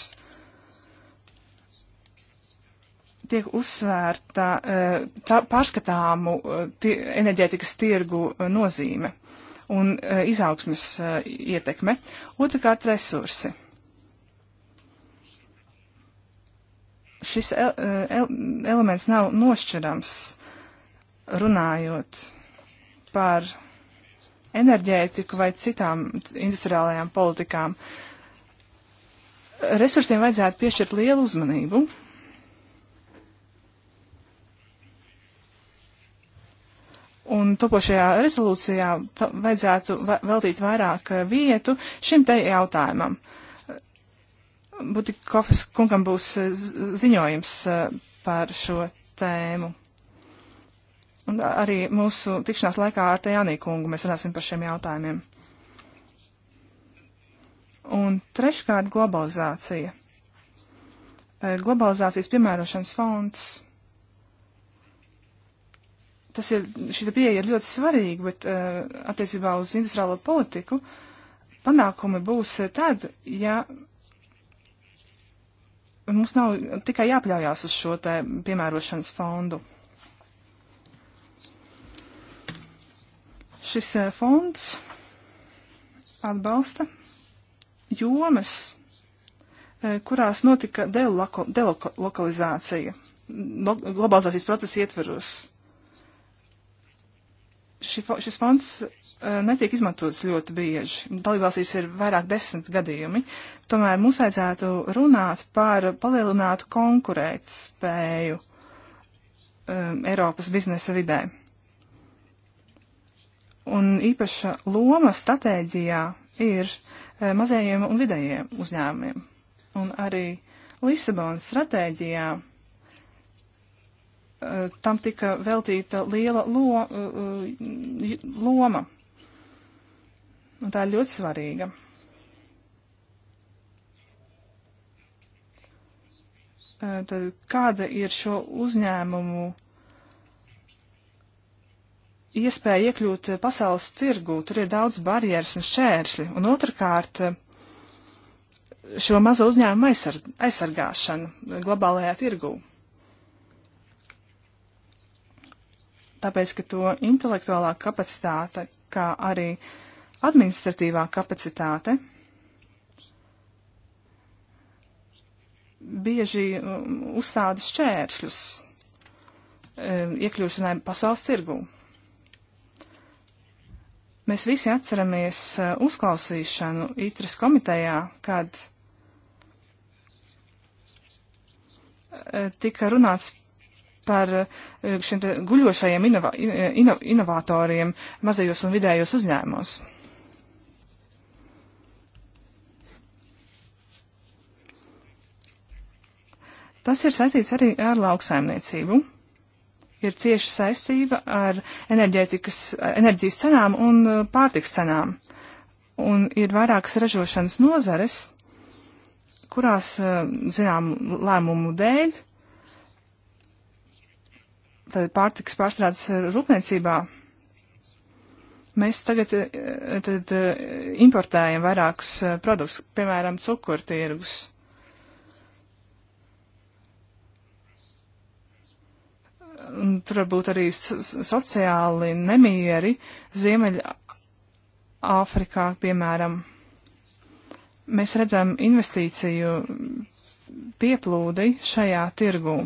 Tiek uzsvērta uh, pārskatāmu uh, eh, tie, enerģētikas tirgu uh, nozīme un uh, izaugsmes uh, ietekme. Otrakārt, resursi. Šis el, el, elements nav nošķirams runājot par enerģētiku vai citām industriālajām politikām. Resursiem vajadzētu piešķirt lielu uzmanību. Un topošajā rezolūcijā to vajadzētu veltīt vairāk eh, vietu šim te jautājumam. Butikofas kungam būs eh, ziņojums eh, par šo tēmu. Un arī mūsu tikšanās laikā ar Tajānī kungu mēs runāsim par šiem jautājumiem. Un treškārt globalizācija. Eh, globalizācijas piemērošanas fonds. Tas ir, šī pieeja ir ļoti svarīga, bet eh, attiecībā uz industriālo politiku panākumi būs eh, tad, ja mums nav tikai jāpaļaujās uz šo te piemērošanas fondu. Šis eh, fonds atbalsta jomas, eh, kurās notika delokalizācija globalizācijas procesa ietveros. Ši, šis fonds eh, netiek izmantots ļoti bieži. Dalībvalstīs ir vairāk desmit gadījumi. Tomēr mums vajadzētu runāt par palielinātu konkurētspēju um, Eiropas biznesa vidē. Un īpaša loma stratēģijā ir e, mazējiem un vidējiem uzņēmumiem. Un arī Lisabonas stratēģijā e, tam tika veltīta liela lo, e, loma. Un tā ir ļoti svarīga. Tad kāda ir šo uzņēmumu iespēja iekļūt eh, pasaules tirgū, tur ir daudz barjeras un šķēršļi, un otrkārt eh, šo mazo uzņēmumu aizsarg aizsargāšana eh, globālajā tirgū. Tāpēc, ka to intelektuālā kapacitāte, kā arī administratīvā kapacitāte, bieži um, uzstāda šķēršļus iekļūšanai pasaules tirgū. Mēs visi atceramies eh, uzklausīšanu ITRAS komitejā, kad eh, tika runāts par eh, šiem guļošajiem inova, ino, inovatoriem mazajos un vidējos uzņēmumos. Tas ir saistīts arī ar lauksaimniecību ir cieša saistība ar enerģijas cenām un uh, pārtiks cenām. Un ir vairākas ražošanas nozares, kurās, uh, zinām, lēmumu dēļ, tad pārtiks pārstrādes rūpniecībā mēs tagad uh, tad, importējam vairākus produktus, piemēram, cukurtirgus. tur var būt arī sociāli nemieri Ziemeļa Āfrikā, piemēram. Mēs redzam investīciju pieplūdi šajā tirgū.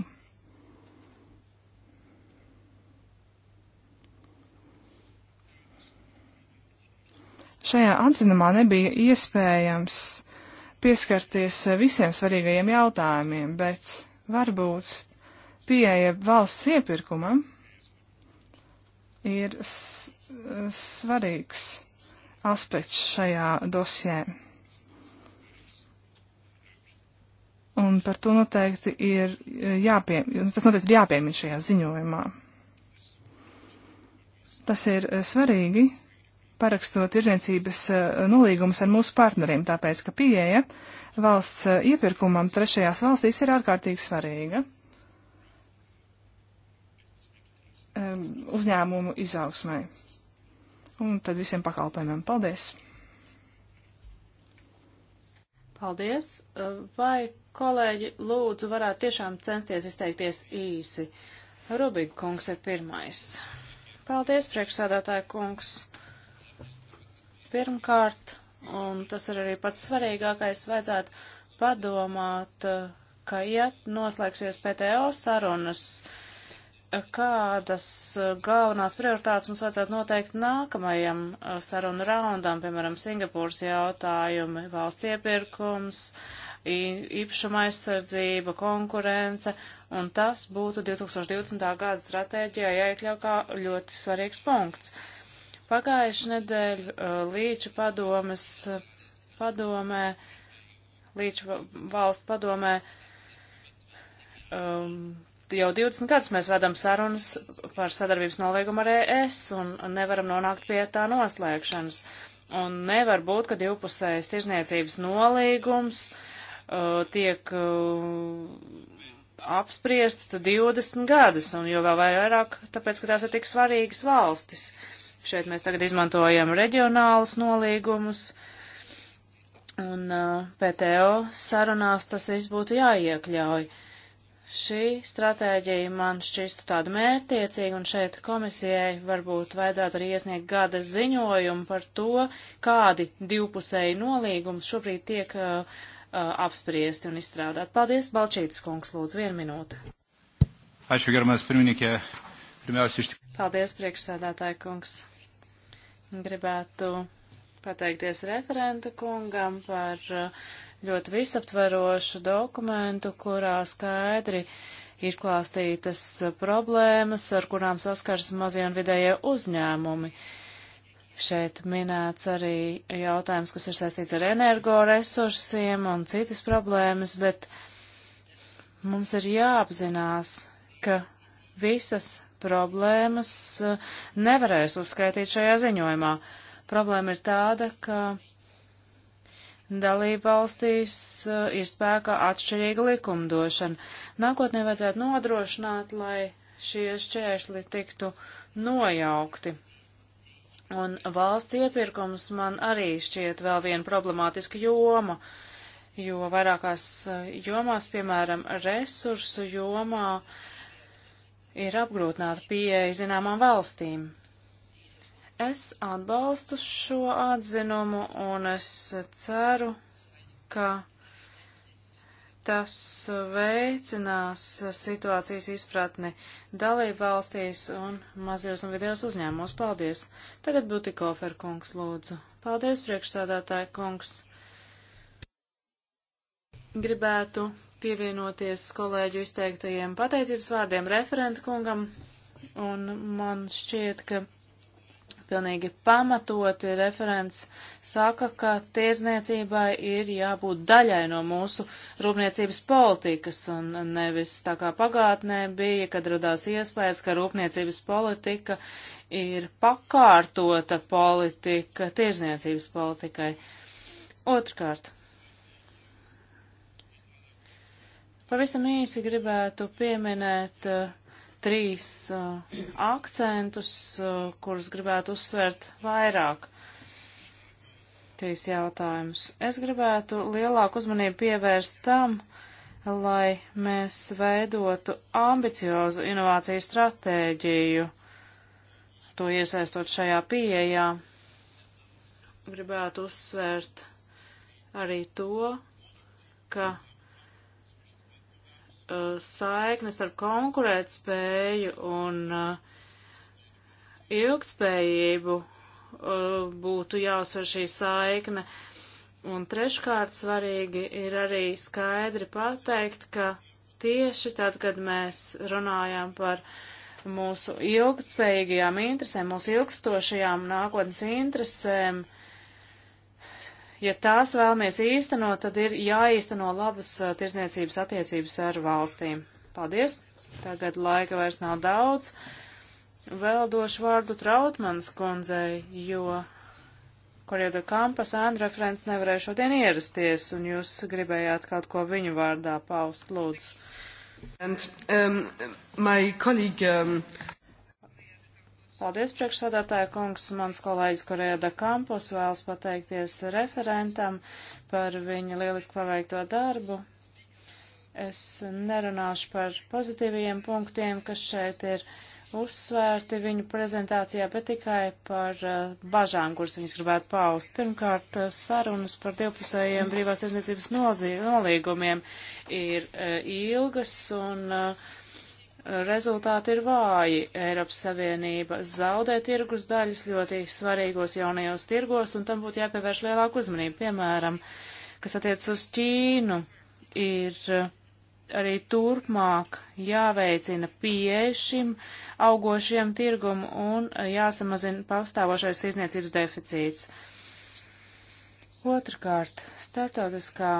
Šajā atzinumā nebija iespējams pieskarties visiem svarīgajiem jautājumiem, bet varbūt pieeja valsts iepirkumam ir svarīgs aspekts šajā dosjē. Un par to noteikti ir e, jāpiemina, tas noteikti ir jāpiemina šajā ziņojumā. Tas ir e, svarīgi, parakstot tirdzniecības e, nolīgumus ar mūsu partneriem, tāpēc, ka pieeja valsts iepirkumam trešajās valstīs ir ārkārtīgi svarīga. um, uzņēmumu izaugsmai un tad visiem pakalpojumiem. Paldies! Paldies! Uh, vai kolēģi lūdzu varētu tiešām censties izteikties īsi? Rubika kungs ir pirmais. Paldies, priekšsādātāja kungs! Pirmkārt, un tas ir arī pats svarīgākais, vajadzētu padomāt, uh, ka, ja noslēgsies PTO sarunas, uh, kādas uh, galvenās prioritātes mums vajadzētu noteikt nākamajam uh, sarunu raundam, piemēram, Singapūras jautājumi, valsts iepirkums, īpašuma aizsardzība, konkurence, un tas būtu 2020. gada stratēģijā jāiekļau kā ļoti svarīgs punkts. Pagājuši nedēļu uh, Līča padomes padomē, Līča valsts padomē um, jau 20 gadus mēs vedam sarunas par sadarbības nolīgumu ar ES un nevaram nonākt pie tā noslēgšanas. Un nevar būt, ka divpusējas tirzniecības nolīgums uh, tiek uh, apspriests 20 gadus, un jo vēl vairāk, tāpēc, ka tās ir tik svarīgas valstis. Šeit mēs tagad izmantojam reģionālus nolīgumus, un uh, PTO sarunās tas viss būtu jāiekļauj. Uh, Šī stratēģija man šķistu tāda mērķtiecīga, un šeit komisijai varbūt vajadzētu arī iesniegt gada ziņojumu par to, kādi divpusēji nolīgums šobrīd tiek uh, uh apspriesti un izstrādāt. Paldies, Balčītis kungs, lūdzu, vienu minūti. Ačiū, garmās pirmininkē. Pirmiausia, iš tikrųjų. Paldies, priekšsēdētāja kungs. Gribētu pateikties referenta kungam par uh, ļoti visaptverošu dokumentu, kurā skaidri izklāstītas problēmas, ar kurām saskars mazie un vidējie uzņēmumi. Šeit minēts arī jautājums, kas ir saistīts ar energoresursiem un citas problēmas, bet mums ir jāapzinās, ka visas problēmas eh, nevarēs uzskaitīt šajā ziņojumā. Problēma ir tāda, ka Dalībvalstīs eh, ir spēkā atšķirīga likumdošana. Nākotnē vajadzētu nodrošināt, lai šie šķēršļi tiktu nojaukti. Un valsts iepirkums man arī šķiet vēl viena problemātiska joma, jo vairākās eh, jomās, piemēram, resursu jomā, ir apgrūtināta pieeja zināmām valstīm. Es atbalstu šo atzinumu un es ceru, ka tas veicinās situācijas izpratni dalību valstīs un mazajos un vidējos uzņēmumos. Paldies! Tagad būtu kofer kungs, lūdzu. Paldies, priekšsādātāja kungs! Gribētu pievienoties kolēģu izteiktajiem pateicības vārdiem referentu kungam, un man šķiet, ka Pilnīgi pamatoti referents saka, ka tirdzniecībai ir jābūt daļai no mūsu rūpniecības politikas un nevis tā kā pagātnē bija, kad radās iespējas, ka rūpniecības politika ir pakārtota politika tirdzniecības politikai. Otrkārt. Pavisam īsi gribētu pieminēt uh, trīs uh, akcentus, uh, kurus gribētu uzsvērt vairāk. Trīs jautājumus. Es gribētu lielāku uzmanību pievērst tam, lai mēs veidotu ambiciozu inovāciju stratēģiju, to iesaistot šajā pieejā. Gribētu uzsvērt arī to, ka uh, saiknes ar konkurētspēju un uh, ilgtspējību uh, būtu jāuzsver šī saikne. Un treškārt svarīgi ir arī skaidri pateikt, ka tieši tad, kad mēs runājam par mūsu ilgtspējīgajām interesēm, mūsu ilgstošajām nākotnes interesēm, Ja tās vēlamies īstenot, tad ir jāīsteno labas tirzniecības attiecības ar valstīm. Paldies! Tagad laika vairs nav daudz. Vēl došu vārdu Trautmanas kundzei, jo Korjada Kampas ēnreferents nevarēja šodien ierasties, un jūs gribējāt kaut ko viņu vārdā paust, lūdzu. And, um, colleague, um... Paldies, priekšsādātāja kungs. Mans kolēģis Korēja da Kampus vēlas pateikties referentam par viņa lieliski paveikto darbu. Es nerunāšu par pozitīvajiem punktiem, kas šeit ir uzsvērti viņu prezentācijā, bet tikai par uh, bažām, kuras viņas gribētu paust. Pirmkārt, uh, sarunas par divpusējiem brīvās tirsniecības nolīgumiem ir uh, ilgas un uh, rezultāti ir vāji. Eiropas Savienība zaudē tirgus daļas ļoti svarīgos jaunajos tirgos, un tam būtu jāpievērš lielāku uzmanību. Piemēram, kas attiec uz Ķīnu, ir eh, arī turpmāk jāveicina pieeja šim augošiem tirgumu un eh, jāsamazina pastāvošais tirzniecības deficīts. Otrkārt, starptautiskā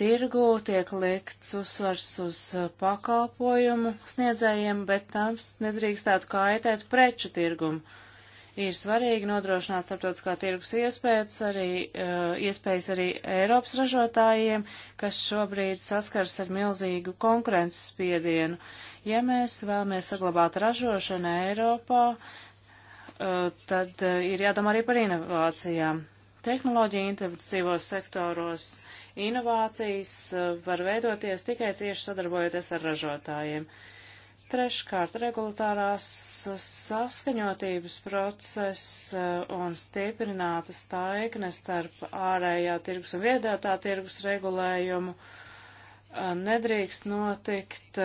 tirgu tiek liekts uzsvars uz eh, pakalpojumu sniedzējiem, bet tams nedrīkstētu kaitēt preču tirgumu. Ir svarīgi nodrošināt starptautiskā tirgus iespējas arī, eh, iespējas arī Eiropas ražotājiem, kas šobrīd saskars ar milzīgu konkurences spiedienu. Ja mēs vēlamies saglabāt ražošanu Eiropā, eh, tad ir jādomā arī par inovācijām. Tehnoloģija intensīvos sektoros uh, Inovācijas eh, var veidoties tikai cieši sadarbojoties ar ražotājiem. Treškārt, regulatārās saskaņotības process eh, un stiprinātas taiknes starp ārējā tirgus un viedētā tirgus regulējumu eh, nedrīkst notikt,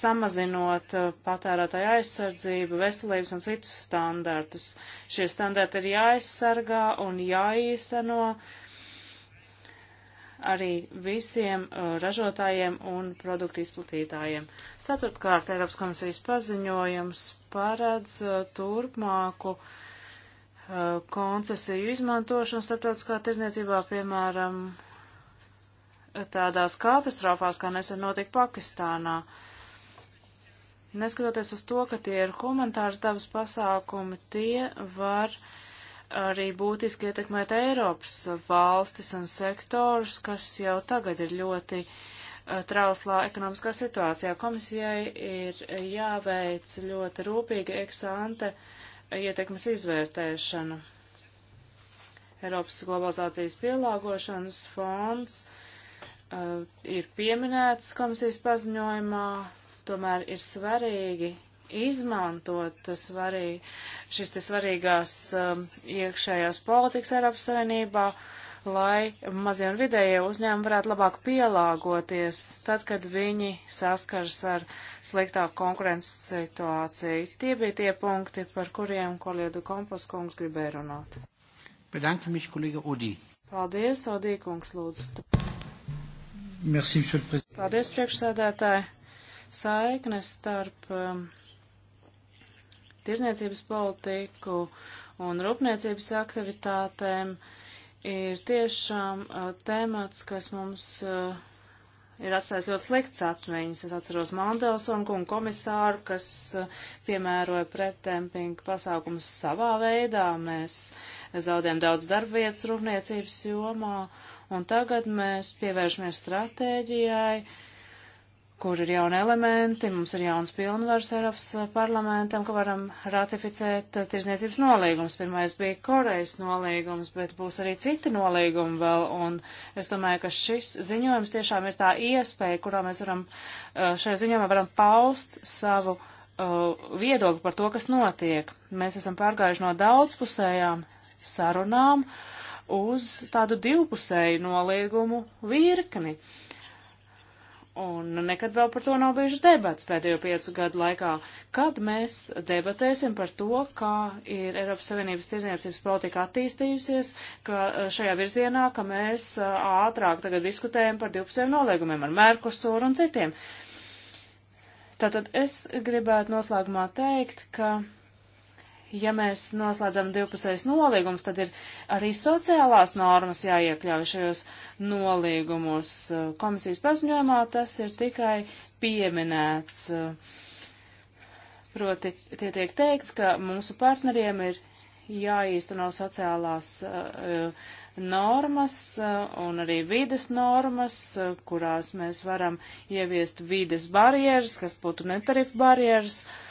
samazinot patērētāju aizsardzību, veselības un citus standartus. Šie standarti ir jāaizsargā un jāīsteno arī visiem uh, ražotājiem un produktu izplatītājiem. Ceturtkārt, Eiropas komisijas paziņojums paredz uh, turpmāku uh, koncesiju izmantošanu starptautiskā tirdzniecībā, piemēram, tādās katastrofās, kā nesen notika Pakistānā. Neskatoties uz to, ka tie ir humanitārs dabas pasākumi, tie var uh, arī būtiski ietekmēt Eiropas valstis un sektors, kas jau tagad ir ļoti uh, trauslā ekonomiskā situācijā. Komisijai ir jāveic ļoti rūpīga eksante ietekmes izvērtēšana. Eiropas globalizācijas pielāgošanas fonds uh, ir pieminēts komisijas paziņojumā, tomēr ir svarīgi izmantot svarī, šis te svarīgās um, iekšējās politikas Eiropas Savienībā, lai mazie un vidējie uzņēmumi varētu labāk pielāgoties tad, kad viņi saskars ar sliktāku konkurences situāciju. Tie bija tie punkti, par kuriem kolēdu Kompos kungs gribēja runāt. Bedanke mich, kolēga Odī. Paldies, Odī kungs, lūdzu. Merci, Paldies, priekšsēdētāji. Saiknes starp um, tirzniecības politiku un rūpniecības aktivitātēm ir tiešām uh, tēmats, kas mums uh, ir atstājis ļoti slikts atmiņas. Es atceros Mandelsonu kungu komisāru, kas uh, piemēroja pretdempinga pasākumus savā veidā. Mēs zaudējam daudz darbvietas rūpniecības jomā, un tagad mēs pievēršamies stratēģijai, uh, kur ir jauni elementi, mums ir jauns pilnvars Eiropas eh, parlamentam, ka varam ratificēt eh, tirzniecības nolīgums. Pirmais bija Korejas nolīgums, bet būs arī citi nolīgumi vēl, un es domāju, ka šis ziņojums tiešām ir tā iespēja, kurā mēs varam, eh, šajā ziņojumā varam paust savu uh, viedokli par to, kas notiek. Mēs esam pārgājuši no daudzpusējām sarunām uz tādu divpusēju nolīgumu virkni. Uh, Un nekad vēl par to nav bijušas debats pēdējo piecu gadu laikā, kad mēs debatēsim par to, kā ir Eiropas Savienības tirdzniecības politika attīstījusies, ka eh, šajā virzienā, ka mēs eh, ātrāk tagad diskutējam par divpusējiem noliegumiem ar Mērkusuru un citiem. Tātad es gribētu noslēgumā teikt, ka ja mēs noslēdzam divpusējus nolīgumus, tad ir arī sociālās normas jāiekļauj šajos nolīgumus. Komisijas paziņojumā tas ir tikai pieminēts. Proti, tie tiek teikts, ka mūsu partneriem ir jāīsteno sociālās uh, normas uh, un arī vides normas, uh, kurās mēs varam ieviest vides barjeras, kas būtu netarifu barjeras. Uh,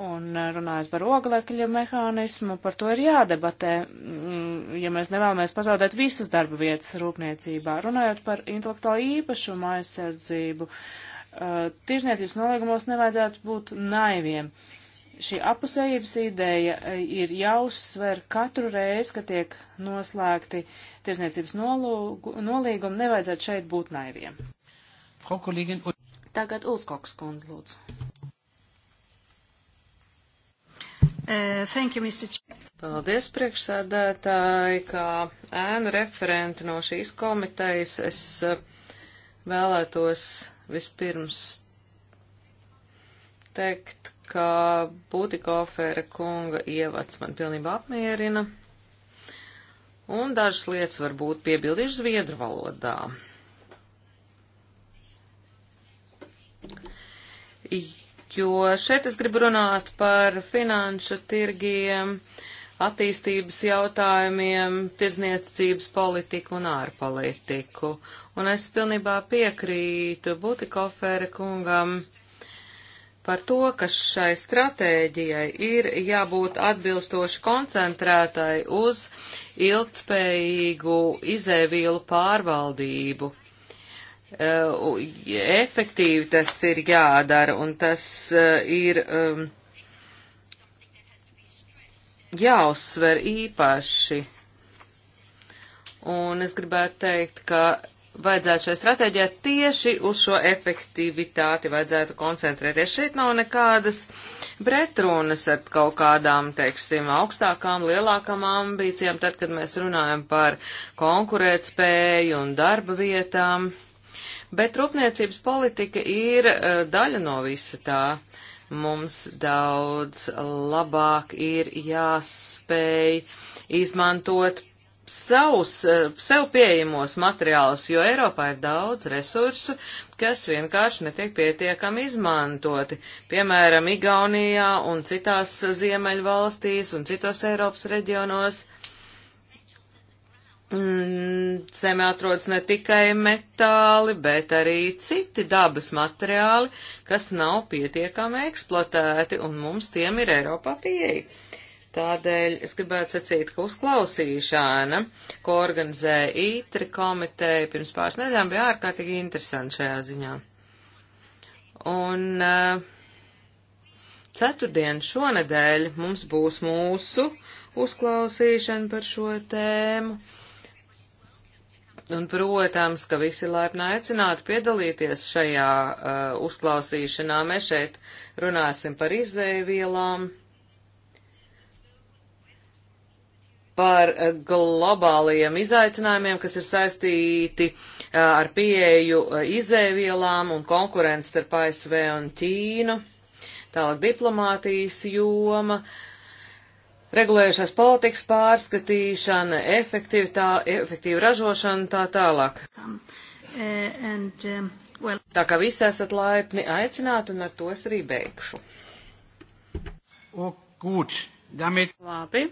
Un eh, runājot par oglekļa mehānismu, par to ir jādebatē, mm, ja mēs nevēlamies pazaudēt visas darba vietas rūpniecībā. Runājot par intelektuālu īpašumu aizsardzību, eh, tirzniecības nolīgumos nevajadzētu būt naiviem. Šī apusējības ideja eh, ir jāuzsver katru reizi, kad tiek noslēgti tirzniecības nolīgumi, nevajadzētu šeit būt naiviem. Tagad Ulskoks kundze lūdzu. Uh, thank you, Mr. Paldies, priekšsēdētāji, kā ēnu referenti no šīs komitejas. Es uh, vēlētos vispirms teikt, ka Būtikofēra kunga ievads man pilnībā apmierina, un dažas lietas varbūt piebildīšu zviedru valodā jo šeit es gribu runāt par finanšu tirgiem, attīstības jautājumiem, tirzniecības politiku un ārpolitiku. Un es pilnībā piekrītu Butikofera kungam par to, ka šai stratēģijai ir jābūt atbilstoši koncentrētai uz ilgtspējīgu izēvielu pārvaldību uh, efektīvi tas ir jādara, un tas uh, ir um, jāuzsver īpaši. Un es gribētu teikt, ka vajadzētu šai stratēģijai tieši uz šo efektivitāti vajadzētu koncentrēties. Šeit nav nekādas pretrunas ar kaut kādām, teiksim, augstākām, lielākām ambīcijām, tad, kad mēs runājam par konkurētspēju un darba vietām. Bet rūpniecības politika ir e, daļa no visa tā. Mums daudz labāk ir jāspēj izmantot savus, e, sev pieejamos materiālus, jo Eiropā ir daudz resursu, kas vienkārši netiek pietiekami izmantoti. Piemēram, Igaunijā un citās Ziemeļvalstīs un citos Eiropas reģionos Mm, zemē atrodas ne tikai metāli, bet arī citi dabas materiāli, kas nav pietiekami eksploatēti, un mums tiem ir Eiropā pieeja. Tādēļ es gribētu sacīt, ka uzklausīšana, ko organizēja ITRI komiteja pirms pāris nedēļām, bija ārkārtīgi interesanti šajā ziņā. Un eh, ceturtdien šonedēļ mums būs mūsu uzklausīšana par šo tēmu Un, protams, ka visi laipni aicināti piedalīties šajā uh, uzklausīšanā. Mēs šeit runāsim par izēvielām, par uh, globālajiem izaicinājumiem, kas ir saistīti uh, ar pieeju uh, izēvielām un konkurences starp ASV un Ķīnu, tālāk diplomātijas joma. Uh, regulējušās politikas pārskatīšana, efektīva ražošana tā tālāk. Um, and, um, well... Tā kā visi esat laipni aicināti un ar to es arī beigšu. O, gut, damit... Labi.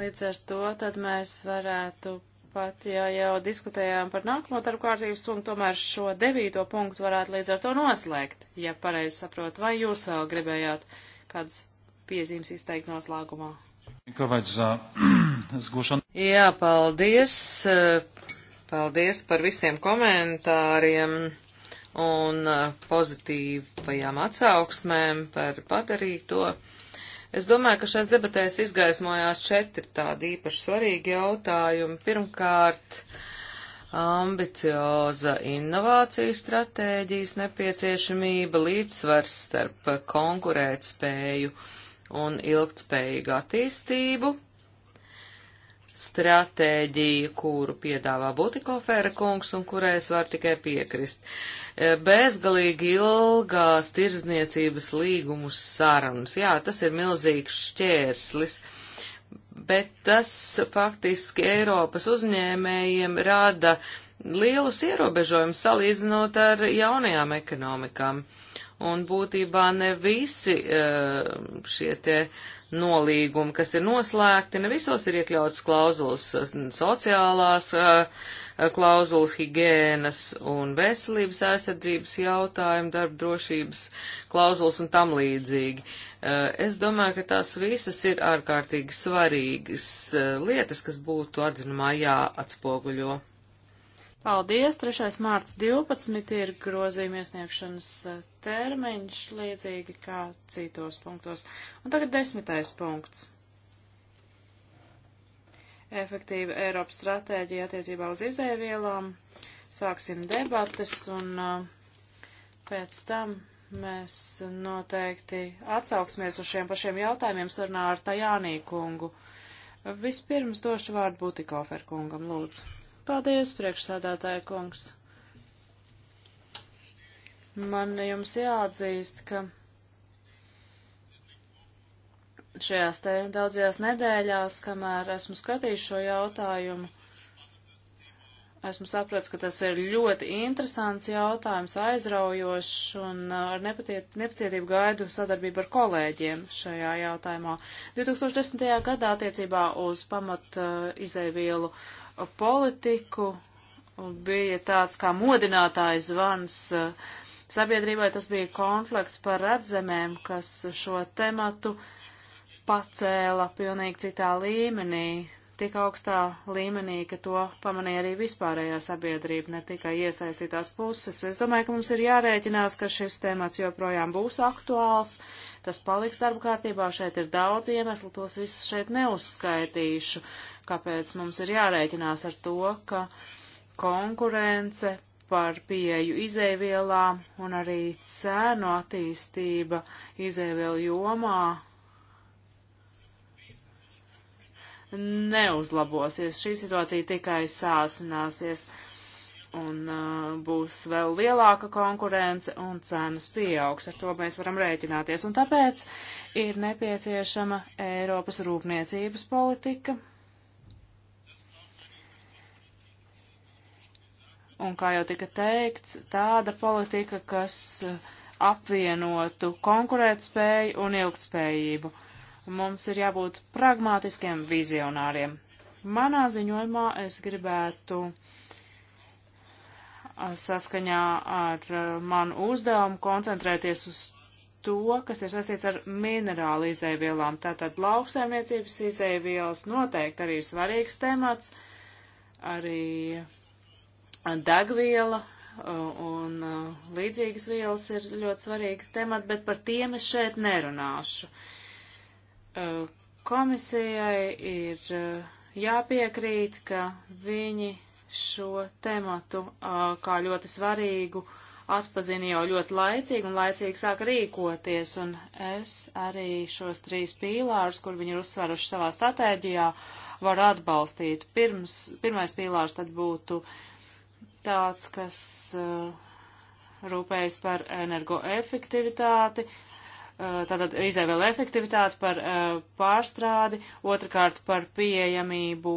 Līdz ar to tad mēs varētu pat, ja jau diskutējām par nākamo darbu kārtības un tomēr šo devīto punktu varētu līdz ar to noslēgt, ja pareizi saprotu, vai jūs vēl gribējāt kādas piezīmes izteikt noslēgumā. Jā, paldies. Eh, paldies par visiem komentāriem un eh, pozitīvajām atsauksmēm par padarīto. Es domāju, ka šās debatēs izgaismojās četri tādi īpaši svarīgi jautājumi. Pirmkārt, ambicioza inovāciju stratēģijas nepieciešamība, līdzsvars starp konkurētspēju spēju un ilgtspējīgu attīstību, stratēģiju, kuru piedāvā Butikofēra kungs un kurai es varu tikai piekrist. Eh, bezgalīgi ilgās tirzniecības līgumus sarunas. Jā, tas ir milzīgs šķērslis bet tas faktiski Eiropas uzņēmējiem rada lielus ierobežojumus salīdzinot ar jaunajām ekonomikām. Uh, un būtībā ne visi e, šie tie nolīgumi, kas ir noslēgti, ne visos ir iekļautas klauzulas sociālās e, klauzulas, higienas un veselības aizsardzības jautājumu, darba drošības klauzulas un tam līdzīgi. E, es domāju, ka tās visas ir ārkārtīgi svarīgas lietas, kas būtu atzinumā jāatspoguļo. Paldies! 3. mārts 12 ir grozījuma iesniegšanas eh, termiņš, līdzīgi kā citos punktos. Un tagad desmitais punkts. Efektīva Eiropas stratēģija attiecībā uz izēvielām. Sāksim debates un eh, pēc tam mēs noteikti atsauksimies uz šiem pašiem jautājumiem sarunā ar Tajānī kungu. Vispirms došu vārdu Butikofer kungam, lūdzu. Paldies, priekšsādātāja kungs. Man jums jāatzīst, ka šajās te daudzajās nedēļās, kamēr esmu skatījis šo jautājumu, esmu sapratis, ka tas ir ļoti interesants jautājums, aizraujošs un uh, ar nepacietību gaidu sadarbību ar kolēģiem šajā jautājumā. 2010. gadā attiecībā uz pamat uh, izēvielu politiku bija tāds kā modinātājs zvans eh, sabiedrībai. Tas bija konflikts par redzamēm, kas šo tematu pacēla pilnīgi citā līmenī, tik augstā līmenī, ka to pamanīja arī vispārējā sabiedrība, ne tikai iesaistītās puses. Es domāju, ka mums ir jārēķinās, ka šis temats joprojām būs aktuāls. Uh, Tas paliks darba kārtībā, šeit ir daudz iemeslu, tos visus šeit neuzskaitīšu, kāpēc mums ir jārēķinās ar to, ka konkurence par pieeju izēvielām un arī cēnu attīstība izēvielu jomā neuzlabosies. Šī situācija tikai sāsināsies un uh, būs vēl lielāka konkurence un cenas pieaugs. Ar to mēs varam rēķināties. Un tāpēc ir nepieciešama Eiropas rūpniecības politika. Un kā jau tika teikts, tāda politika, kas apvienotu konkurētspēju un ilgtspējību. Mums ir jābūt pragmātiskiem vizionāriem. Manā ziņojumā es gribētu uh, saskaņā ar eh, manu uzdevumu koncentrēties uz to, kas ir saistīts ar minerālu izēvielām. Tātad lauksaimniecības izēvielas noteikti arī ir svarīgs temats, arī degviela eh, un eh, līdzīgas vielas ir ļoti svarīgs temats, bet par tiem es šeit nerunāšu. Komisijai ir jāpiekrīt, ka viņi šo tematu kā ļoti svarīgu, atpazina jau ļoti laicīgi un laicīgi sāk rīkoties, un es arī šos trīs pīlārus, kur viņi ir uzsveruši savā stratēģijā, varu atbalstīt. Pirms, pirmais pīlārs tad būtu tāds, kas rūpējas par energoefektivitāti, tātad izēvēl efektivitāti par pārstrādi, otrkārt par pieejamību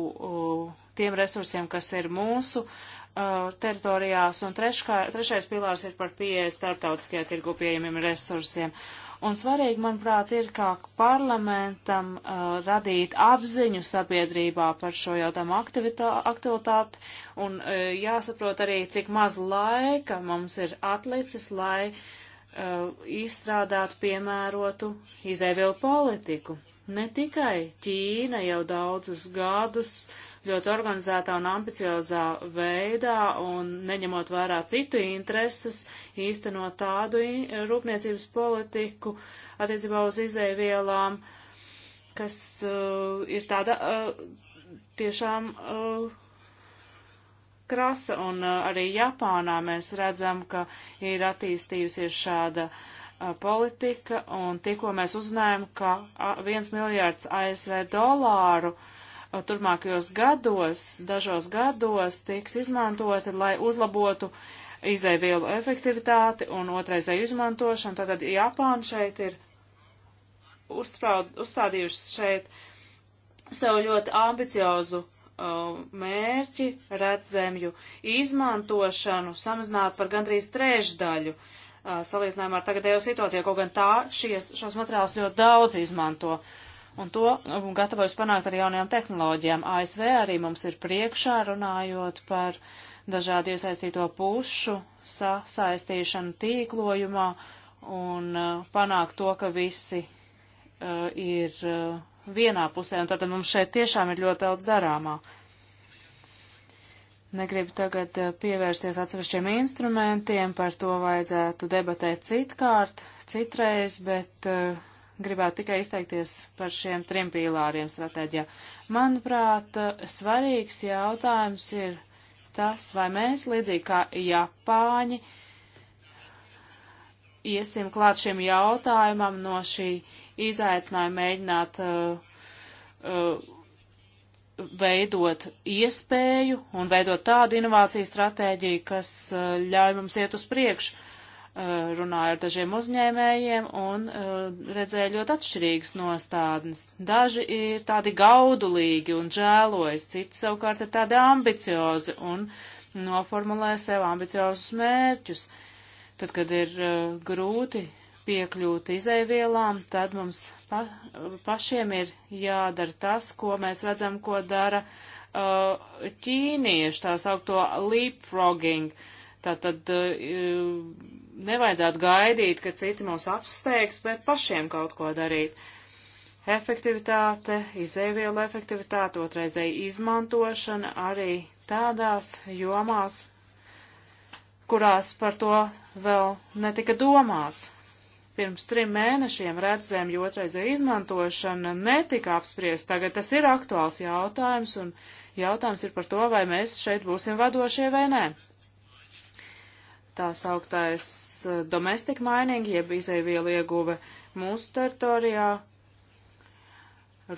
tiem resursiem, kas ir mūsu uh, teritorijās, un treškā, trešais pilārs ir par pieeja starptautiskajā tirgu pieejamiem resursiem. Un svarīgi, manuprāt, ir kā parlamentam uh, radīt apziņu sabiedrībā par šo jautājumu aktualitāti un uh, jāsaprot arī, cik maz laika mums ir atlicis, lai uh, izstrādātu piemērotu izēvielu politiku. Ne tikai Ķīna jau daudzus gadus uh, ļoti organizētā un ambiciozā veidā un neņemot vērā citu intereses, īstenot tādu rūpniecības politiku attiecībā uz izēvielām, kas uh, ir tāda uh, tiešām. Uh, krasa, un uh, arī Japānā mēs redzam, ka ir attīstījusies šāda uh, politika, un tikko mēs uzzinājām, ka viens miljārds ASV dolāru turpmākajos gados, dažos gados tiks izmantoti, lai uzlabotu izēvielu efektivitāti un otraizēju izmantošanu. Tātad Japāna šeit ir uzspraud, uzstādījušas šeit sev ļoti ambiciozu uh, mērķi redzemju izmantošanu samazināt par gandrīz trešdaļu uh, salīdzinājumā ar tagadējo situāciju, kaut gan tā šies, šos materiālus ļoti daudz izmanto. Uh, un to gatavojas panākt ar jaunajām tehnoloģijām. ASV arī mums ir priekšā runājot par dažādu iesaistīto pušu sasaistīšanu tīklojumā un uh, panākt to, ka visi uh, ir uh, vienā pusē, un tātad mums šeit tiešām ir ļoti daudz darāmā. Negribu tagad uh, pievērsties atsevišķiem instrumentiem, par to vajadzētu debatēt citkārt, citreiz, bet uh, gribētu tikai izteikties par šiem trim pīlāriem stratēģijā. Manuprāt, svarīgs jautājums ir tas, vai mēs, līdzīgi kā Japāņi, iesim klāt šim jautājumam no šī izaicinājuma mēģināt uh, uh, veidot iespēju un veidot tādu inovāciju stratēģiju, kas uh, ļauj mums iet uz priekšu. Eh, runāju ar dažiem uzņēmējiem un eh, redzēju ļoti atšķirīgas nostādnes. Daži ir tādi gaudulīgi un žēlojas, citi savukārt ir tādi ambiciozi un noformulē sev ambiciozus mērķus. Tad, kad ir eh, grūti piekļūt izēvielām, tad mums pa, pašiem ir jādara tas, ko mēs redzam, ko dara uh, ķīnieši, tā saukto leapfrogging. Tātad uh, nevajadzētu gaidīt, ka citi mūs apsteigs, bet pašiem kaut ko darīt. Efektivitāte, izēvielu efektivitāte, otraizēja izmantošana arī tādās jomās, kurās par to vēl netika domāts. Pirms trim mēnešiem redzēmju otraizēja izmantošana netika apspriest. Tagad tas ir aktuāls jautājums, un jautājums ir par to, vai mēs šeit būsim vadošie vai nē tā sauktais eh, domestic mining, jeb izēvielu ieguve mūsu teritorijā.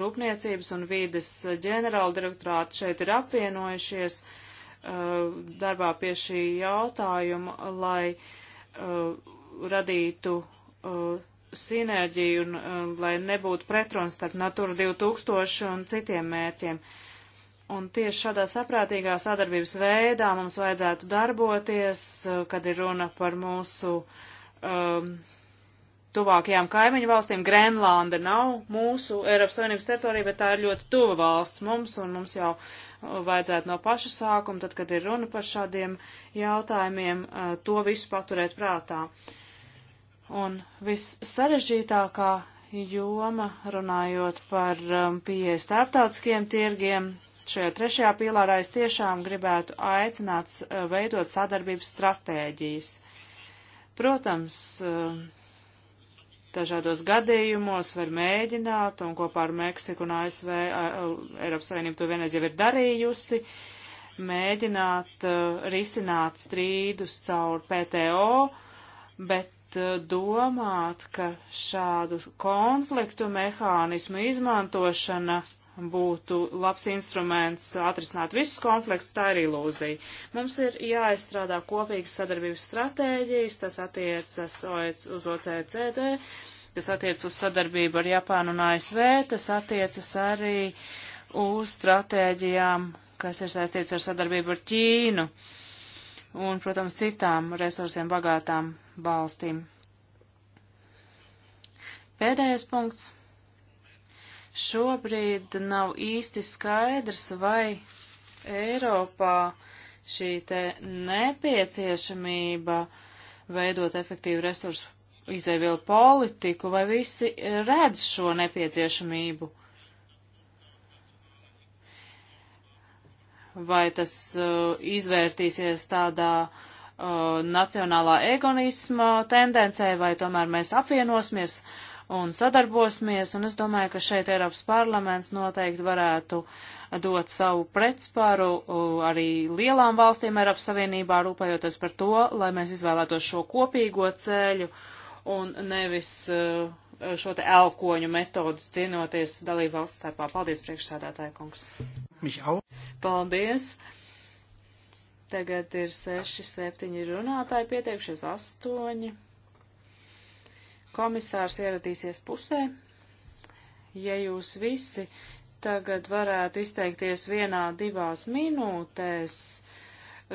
Rūpniecības un vīdes eh, ģenerāla direktorāti šeit ir apvienojušies uh, darbā pie šī jautājuma, lai uh, radītu uh, sinerģiju un lai nebūtu pretruns starp Natura 2000 un citiem mērķiem. Uh, Un tieši šādā saprātīgā sadarbības veidā mums vajadzētu darboties, eh, kad ir runa par mūsu um, tuvākajām kaimiņu valstīm. Grenlanda nav mūsu Eiropas Savienības teritorija, bet tā ir ļoti tuva valsts mums, un mums jau eh, vajadzētu no paša sākuma, tad, kad ir runa par šādiem jautājumiem, eh, to visu paturēt prātā. Un viss sarežģītākā joma, runājot par ehm, pieeja starptautiskiem tirgiem, Šajā trešajā pīlārā es tiešām gribētu aicināt eh, veidot sadarbības stratēģijas. Protams, eh, dažādos gadījumos var mēģināt, un kopā ar Meksiku un ASV Eiropas Savienība to vienreiz jau ir darījusi, mēģināt eh, risināt strīdus caur PTO, bet domāt, ka šādu konfliktu mehānismu izmantošana būtu labs instruments atrisināt visus konfliktus, tā ir ilūzija. Mums ir jāizstrādā kopīgas sadarbības stratēģijas, tas attiecas e uz OCCD, tas attiecas uz sadarbību ar Japānu un ASV, tas attiecas arī uz stratēģijām, kas ir saistīts ar sadarbību ar Ķīnu un, protams, citām resursiem bagātām valstīm. Pēdējais punkts. Šobrīd nav īsti skaidrs, vai Eiropā šī te nepieciešamība veidot efektīvu resursu izēvielu politiku, vai visi redz šo nepieciešamību? Vai tas uh, izvērtīsies tādā uh, nacionālā egoisma tendencē, vai tomēr mēs apvienosimies uh, un sadarbosimies, un es domāju, ka šeit Eiropas parlaments noteikti varētu dot savu pretspāru arī lielām valstīm Eiropas Savienībā, rūpējoties par to, lai mēs izvēlētos šo kopīgo ceļu un nevis uh, šo te elkoņu metodu cienoties dalību valsts starpā. Paldies, priekšsēdētāja kungs. Paldies. Tagad ir seši, septiņi runātāji pieteikšies, astoņi komisārs ieradīsies pusē. Ja jūs visi tagad varētu izteikties vienā, divās minūtēs,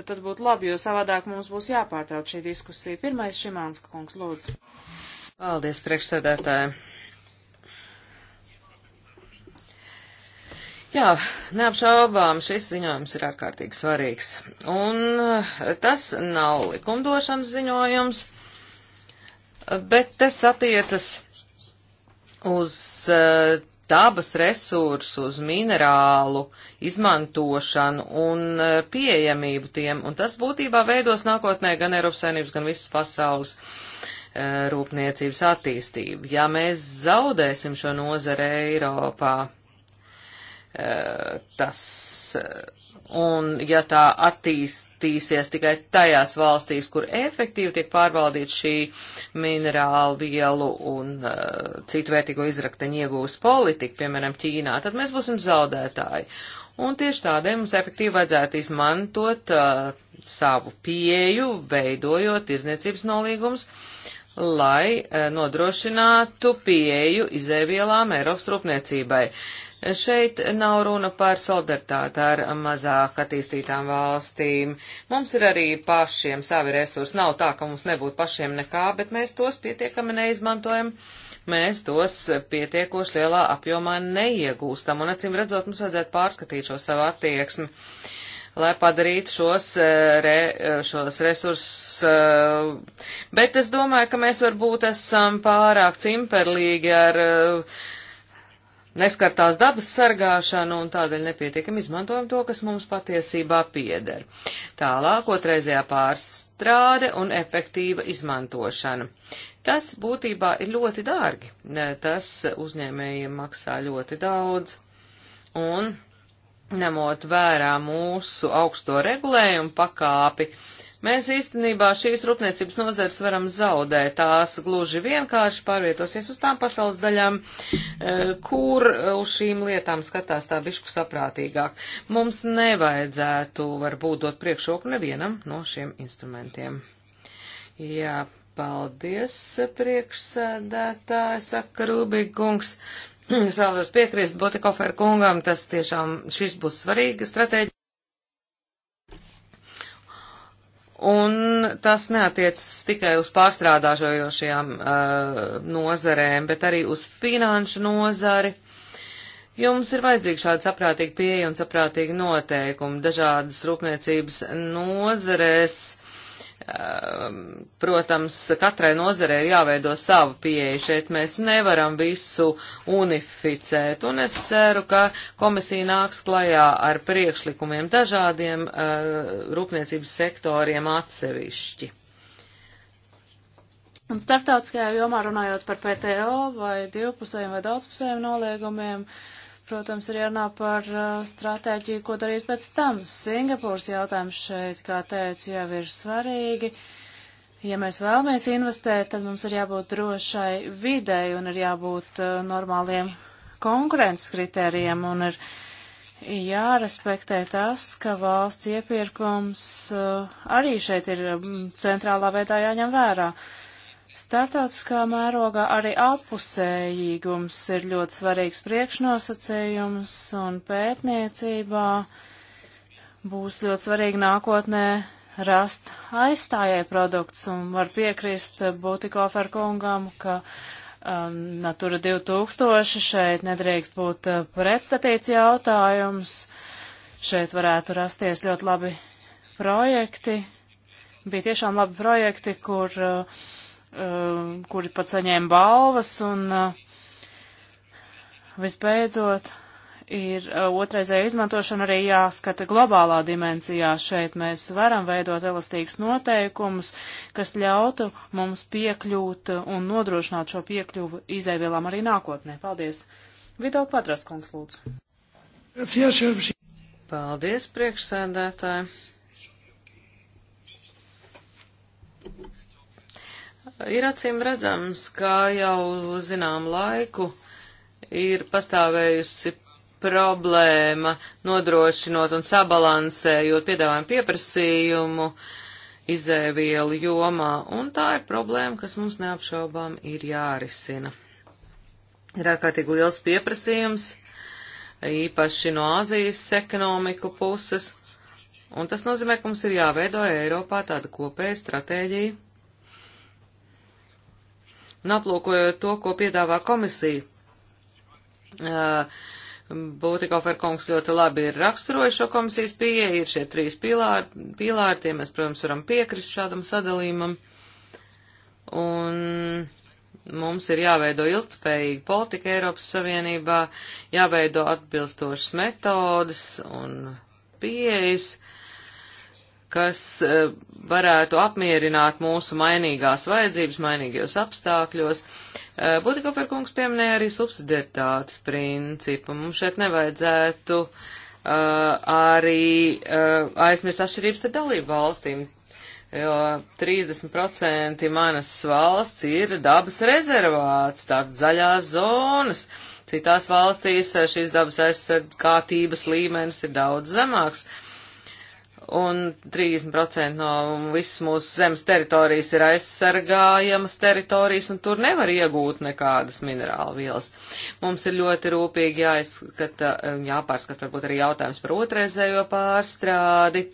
tad būtu labi, jo savādāk mums būs jāpārtrauc šī diskusija. Pirmais Šimānska kungs, lūdzu. Paldies, priekšsēdētāji. Jā, neapšaubām šis ziņojums ir ārkārtīgi svarīgs. Un tas nav likumdošanas ziņojums bet tas attiecas uz eh, dabas resursu, uz minerālu izmantošanu un eh, pieejamību tiem, un tas būtībā veidos nākotnē gan Eiropas saimnības, gan visas pasaules eh, rūpniecības attīstību. Ja mēs zaudēsim šo nozare Eiropā, tas Un ja tā attīstīsies tikai tajās valstīs, kur efektīvi tiek pārvaldīta šī minerālu vielu un uh, citu vērtīgo izrakteņu iegūs politika, piemēram, Ķīnā, tad mēs būsim zaudētāji. Un tieši tādēļ mums efektīvi vajadzētu izmantot uh, savu pieju, veidojot tirzniecības nolīgums, uh, lai eh, nodrošinātu pieeju izēvielām Eiropas rūpniecībai. Šeit nav runa par solidaritāti ar mazāk attīstītām valstīm. Mums ir arī pašiem savi resursi. Nav tā, ka mums nebūtu pašiem nekā, bet mēs tos pietiekami neizmantojam. Mēs tos pietiekoši lielā apjomā neiegūstam, un acīm redzot, mums vajadzētu pārskatīt šo savu attieksmi. Uh, lai padarītu šos, eh, re, eh, šos resursus. Eh, bet es domāju, ka mēs varbūt esam pārāk cimperlīgi ar neskartās dabas sargāšanu un tādēļ nepietiekam izmantojam to, kas mums patiesībā pieder. Tālāk otrreizējā pārstrāde un efektīva izmantošana. Tas būtībā ir ļoti dārgi. Tas uzņēmējiem maksā ļoti daudz. Un ņemot vērā mūsu augsto regulējumu pakāpi, mēs īstenībā šīs rūpniecības nozars varam zaudēt. Tās gluži vienkārši pārvietosies uz tām pasaules daļām, e, kur uz šīm lietām skatās tā bišku saprātīgāk. Mums nevajadzētu varbūt dot priekšroku nevienam no šiem instrumentiem. Jā, paldies priekšsēdētāji, saka Rūbīgungs. Uh, Es vēlos piekrist Botikofer kungam, tas tiešām šis būs svarīga stratēģija. Un tas neatiecas tikai uz pārstrādāžojošajām uh, nozarēm, bet arī uz finanšu nozari. Jums ir vajadzīga šāda saprātīga pieeja un saprātīga noteikuma dažādas rūpniecības nozarēs. Uh, Ehm, protams, katrai nozarē ir jāveido sava pieeja. Šeit mēs nevaram visu unificēt, un es ceru, ka komisija nāks klajā ar priekšlikumiem dažādiem uh, rūpniecības sektoriem atsevišķi. Un starptautiskajā jomā runājot par PTO vai divpusējiem vai daudzpusējiem noliegumiem, uh, protams, ir jārunā par uh, stratēģiju, ko darīt pēc tam. Singapūras jautājums šeit, kā teicu, jau ir svarīgi. Ja mēs vēlamies investēt, tad mums ir jābūt drošai videi un ir jābūt uh, normāliem konkurences kritērijiem un ir jārespektē tas, ka valsts iepirkums uh, arī šeit ir um, centrālā veidā jāņem vērā. Uh, Startautiskā mērogā arī apusējīgums ir ļoti svarīgs priekšnosacījums, un pētniecībā būs ļoti svarīgi nākotnē rast aizstājai produkts, un var piekrist Būtikofer kungam, ka um, Natura 2000 šeit nedrīkst būt uh, pretstatīts jautājums, šeit varētu rasties ļoti labi projekti, bija tiešām labi projekti, kur uh, Um, kuri pat saņēma balvas, un uh, visbeidzot ir uh, otraizēja izmantošana arī jāskata globālā dimensijā. Šeit mēs varam veidot elastīgus noteikumus, kas ļautu mums piekļūt un nodrošināt šo piekļuvu izēvielām arī nākotnē. Paldies! Vido Kvadras kungs, lūdzu. Paldies, priekšsēdētāji! Ir acīm redzams, ka jau zinām laiku ir pastāvējusi problēma nodrošinot un sabalansējot piedāvājumu pieprasījumu izēvielu jomā, un tā ir problēma, kas mums neapšaubām ir jārisina. Ir ārkārtīgi liels pieprasījums, īpaši no Āzijas ekonomiku puses, un tas nozīmē, ka mums ir jāveido Eiropā tāda kopēja stratēģija Un aplūkojot to, ko piedāvā komisija, Būtikofer kungs ļoti labi ir raksturojuši šo komisijas pieeju, ir šie trīs pīlāri, pīlāri, tie mēs, protams, varam piekrist šādam sadalījumam. Un mums ir jāveido ilgtspējīga politika Eiropas Savienībā, jāveido atbilstošas metodas un pieejas. Uh, kas e, varētu apmierināt mūsu mainīgās vajadzības, mainīgajos apstākļos. E, Budikoferkungs pieminēja arī subsidiaritātes principu. Mums šeit nevajadzētu uh, arī uh, aizmirst atšķirības starp dalību valstīm, jo 30% manas valsts ir dabas rezervāts, tātad zaļās zonas. Citās valstīs šīs dabas aizsardzības kārtības līmenis ir daudz zemāks. Uh, un 30% no visas mūsu zemes teritorijas ir aizsargājamas teritorijas, un tur nevar iegūt nekādas minerāla vielas. Mums ir ļoti rūpīgi jāizskata, jāpārskata varbūt arī jautājums par otrreizējo pārstrādi,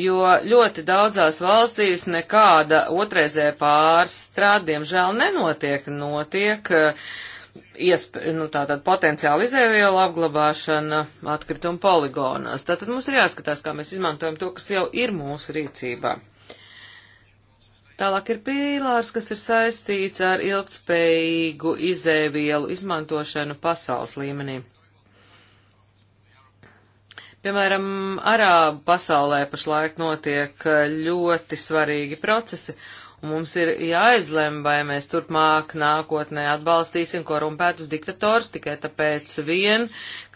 jo ļoti daudzās valstīs nekāda otrreizēja pārstrāde, diemžēl, nenotiek, notiek. Uh, iesp, nu, tātad potenciāli izēvielu apglabāšana atkrituma poligonās. Tātad mums ir jāskatās, kā mēs izmantojam to, kas jau ir mūsu rīcībā. Tālāk ir pīlārs, kas ir saistīts ar ilgtspējīgu izēvielu izmantošanu pasaules līmenī. Piemēram, Arābu pasaulē pašlaik notiek ļoti svarīgi procesi, uh, Mums ir jāizlem, vai mēs turpmāk nākotnē atbalstīsim korumpētus diktators tikai tāpēc vien,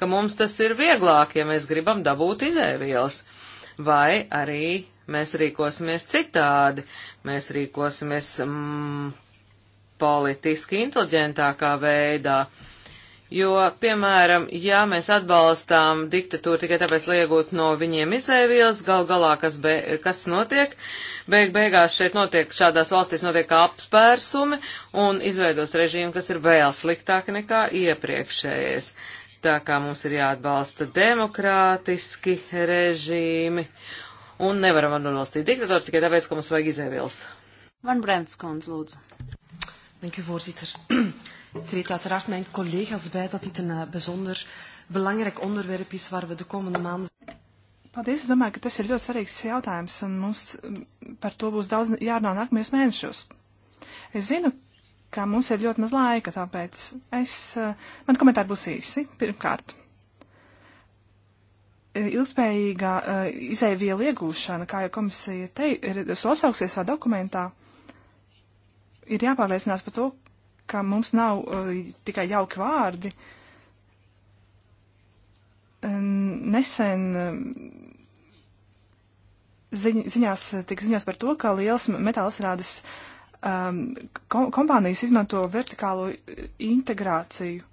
ka mums tas ir vieglāk, ja mēs gribam dabūt izēvielas. Vai arī mēs rīkosimies citādi, mēs rīkosimies mm, politiski inteliģentākā veidā. Uh, Jo, piemēram, ja mēs atbalstām diktatūru tikai tāpēc, lai iegūtu no viņiem izēvielas, gal galā, kas, be, kas notiek, beig beigās šeit notiek, šādās valstīs notiek apspērsumi un izveidos režīmu, kas ir vēl sliktāki nekā iepriekšējais. Tā kā mums ir jāatbalsta demokrātiski režīmi un nevaram atbalstīt diktatūru tikai tāpēc, ka mums vajag izēvielas. Van Bremts, kundz, lūdzu. Thank you, voorzitter. Het treedt uiteraard mijn collega's bij dat dit een uh, bijzonder belangrijk onderwerp is waar we de komende maanden. Paldies, es domāju, ka tas ir ļoti svarīgs jautājums, un mums mm, par to būs daudz jārunā nākamajos mēnešos. Es zinu, ka mums ir ļoti maz laika, tāpēc es, eh, man komentāri būs īsi. Pirmkārt, eh, ilgspējīgā izēviela iegūšana, kā jau komisija te ir sosauksies savā dokumentā, ir jāpārliecinās par to, ka mums nav uh, tikai jauki vārdi. Nesen uh, ziņ, ziņās tika ziņās par to, ka liels metālsrādes um, kom kompānijas izmanto vertikālo integrāciju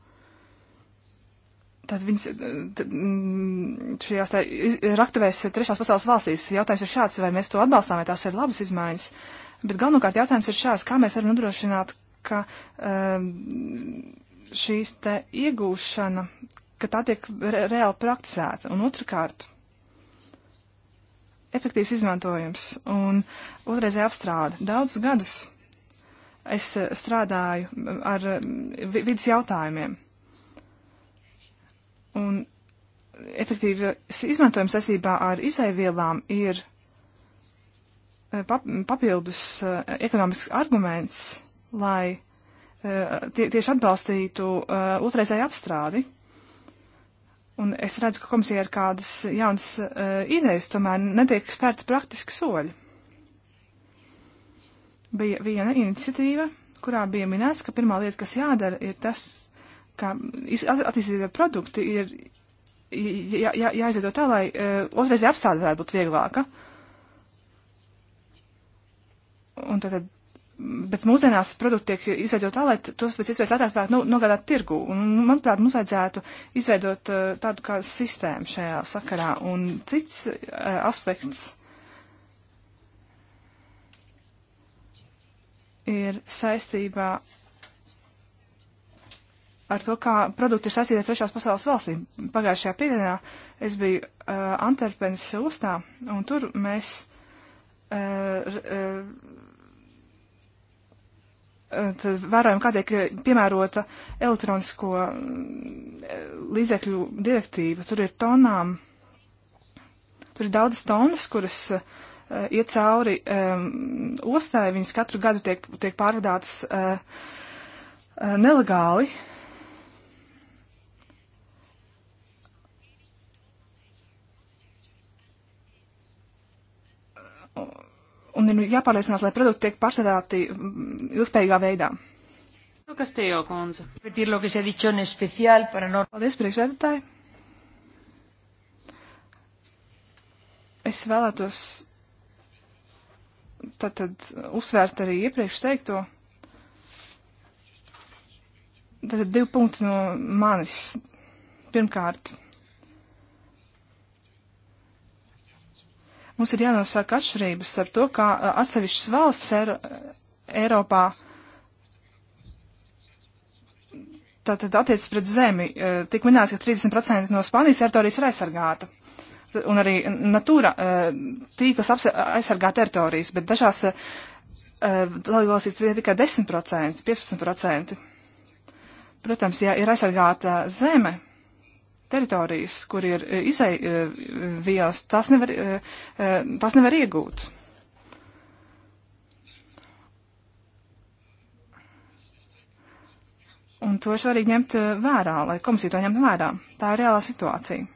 tad viņas uh, tad, mm, šajās tā, raktuvēs trešās pasaules valstīs. Jautājums ir šāds, vai mēs to atbalstām, vai tās ir labas izmaiņas. Bet galvenokārt jautājums ir šāds, kā mēs varam nodrošināt, ka ehm, šīs te iegūšana, ka tā tiek re reāli praktizēta. Un otrkārt, efektīvs izmantojums un otrreizē apstrāde. Daudzus gadus es eh, strādāju ar vidas jautājumiem. Un efektīvs izmantojums saistībā ar izaivielām ir eh, papildus eh, ekonomisks arguments lai eh, tie, tieši atbalstītu eh, otrreizēju apstrādi. Un es redzu, ka komisija ir kādas jaunas eh, idejas, tomēr netiek spērti praktiski soļi. Bija viena iniciatīva, kurā bija minēts, ka pirmā lieta, kas jādara, ir tas, ka attīstītie produkti ir jā, jā, jāizveido tā, lai uh, otrreizēja apstāde varētu būt vieglāka. Un tad, tad bet mūsdienās produkti tiek izveidot tā, lai tos pēc iespējas ātrāk varētu nu, nogādāt tirgu. Un, manuprāt, mums vajadzētu izveidot uh, tādu kā sistēmu šajā sakarā. Un cits uh, aspekts ir saistībā ar to, kā produkti ir saistīti ar trešās pasaules valstīm. Pagājušajā piekdienā es biju uh, Antverpenes ostā, un tur mēs. Uh, uh, vērojam, kā tiek eh, piemērota elektronisko eh, līdzekļu direktīva. Tur ir tonām, tur ir daudzas tonas, kuras uh, iet cauri um, ostai, viņas katru gadu tiek, tiek pārvadātas uh, uh, nelegāli. Uh, un ir jāpārliecinās, lai produkti tiek pārstrādāti mm, ilgspējīgā veidā. Nu, kas tie jau, kundze? Paldies, priekšsēdētāji. Es vēlētos tad, tad uzsvērt arī iepriekš teikto. Tad divi punkti no manis. Pirmkārt, Mums ir jānosaka atšķirības starp to, kā atsevišķas valsts Eiro Eiropā tātad attiecas pret zemi. E, tik minēts, ka 30% no Spānijas teritorijas ir aizsargāta. Un arī natūra e, tīkls aizsargā teritorijas, bet dažās e, dalībvalstīs ir tikai 10%, 15%. Protams, ja ir aizsargāta zeme, teritorijas, kur ir eh, izēvielas, eh, tas nevar, eh, tas nevar iegūt. Un to ir svarīgi ņemt vērā, lai komisija to ņemtu vērā. Tā ir reālā situācija.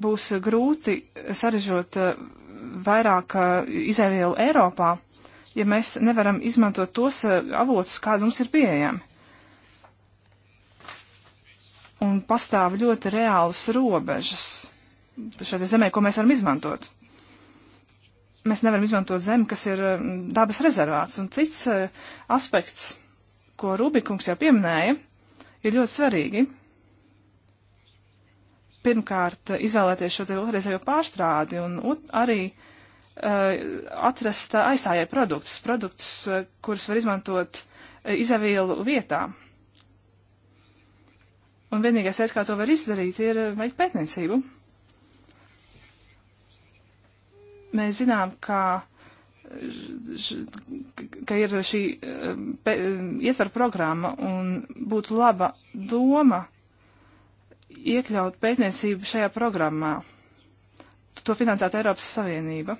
Būs grūti sarežot vairāk izēvielu Eiropā, ja mēs nevaram izmantot tos avotus, kādi mums ir pieejami un pastāv ļoti reālas robežas šai zemē, ko mēs varam izmantot. Mēs nevaram izmantot zemi, kas ir dabas rezervāts. Un cits uh, aspekts, ko Rubikungs jau pieminēja, ir ļoti svarīgi. Pirmkārt, izvēlēties šo te otrreizējo pārstrādi un ot arī uh, atrast aizstājai produktus, produktus, uh, kurus var izmantot izavielu vietā. Un vienīgais veids, kā to var izdarīt, ir veikt pētniecību. Mēs zinām, ka, ka ir šī um, pē, um, ietver programma un būtu laba doma iekļaut pētniecību šajā programmā. To finansētu Eiropas Savienība.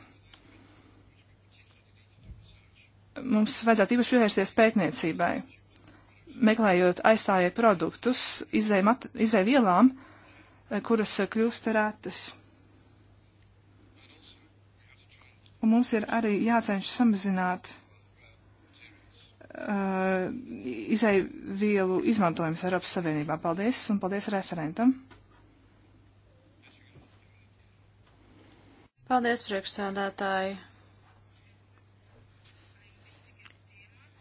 Mums vajadzētu īpaši pievērsties pētniecībai meklējot aizstājēju produktus izēvielām, eh, kuras eh, kļūst rētas. Un mums ir arī jācenšas samazināt uh, eh, izēvielu izmantojums Eiropas Savienībā. Paldies un paldies referentam. Paldies, priekšsēdētāji.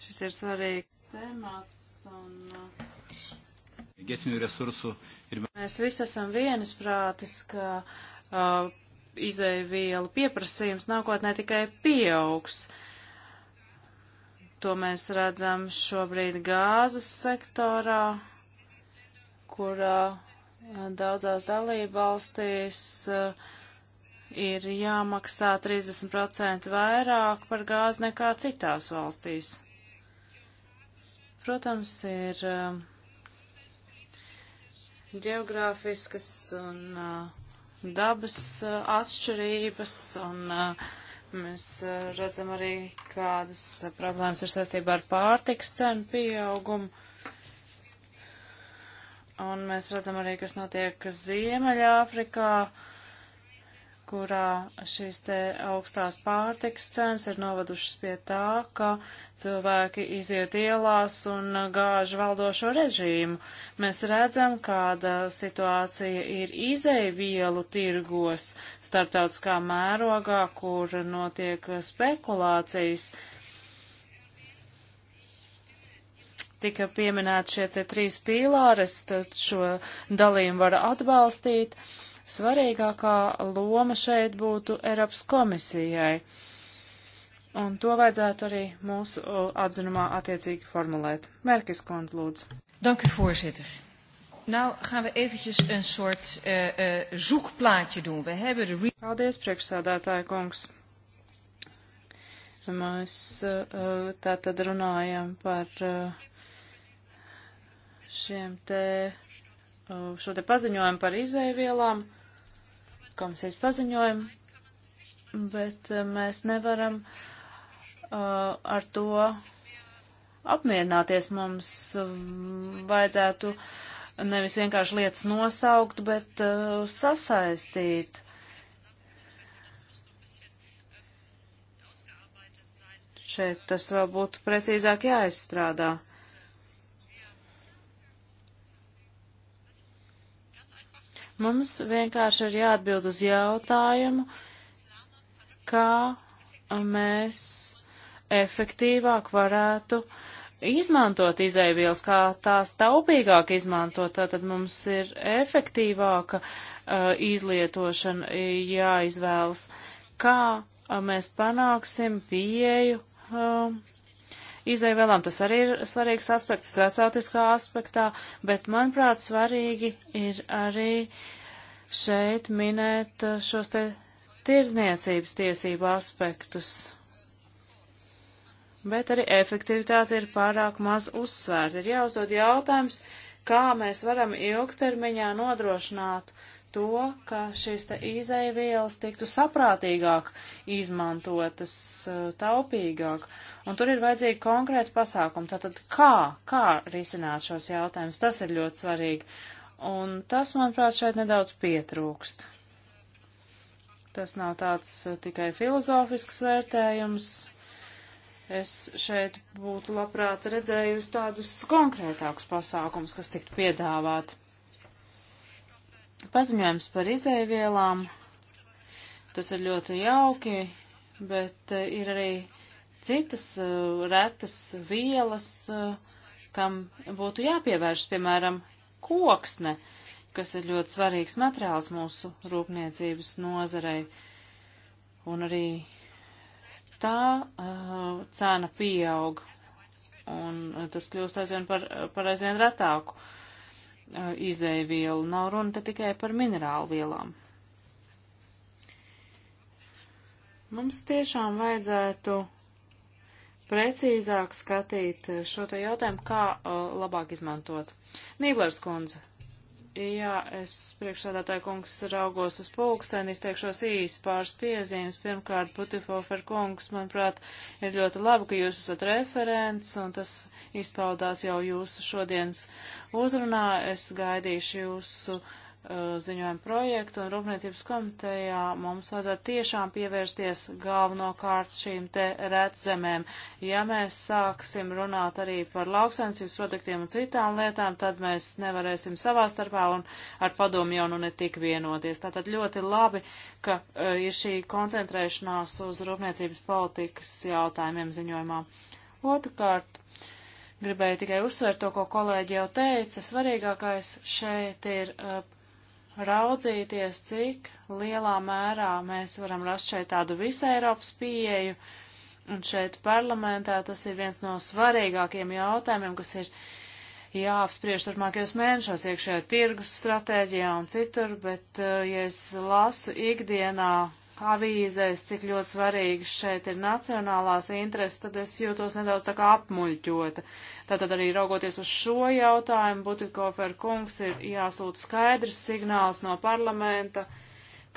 Šis ir svarīgs temats un vietņu uh, resursu ir. Mēs visi esam vienisprātis, ka uh, izēvielu pieprasījums nākotnē tikai pieaugs. To mēs redzam šobrīd gāzes sektorā, kurā uh, daudzās dalībvalstīs uh, ir jāmaksā 30% vairāk par gāzi nekā citās valstīs protams, ir um, geogrāfiskas un uh, dabas uh, atšķirības, un uh, mēs redzam arī, kādas problēmas ir saistībā ar pārtiks cenu pieaugumu. Un mēs redzam arī, kas notiek Ziemeļāfrikā. Afrikā kurā šīs te augstās pārtikas cenas ir novadušas pie tā, ka cilvēki iziet ielās un gāž valdošo režīmu. Mēs redzam, kāda situācija ir izēvielu tirgos starptautiskā mērogā, kur notiek spekulācijas. Tika pieminēti šie te trīs pīlāres, tad šo dalījumu var atbalstīt. Uh, Svarīgākā loma šeit būtu Eiropas komisijai, un to vajadzētu arī mūsu atzinumā attiecīgi formulēt. Merkis Kond, lūdzu. Dank u, voorzitter. Nou gaan we eventjes een soort uh, uh, zoekplaatje doen. We hebben de... Paldies, priekšsādātāja kungs. Mēs uh, tā tad runājam par uh, šiem te uh, Uh, šo te paziņojumu par izēvielām, komisijas paziņojumu, bet uh, mēs nevaram uh, ar to apmierināties. Mums vajadzētu nevis vienkārši lietas nosaukt, bet uh, sasaistīt. Šeit tas vēl būtu precīzāk jāizstrādā. Mums vienkārši ir jāatbild uz jautājumu, kā mēs efektīvāk varētu izmantot izēvielas, kā tās taupīgāk izmantot. Tātad mums ir efektīvāka uh, izlietošana jāizvēlas, kā uh, mēs panāksim pieeju. Uh, izēvēlām. Tas arī ir svarīgs aspekts starptautiskā aspektā, bet, manuprāt, svarīgi ir arī šeit minēt uh, šos te tirdzniecības tiesību aspektus. Bet arī efektivitāte ir pārāk maz uzsvērta. Ir jāuzdod jautājums, kā mēs varam ilgtermiņā nodrošināt uh, to, ka šīs te izēvielas tiktu saprātīgāk izmantotas, eh, taupīgāk. Un tur ir vajadzīgi konkrēti pasākumi. Tātad kā, kā risināt šos jautājumus, tas ir ļoti svarīgi. Un tas, manuprāt, šeit nedaudz pietrūkst. Tas nav tāds eh, tikai filozofisks vērtējums. Es šeit būtu labprāt redzējusi tādus konkrētākus pasākumus, kas tiktu piedāvāti. Paziņojums par izēvielām, tas ir ļoti jauki, bet eh, ir arī citas eh, retas vielas, eh, kam būtu jāpievērš, piemēram, koksne, kas ir ļoti svarīgs materiāls mūsu rūpniecības nozarei. Un arī tā uh, cena pieaug, un tas kļūst aizvien par, par aizvien retāku. Uh, izēvielu. Nav runa te tikai par minerālu vielām. Mums tiešām vajadzētu precīzāk skatīt šo te jautājumu, kā uh, labāk izmantot. Nīblers kundze, Jā, es priekšsādātāju kungs raugos uz pulksteni, izteikšos īsi pāris piezīmes. Pirmkārt, Putifofer kungs, manuprāt, ir ļoti labi, ka jūs esat referents, un tas izpaudās jau jūsu šodienas uzrunā. Es gaidīšu jūsu uh, Uh, ziņojumu projektu un Rūpniecības komitejā mums vajadzētu tiešām pievērsties galvenokārt šīm te redzemēm. Ja mēs sāksim runāt arī par lauksainicības produktiem un citām lietām, tad mēs nevarēsim savā starpā un ar padomu jau nu netik vienoties. Tātad ļoti labi, ka uh, ir šī koncentrēšanās uz rūpniecības politikas jautājumiem ziņojumā. Otrakārt, gribēju tikai uzsvērt to, ko kolēģi jau teica, svarīgākais šeit ir uh, raudzīties, cik lielā mērā mēs varam rast šeit tādu visu Eiropas pieeju, un šeit parlamentā tas ir viens no svarīgākiem jautājumiem, kas ir jāapspriež turpmākajos mēnešos iekšējā tirgus stratēģijā un citur, bet, eh, ja es lasu ikdienā avīzēs, cik ļoti svarīgas šeit ir nacionālās intereses, tad es jūtos nedaudz tā kā apmuļķota. Tātad arī raugoties uz šo jautājumu, Butikofer kungs ir jāsūt skaidrs signāls no parlamenta,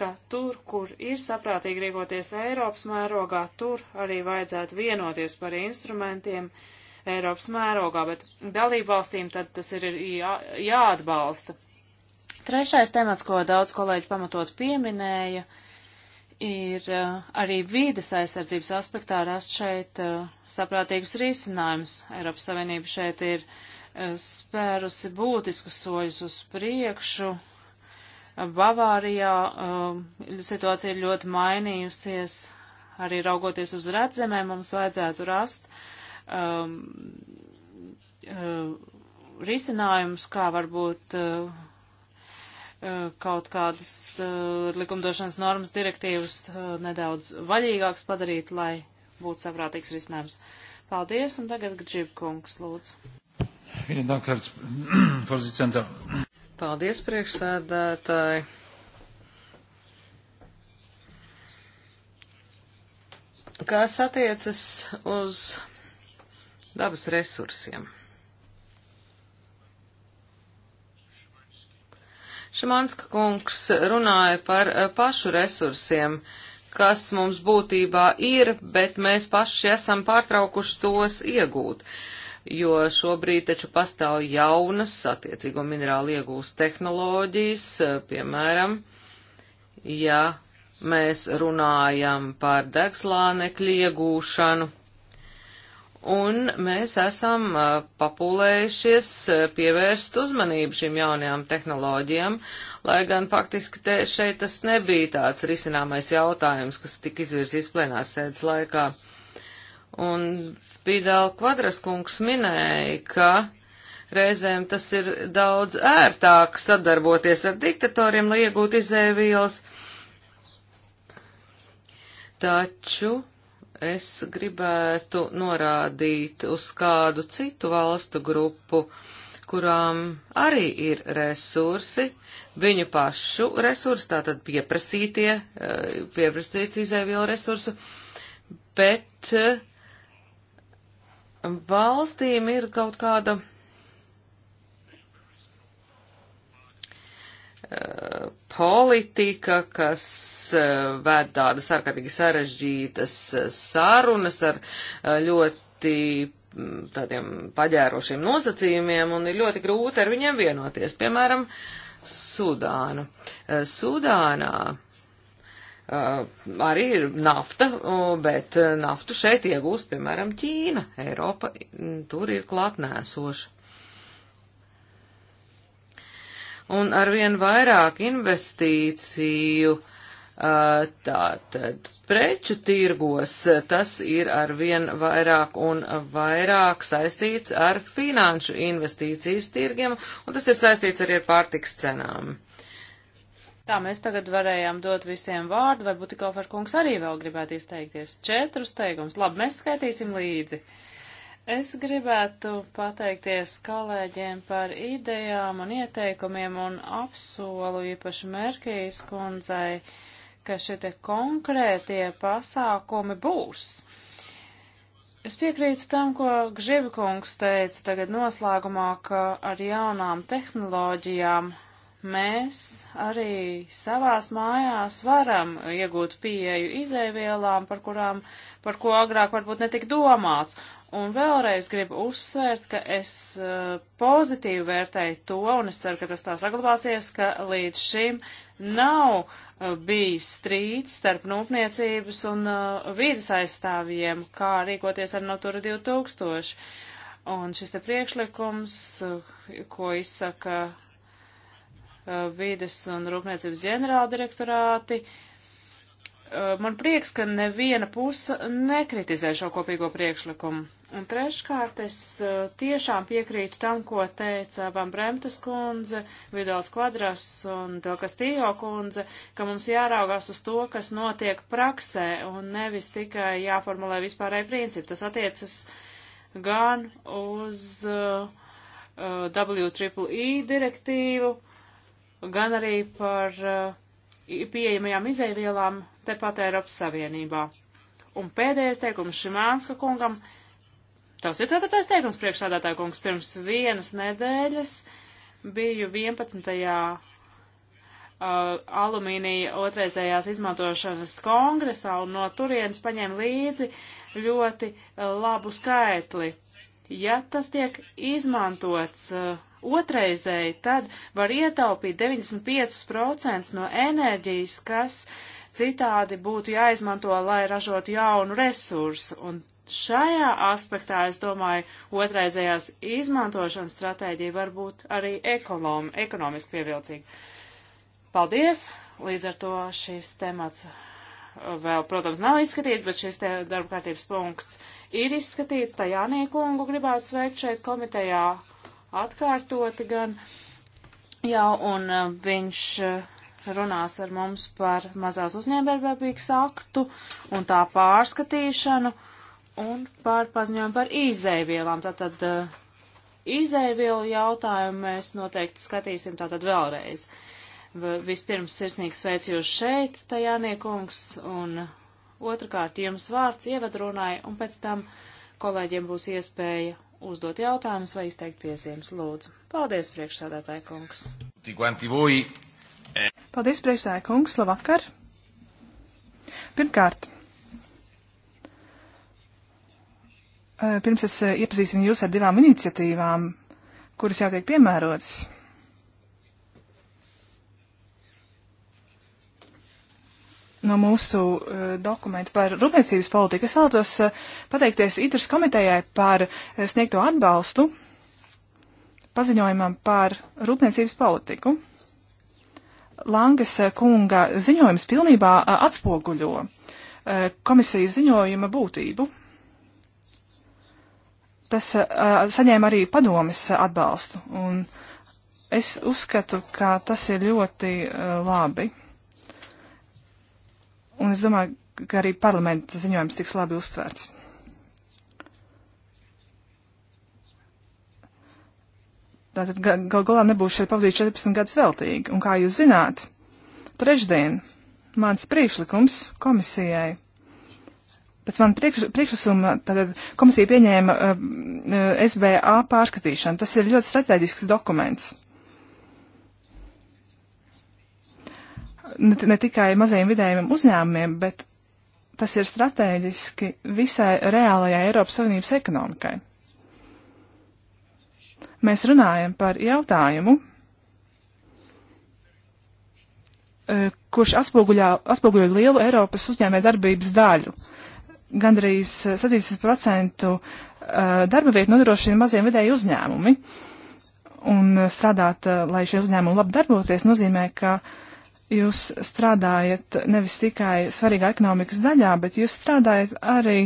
ka tur, kur ir saprātīgi rīkoties Eiropas mērogā, tur arī vajadzētu vienoties par instrumentiem Eiropas mērogā, bet dalību valstīm tad tas ir jā, jāatbalsta. Trešais temats, ko daudz kolēģi pamatot pieminēja, uh, ir eh, arī vīdes aizsardzības aspektā rast šeit eh, saprātīgus risinājumus. Eiropas Savienība šeit ir eh, spērusi būtiskus soļus uz priekšu. Bavārijā situācija ir ļoti mainījusies. Arī raugoties uz redzemēm, mums vajadzētu rast um, risinājumus, kā varbūt uh, Eh, kaut kādas eh, likumdošanas normas direktīvas eh, nedaudz vaļīgākas padarīt, lai būtu saprātīgs risinājums. Paldies, un tagad Gģibkungs, lūdzu. Paldies, priekšsēdētāji. Kas attiecas uz dabas resursiem? Šimanska kungs runāja par eh, pašu resursiem, kas mums būtībā ir, bet mēs paši esam pārtraukuši tos iegūt, jo šobrīd taču pastāv jaunas attiecīgo minerālu iegūst tehnoloģijas, eh, piemēram, ja mēs runājam par degslānekļu iegūšanu un mēs esam uh, papulējušies uh, pievērst uzmanību šīm jaunajām tehnoloģijām, lai gan faktiski te, šeit tas nebija tāds risināmais jautājums, kas tika izvirzīts plenārsēdes laikā. Un Pīdēl Kvadraskungs minēja, ka reizēm tas ir daudz ērtāk sadarboties ar diktatoriem, lai iegūtu izēvielas. Taču es gribētu norādīt uz kādu citu valstu grupu, kurām arī ir resursi, viņu pašu resursi, tātad pieprasītie, eh, pieprasīt izēvielu resursu, bet eh, valstīm ir kaut kāda eh, politika, kas eh, vēd tādas ārkārtīgi sarežģītas eh, sarunas ar eh, ļoti mm, tādiem paģērošiem nosacījumiem un ir ļoti grūti ar viņiem vienoties. Piemēram, Sudānu. Sudānā arī ir nafta, bet naftu šeit iegūst, piemēram, Ķīna. Eiropa mm, tur ir klātnēsoša. un arvien vairāk investīciju tātad preču tirgos, tas ir arvien vairāk un vairāk saistīts ar finanšu investīcijas tirgiem, un tas ir saistīts arī ar pārtiks cenām. Tā, mēs tagad varējām dot visiem vārdu, vai Butikofer kungs arī vēl gribētu izteikties. Četrus teikums. Labi, mēs skaitīsim līdzi. Uh, Es gribētu pateikties kolēģiem par idejām un ieteikumiem un apsolu īpaši Merkijas kundzei, ka šie konkrētie pasākumi būs. Es piekrītu tam, ko Gžibikungs teica tagad noslēgumā, ka ar jaunām tehnoloģijām mēs arī savās mājās varam iegūt pieeju izēvielām, par kurām, par ko agrāk varbūt netika domāts. Un vēlreiz gribu uzsvērt, ka es eh, pozitīvi vērtēju to, un es ceru, ka tas tā saglabāsies, ka līdz šim nav eh, bijis strīds starp rūpniecības un eh, vīdes aizstāvjiem, kā rīkoties ar Natura 2000. Un šis te priekšlikums, ko izsaka Uh, vides un rūpniecības ģenerāldirektorāti. Uh, man prieks, ka neviena puse nekritizē šo kopīgo priekšlikumu. Un treškārt, es uh, tiešām piekrītu tam, ko teica Van Bremtas kundze, Vidals Kvadras un Delkastījo kundze, ka mums jāraugās uz to, kas notiek praksē un nevis tikai jāformulē vispārēji principi. Tas attiecas gan uz uh, WEEE e direktīvu, uh, gan arī par eh, pieejamajām izēvielām tepat Eiropas Savienībā. Un pēdējais teikums Šimānska kungam, tas ir ceturtais teikums priekšsādātāja kungs, pirms vienas nedēļas biju 11. Uh, eh, alumīnija otrreizējās izmantošanas kongresā un no turienes paņēma līdzi ļoti uh, labu skaitli. Ja tas tiek izmantots uh, otrreizēji, tad var ietaupīt 95% no enerģijas, kas citādi būtu jāizmanto, lai ražotu jaunu resursu. Un šajā aspektā, es domāju, otrreizējās izmantošanas stratēģija var būt arī ekonom, ekonomiski pievilcīga. Paldies! Līdz ar to šis temats uh, vēl, protams, nav izskatīts, bet šis darba kārtības punkts ir izskatīts. Tā Jānīkungu gribētu sveikt šeit komitejā, atkārtoti gan jau, un uh, viņš uh, runās ar mums par mazās uzņēmējdarbības aktu un tā pārskatīšanu un par paziņojumu par izēvielām. Tātad uh, izēvielu jautājumu mēs noteikti skatīsim tātad vēlreiz. Vispirms sirsnīgi sveicu jūs šeit, Tajāniekungs, un otrkārt jums vārds ievadrunai, un pēc tam kolēģiem būs iespēja uzdot jautājumus vai izteikt piezīmes. Lūdzu. Paldies, priekšsādātāja kungs. Eh. Paldies, priekšsādātāja kungs. Labvakar. Pirmkārt, eh, pirms es eh, iepazīstinu jūs ar divām iniciatīvām, kuras jau tiek piemērotas no mūsu uh, eh, dokumentu par rūpniecības politiku. Es vēlētos uh, pateikties ITRS komitejai par uh, sniegto atbalstu paziņojumam par rūpniecības politiku. Langas kunga ziņojums pilnībā atspoguļo komisijas ziņojuma būtību. Tas saņēma arī padomes atbalstu, un es uzskatu, ka tas ir ļoti labi. Un es domāju, ka arī parlamenta ziņojums tiks labi uztverts. Tātad gal galā nebūs šeit pavadīt 14 gadus veltīgi, un kā jūs zināt, trešdien mans priekšlikums komisijai Pēc man priekš, priekšlasuma tātad komisija pieņēma uh, uh SBA pārskatīšanu. Tas ir ļoti strateģisks dokuments. ne, ne tikai mazajiem vidējiem uzņēmumiem, bet tas ir strateģiski visai reālajai Eiropas Savienības ekonomikai. Mēs runājam par jautājumu, e, kurš atspoguļo lielu Eiropas uzņēmē darbības daļu. Gandrīz 70% e, darba vietu nodrošina maziem vidēji uzņēmumi. Un e, strādāt, lai šie uzņēmumi labi darboties, nozīmē, ka uh, jūs strādājat nevis tikai svarīgā ekonomikas daļā, bet jūs strādājat arī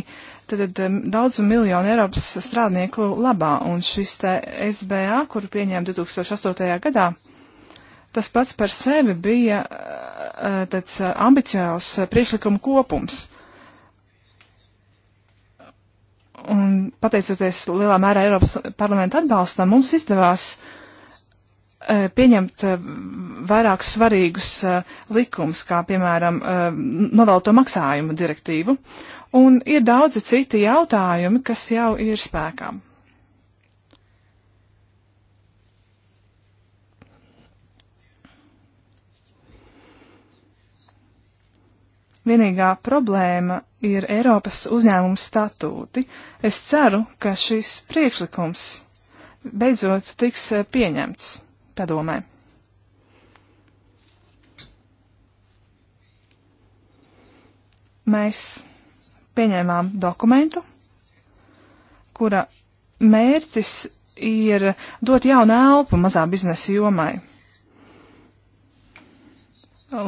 tad, daudzu miljonu Eiropas strādnieku labā. Un šis te SBA, kuru pieņēma 2008. gadā, tas pats par sevi bija eh, eh, tāds eh, ambiciāls priekšlikumu kopums. Un pateicoties lielā mērā Eiropas parlamenta atbalstam, mums izdevās uh, Eh, pieņemt eh, vairākus svarīgus eh, likumus, kā piemēram novēlto maksājumu direktīvu, un ir daudzi citi jautājumi, kas jau ir spēkā. Vienīgā problēma ir Eiropas uzņēmumu statūti. Es ceru, ka šis priekšlikums beidzot tiks pieņemts padomē. Mēs pieņēmām dokumentu, kura mērķis ir dot jaunu elpu mazā biznesa jomai,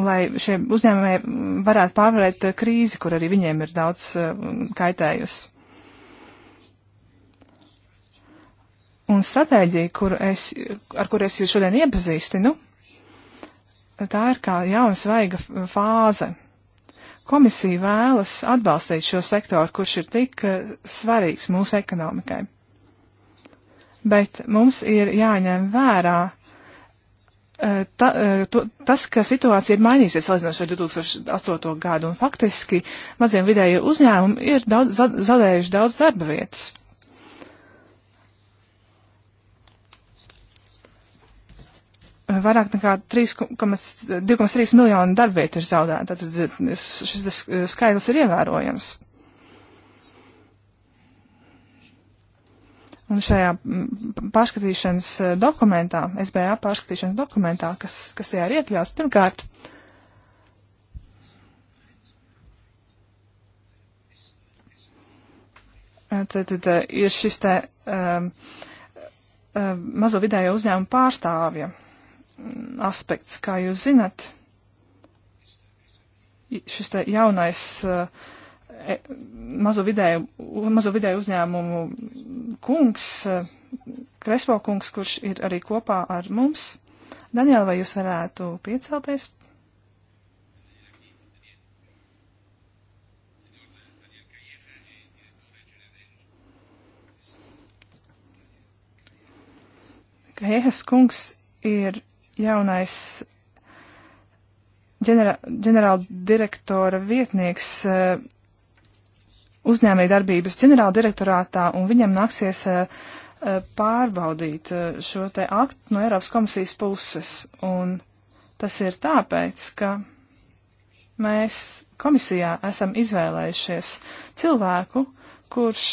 lai šie uzņēmumi varētu pārvarēt krīzi, kur arī viņiem ir daudz eh, kaitējusi. Un stratēģija, kuru es, ar kuru es jūs šodien iepazīstinu, tā ir kā jauna svaiga fāze. Komisija vēlas atbalstīt šo sektoru, kurš ir tik uh, svarīgs mūsu ekonomikai. Bet mums ir jāņem vērā uh, ta, uh, to, tas, ka situācija ir mainīsies salīdzinot ar 2008. gadu, un faktiski maziem vidēji uzņēmumi ir daudz, zaudējuši daudz darba vietas. vairāk nekā 2,3 miljonu darbvietu ir zaudēta. Tad eh, šis eh, skaidrs ir ievērojams. Un šajā pārskatīšanas eh, dokumentā, SBA pārskatīšanas dokumentā, kas, kas tajā ir iekļauts, pirmkārt, tad, tad ir šis te um, mazo vidējo uzņēmumu pārstāvja aspekts, kā jūs zinat. Šis jaunais uh, mazo vidēju, mazo vidēju uzņēmumu kungs, eh, Krespo kungs, kurš ir arī kopā ar mums. Daniela, vai jūs varētu piecelties? Kajehas kungs ir jaunais ģenerā, ģenerāla direktora vietnieks uh, uzņēmēja darbības ģenerāla direktorātā, un viņam nāksies uh, pārbaudīt uh, šo te aktu no Eiropas komisijas puses. Un tas ir tāpēc, ka mēs komisijā esam izvēlējušies cilvēku, kurš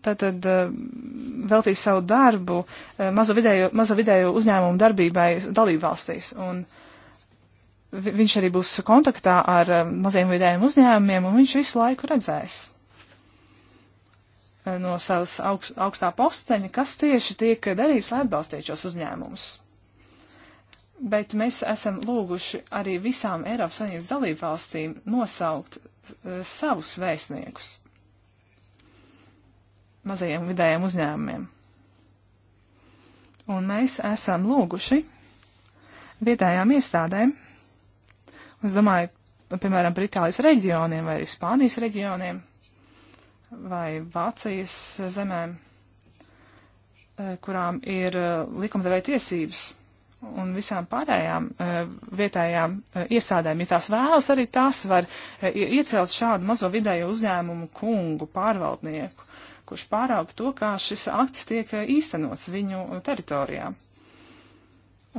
tātad eh, veltīs savu darbu eh, mazo vidējo, mazo vidējo uzņēmumu darbībai dalībvalstīs. Un vi, viņš arī būs kontaktā ar eh, maziem vidējiem uzņēmumiem, un viņš visu laiku redzēs no savas augst, augstā posteņa, kas tieši tiek darīts, lai atbalstītu šos uzņēmumus. Bet mēs esam lūguši arī visām Eiropas Savienības dalībvalstīm nosaukt uh, savus vēstniekus mazajiem vidējiem uzņēmumiem. Un mēs esam lūguši vietējām iestādēm, es domāju, piemēram, par Itālijas reģioniem vai arī Spānijas reģioniem vai Vācijas zemēm, eh, kurām ir eh, likumdevēja tiesības un visām pārējām eh, vietējām iestādēm, ja tās vēlas, arī tās var iecelt šādu mazo vidēju uzņēmumu kungu, pārvaldnieku kurš pārauga to, kā šis akts tiek eh, īstenots viņu teritorijā.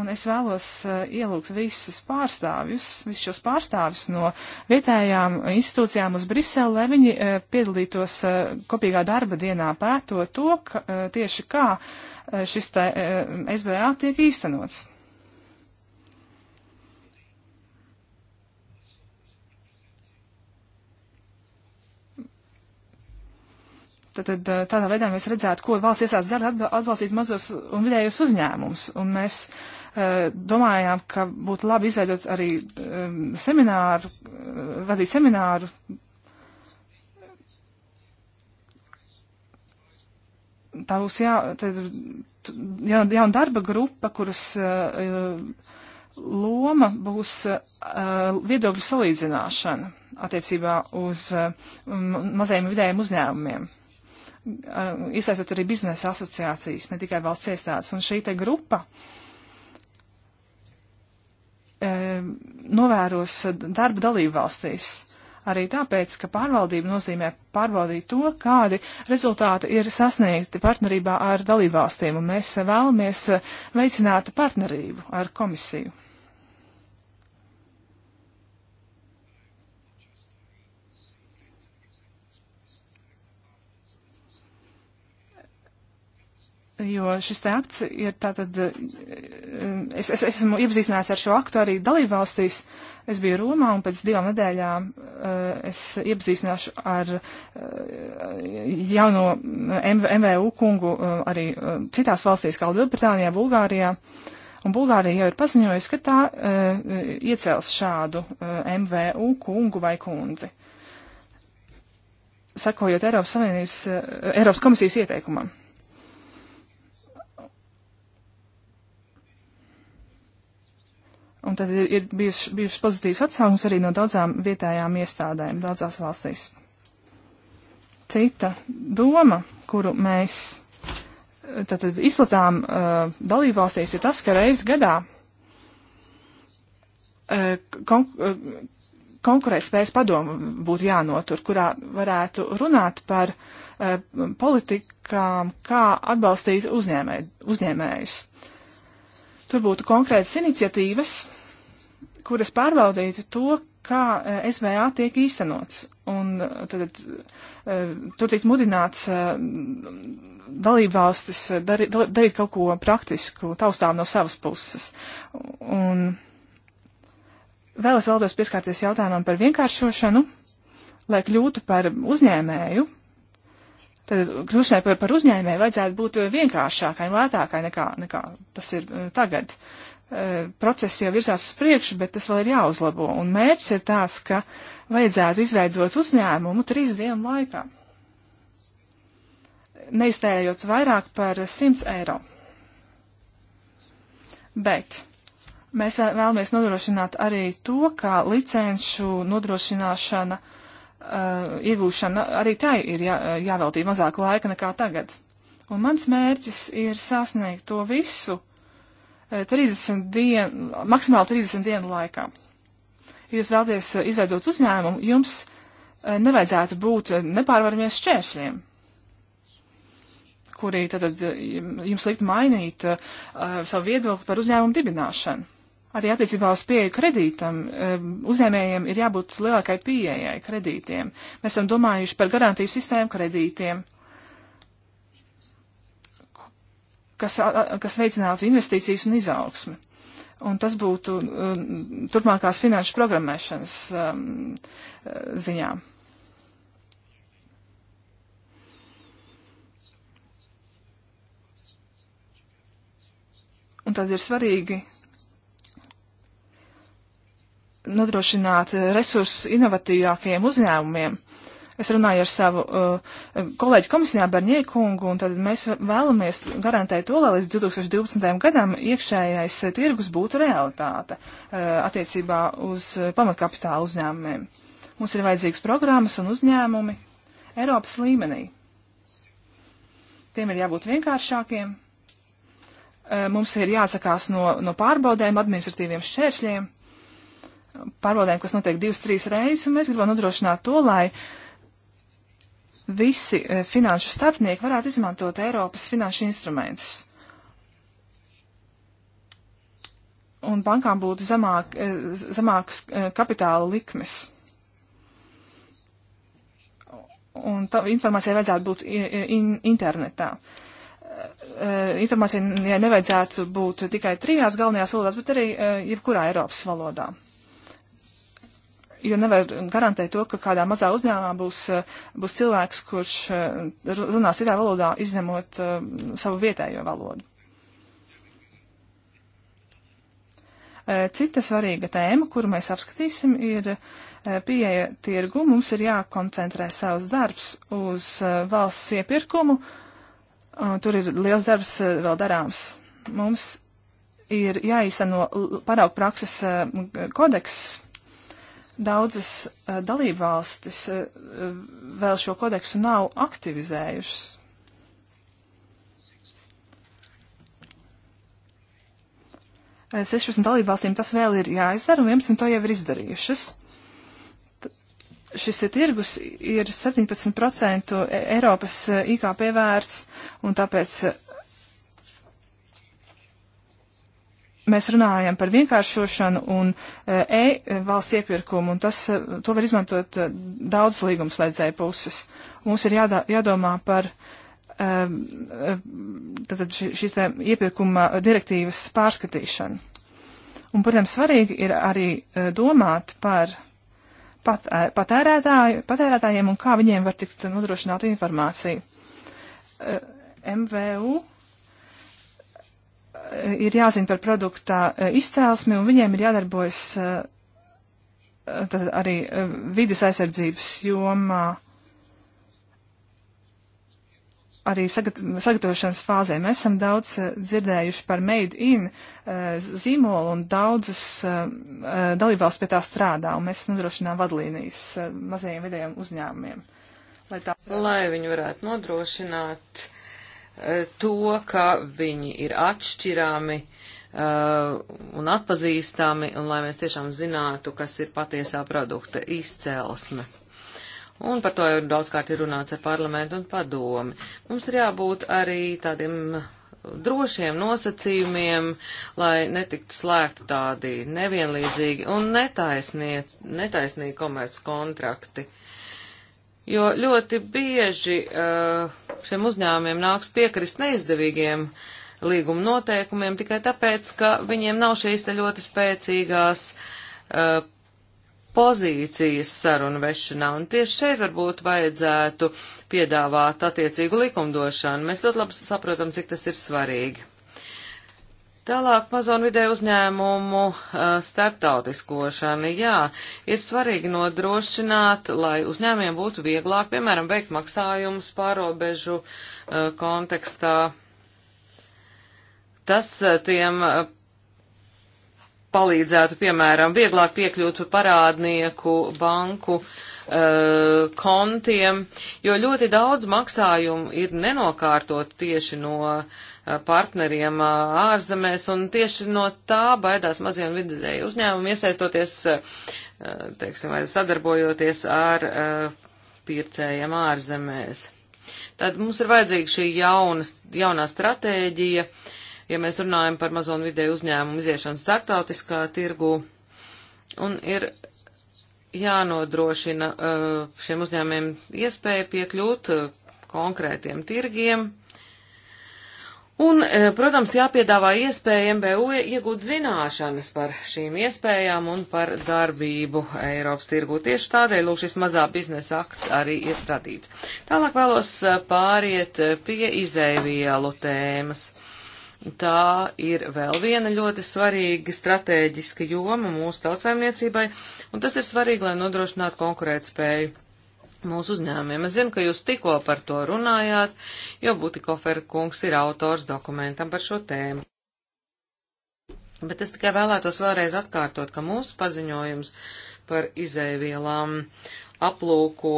Un es vēlos uh, ielūgt visus pārstāvjus, visus šos pārstāvjus no vietējām institūcijām uz Briselu, lai viņi uh, piedalītos uh, kopīgā darba dienā pētot to, ka, tieši kā šis tā, SBA tiek īstenots. Tad eh, tādā veidā mēs redzētu, ko valsts iestādes dara atbalstīt mazos un vidējos uzņēmumus. Un mēs uh, domājām, ka būtu labi izveidot arī um, semināru, uh, vadīt semināru. Tā būs jā, tad, jā, jauna darba grupa, kuras uh, loma būs uh, viedokļu salīdzināšana attiecībā uz uh, mazajiem vidējiem uzņēmumiem. Uh, iesaistot arī biznesa asociācijas, ne tikai valsts iestādes. Un šī te grupa e, novēros darba dalību valstīs. Arī tāpēc, ka pārvaldība nozīmē pārbaudīt to, kādi rezultāti ir sasniegti partnerībā ar dalībvalstīm, un mēs vēlamies veicināt partnerību ar komisiju. jo šis te akts ir tātad, eh, es, es, es esmu iepazīstinājis ar šo aktu arī dalībvalstīs. Es biju Romā un pēc divām nedēļām eh, es iepazīstināšu ar eh, jauno MV, MVU kungu arī citās valstīs, kā Lielbritānijā, Bulgārijā. Un Bulgārija jau ir paziņojusi, ka tā iecels šādu MVU kungu vai kundzi, sakojot Eiropas, Savienības, Eiropas komisijas ieteikumam. Un tad ir, ir bijuši, bijuši pozitīvs atsauksmes arī no daudzām vietējām iestādēm, daudzās valstīs. Cita doma, kuru mēs tātad izplatām uh, dalībvalstīs, ir tas, ka reiz gadā uh, kon uh, konkurētspējas padomu būtu jānotur, kurā varētu runāt par uh, politikām, kā atbalstīt uzņēmē, uzņēmējus. Tur būtu konkrētas iniciatīvas, kuras pārbaudītu to, kā eh, SVA tiek īstenots. Un eh, tad eh, tur tiek mudināts dalībvalstis darīt, darīt kaut ko praktisku, taustām no savas puses. Un vēl es vēlos pieskārties jautājumam par vienkāršošanu, lai kļūtu par uzņēmēju. Tad kļūšanai par, par uzņēmēju vajadzētu būt vienkāršākai un lētākai nekā, nekā tas ir tagad. Uh, E, process jau virzās uz priekšu, bet tas vēl ir jāuzlabo. Un mērķis ir tās, ka vajadzētu izveidot uzņēmumu trīs dienu laikā, neiztērējot vairāk par 100 eiro. Bet mēs vēlamies nodrošināt arī to, ka licenšu nodrošināšana, uh, iegūšana, arī tai ir jā, jāveltī mazāk laika nekā tagad. Un mans mērķis ir sasniegt to visu, uh, 30 dienu, maksimāli 30 dienu laikā. Ja jūs vēlaties eh, izveidot uzņēmumu, jums eh, nevajadzētu būt eh, nepārvaramies šķēršļiem, kuri tad jums likt mainīt uh, savu viedokli par uzņēmumu dibināšanu. Arī attiecībā uz pieeju kredītam uzņēmējiem ir jābūt lielākai pieejai kredītiem. Mēs esam domājuši par garantiju sistēmu kredītiem. kas, kas veicinātu investīcijas un izaugsmi. Un tas būtu um, turpmākās finanšu programmēšanas um, ziņā. Un tad ir svarīgi nodrošināt resursus inovatīvākajiem uzņēmumiem, Es runāju ar savu uh, kolēģi komisijā Barņiekungu, un tad mēs vēlamies garantēt to, lai līdz 2012. gadam iekšējais uh, tirgus būtu realitāte uh, attiecībā uz uh, pamatkapitāla uzņēmumiem. Mums ir vajadzīgs programmas un uzņēmumi Eiropas līmenī. Tiem ir jābūt vienkāršākiem. Uh, mums ir jāsakās no, no pārbaudēm, administratīviem šķēršļiem pārbaudēm, kas notiek divas, trīs reizes, un mēs gribam nodrošināt to, lai visi e, finanšu starpnieki varētu izmantot Eiropas finanšu instrumentus. Un bankām būtu zamāk, e, eh, zamākas e, eh, kapitāla likmes. Un tā informācija vajadzētu būt in, internetā. Informācija nevajadzētu būt tikai trijās galvenajās valodās, bet arī jebkurā Eiropas valodā jo nevar garantēt to, ka kādā mazā uzņēmumā būs, eh, būs cilvēks, kurš eh, runās citā valodā, izņemot eh, savu vietējo valodu. Cita svarīga tēma, kuru mēs apskatīsim, ir pieeja tirgu. Mums ir jākoncentrē savs darbs uz valsts iepirkumu. Tur ir liels darbs vēl darāms. Mums ir jāīsteno paraugu prakses kodeks Daudzas eh, dalībvalstis eh, vēl šo kodeksu nav aktivizējušas. E, eh, 16 dalībvalstīm tas vēl ir jāizdara, un 11 to jau ir izdarījušas šis ir tirgus ir 17% e-, Eiropas IKP vērts, un tāpēc mēs runājam par vienkāršošanu un e-valsts eh, e, iepirkumu, un tas, eh, to var izmantot eh, daudz līgumslēdzēju puses. Mums ir jādā, jādomā par tātad šīs tā iepirkuma direktīvas pārskatīšanu. Un, protams, svarīgi ir arī domāt par pat, patērētāju, patērētājiem un kā viņiem var tikt nodrošināta informācija. MVU ir jāzina par produktā eh, izcēlesmi un viņiem ir jādarbojas eh, arī eh, vides aizsardzības jomā. Arī sagat sagatavošanas fāzē mēs esam daudz dzirdējuši par made in zīmolu un daudzas dalībvalsts pie tā strādā un mēs nodrošinām vadlīnijas mazajiem vidējiem uzņēmumiem. Lai, tā... lai viņi varētu nodrošināt to, ka viņi ir atšķirami uh, un atpazīstami, un lai mēs tiešām zinātu, kas ir patiesā produkta izcelsme. Un par to jau daudzkārt ir runāts ar parlamentu un padomi. Mums ir jābūt arī tādiem drošiem nosacījumiem, lai netiktu slēgti tādi nevienlīdzīgi un netaisnīgi komerc kontrakti. Uh, jo ļoti bieži uh, šiem uzņēmumiem nāks piekrist neizdevīgiem līguma noteikumiem tikai tāpēc, ka viņiem nav šīs te ļoti spēcīgās uh, pozīcijas sarunu vešanā, un tieši šeit varbūt vajadzētu piedāvāt attiecīgu likumdošanu. Mēs ļoti labi saprotam, cik tas ir svarīgi. Tālāk mazo un vidēju uzņēmumu starptautiskošana. Jā, ir svarīgi nodrošināt, lai uzņēmiem būtu vieglāk, piemēram, veikt maksājumus pārobežu kontekstā. Tas tiem palīdzētu, piemēram, vieglāk piekļūt parādnieku banku kontiem, jo ļoti daudz maksājumu ir nenokārtot tieši no uh, Eh, partneriem eh, ārzemēs, un tieši no tā baidās mazie un vidēji uzņēmumi iesaistoties, eh, teiksim, vai sadarbojoties ar pircējiem ārzemēs. Tad mums ir vajadzīga šī jauna, jaunā stratēģija, ja mēs runājam par mazo un vidēju uzņēmumu iziešanu startautiskā tirgu, un ir jānodrošina šiem uzņēmumiem iespēja piekļūt konkrētiem tirgiem, Un, e, protams, jāpiedāvā iespēja MBU iegūt zināšanas par šīm iespējām un par darbību Eiropas tirgu. Tieši tādēļ, lūk, šis mazā biznesa akts arī ir radīts. Tālāk vēlos e, pāriet e, pie izēvielu tēmas. Tā ir vēl viena ļoti svarīga strateģiska joma mūsu tautsājumniecībai, un tas ir svarīgi, lai nodrošinātu konkurētspēju mūsu uzņēmumiem. Es zinu, ka jūs tikko par to runājāt, jo Butikofer kungs ir autors dokumentam par šo tēmu. Bet es tikai vēlētos vēlreiz atkārtot, ka mūsu paziņojums par izēvielām aplūko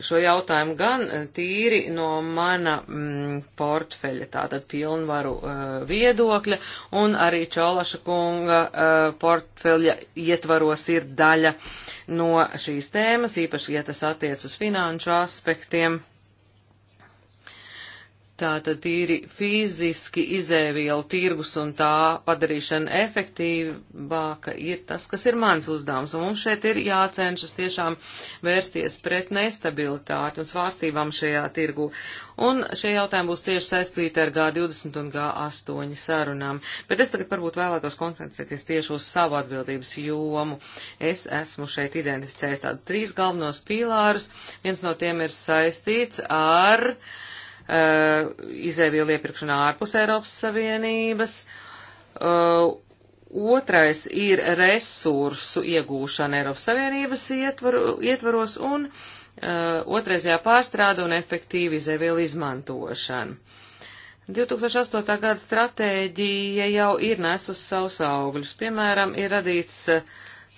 šo jautājumu gan eh, tīri no mana mm, portfeļa, tātad pilnvaru uh, viedokļa, un arī Čolaša kunga uh, portfeļa ietvaros ir daļa no šīs tēmas, īpaši, ja tas attiec uz finanšu aspektiem. Tātad tīri fiziski izēvielu tirgus un tā padarīšana efektīvāka ir tas, kas ir mans uzdevums. Un mums šeit ir jācenšas tiešām vērsties pret nestabilitāti un svārstībām šajā tirgu. Un šie jautājumi būs tieši saistīti ar G20 un G8 sarunām. Bet es tagad varbūt vēlētos koncentrēties tieši uz savu atbildības jomu. Es esmu šeit identificējis tādus trīs galvenos pīlārus. Viens no tiem ir saistīts ar uh, uh, izēvielu iepirkšanā ārpus Eiropas Savienības. Uh, otrais ir resursu iegūšana Eiropas Savienības ietvaru, ietvaros un uh, otrreizējā pārstrāde un efektīva izēvielu izmantošana. 2008. gada stratēģija jau ir nesusi savus augļus. Piemēram, ir radīts uh,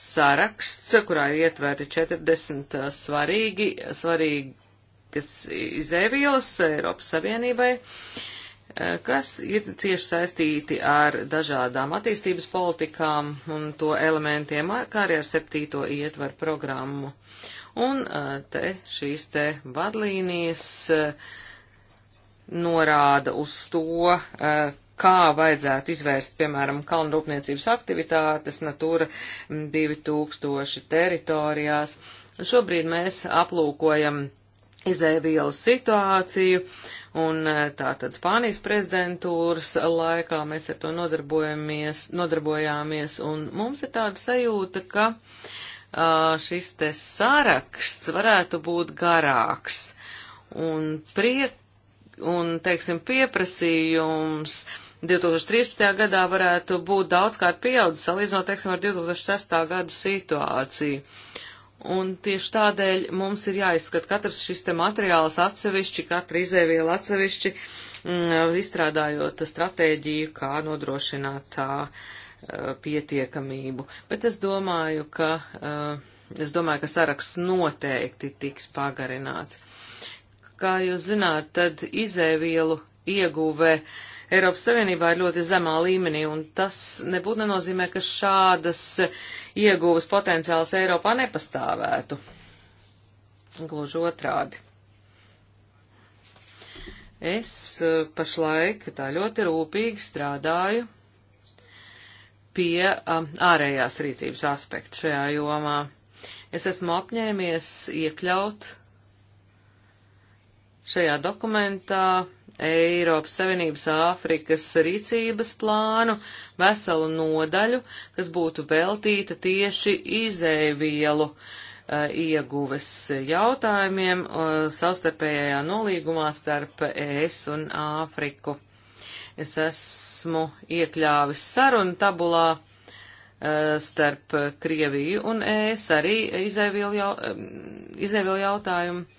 saraksts, kurā ir ietverti 40 uh, svarīgi, svarīgi enerģētikas izēvielas Eiropas Savienībai, eh, kas ir cieši saistīti ar dažādām attīstības politikām un to elementiem, kā arī ar septīto ietvaru programmu. Un te šīs te vadlīnijas norāda uz to, kā vajadzētu izvērst, piemēram, kalnrūpniecības aktivitātes Natūra 2000 teritorijās. Šobrīd mēs aplūkojam izēvielu situāciju, un e, tātad Spānijas prezidentūras laikā mēs ar to nodarbojāmies, un mums ir tāda sajūta, ka uh, šis te saraksts varētu būt garāks, un priek, un, teiksim, pieprasījums 2013. gadā varētu būt daudzkārt pieaudzis, salīdzinot, teiksim, ar 2006. gadu situāciju. Uh, Un tieši tādēļ mums ir jāizskat katrs šis te materiāls atsevišķi, katra izēviela atsevišķi, m, mm, izstrādājot stratēģiju, kā nodrošināt tā pietiekamību. Bet es domāju, ka, es domāju, ka saraksts noteikti tiks pagarināts. Kā jūs zināt, tad izēvielu ieguve uh, Eiropas Savienībā ir ļoti zemā līmenī, un tas nebūtu nenozīmē, ka šādas ieguvas potenciāls Eiropā nepastāvētu. Gluži otrādi. Es eh, pašlaik tā ļoti rūpīgi strādāju pie um, ārējās rīcības aspekta šajā jomā. Es esmu apņēmies iekļaut šajā dokumentā Eiropas Savienības Āfrikas rīcības plānu, veselu nodaļu, kas būtu veltīta tieši izēvielu eh, ieguves jautājumiem eh, savstarpējā nolīgumā starp ES un Āfriku. Es esmu iekļāvis sarunu tabulā eh, starp Krieviju un ES arī izēvielu jautājumu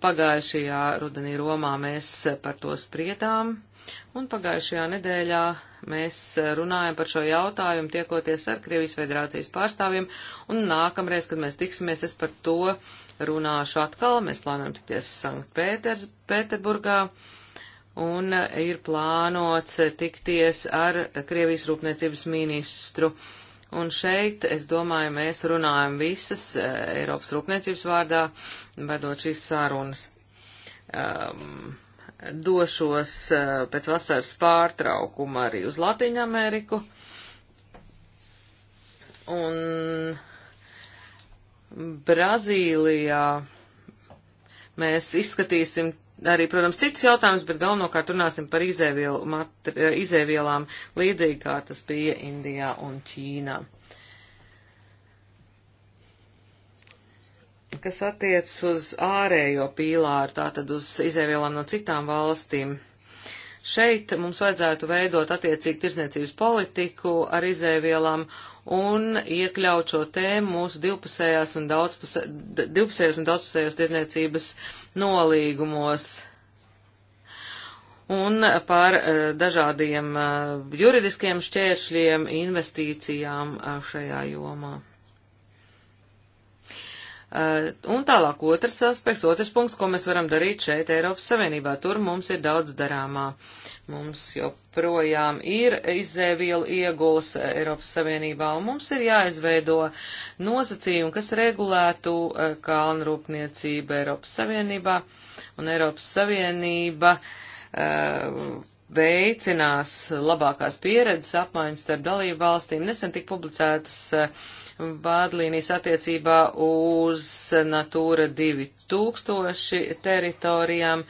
Pagājušajā rudenī Romā mēs par to spriedām, un pagājušajā nedēļā mēs runājam par šo jautājumu, tiekoties ar Krievijas federācijas pārstāvjiem, un nākamreiz, kad mēs tiksimies, es par to runāšu atkal. Mēs plānojam tikties Sanktpēterburgā, un ir plānots tikties ar Krievijas rūpniecības ministru. Uh, Un šeit, es domāju, mēs runājam visas eh, Eiropas rūpniecības vārdā, vedot šīs sārunas. Um, ehm, došos eh, pēc vasaras pārtraukuma arī uz Latīņu Ameriku. Un Brazīlijā mēs izskatīsim arī, protams, citus jautājumus, bet galvenokārt runāsim par izēvielu, matri, eh, izēvielām, līdzīgi kā tas bija Indijā un Ķīnā. Kas attiec uz ārējo pīlāru, tātad uz izēvielām no citām valstīm. Šeit mums vajadzētu veidot attiecīgu tirsniecības politiku ar izēvielām un iekļaut šo tēmu mūsu divpusējās un, daudzpusē, divpusējās un daudzpusējās tirniecības nolīgumos. Un par eh, dažādiem eh, juridiskiem šķēršļiem investīcijām eh, šajā jomā. Un tālāk otrs aspekts, otrs punkts, ko mēs varam darīt šeit Eiropas Savienībā. Tur mums ir daudz darāmā. Mums joprojām ir izēvielu iegulas Eiropas Savienībā, un mums ir jāizveido nosacījumi, kas regulētu eh, kalnu rūpniecību Eiropas Savienībā, un Eiropas Savienība uh, veicinās labākās pieredzes apmaiņas starp dalību valstīm. Nesen tik publicētas uh, vādlīnijas attiecībā uz Natūra 2000 teritorijām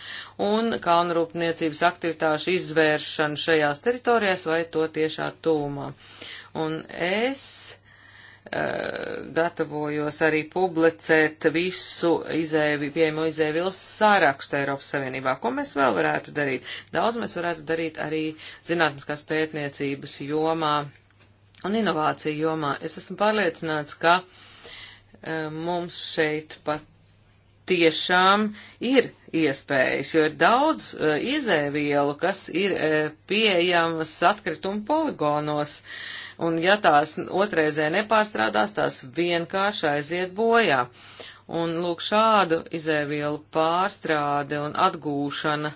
un kalnrūpniecības aktivitāšu izvēršanu šajās teritorijās vai to tiešā tūmā. Un es eh, gatavojos arī publicēt visu izēvi, pieejamo izēvilu sārakstu Eiropas Savienībā. Ko mēs vēl varētu darīt? Daudz mēs varētu darīt arī zinātniskās pētniecības jomā un inovāciju jomā. Es esmu pārliecināts, ka uh, mums šeit pat tiešām ir iespējas, jo ir daudz uh, izēvielu, kas ir uh, pieejamas atkritumu poligonos, un ja tās otrreizē nepārstrādās, tās vienkārši aiziet bojā. Un lūk, šādu izēvielu pārstrāde un atgūšana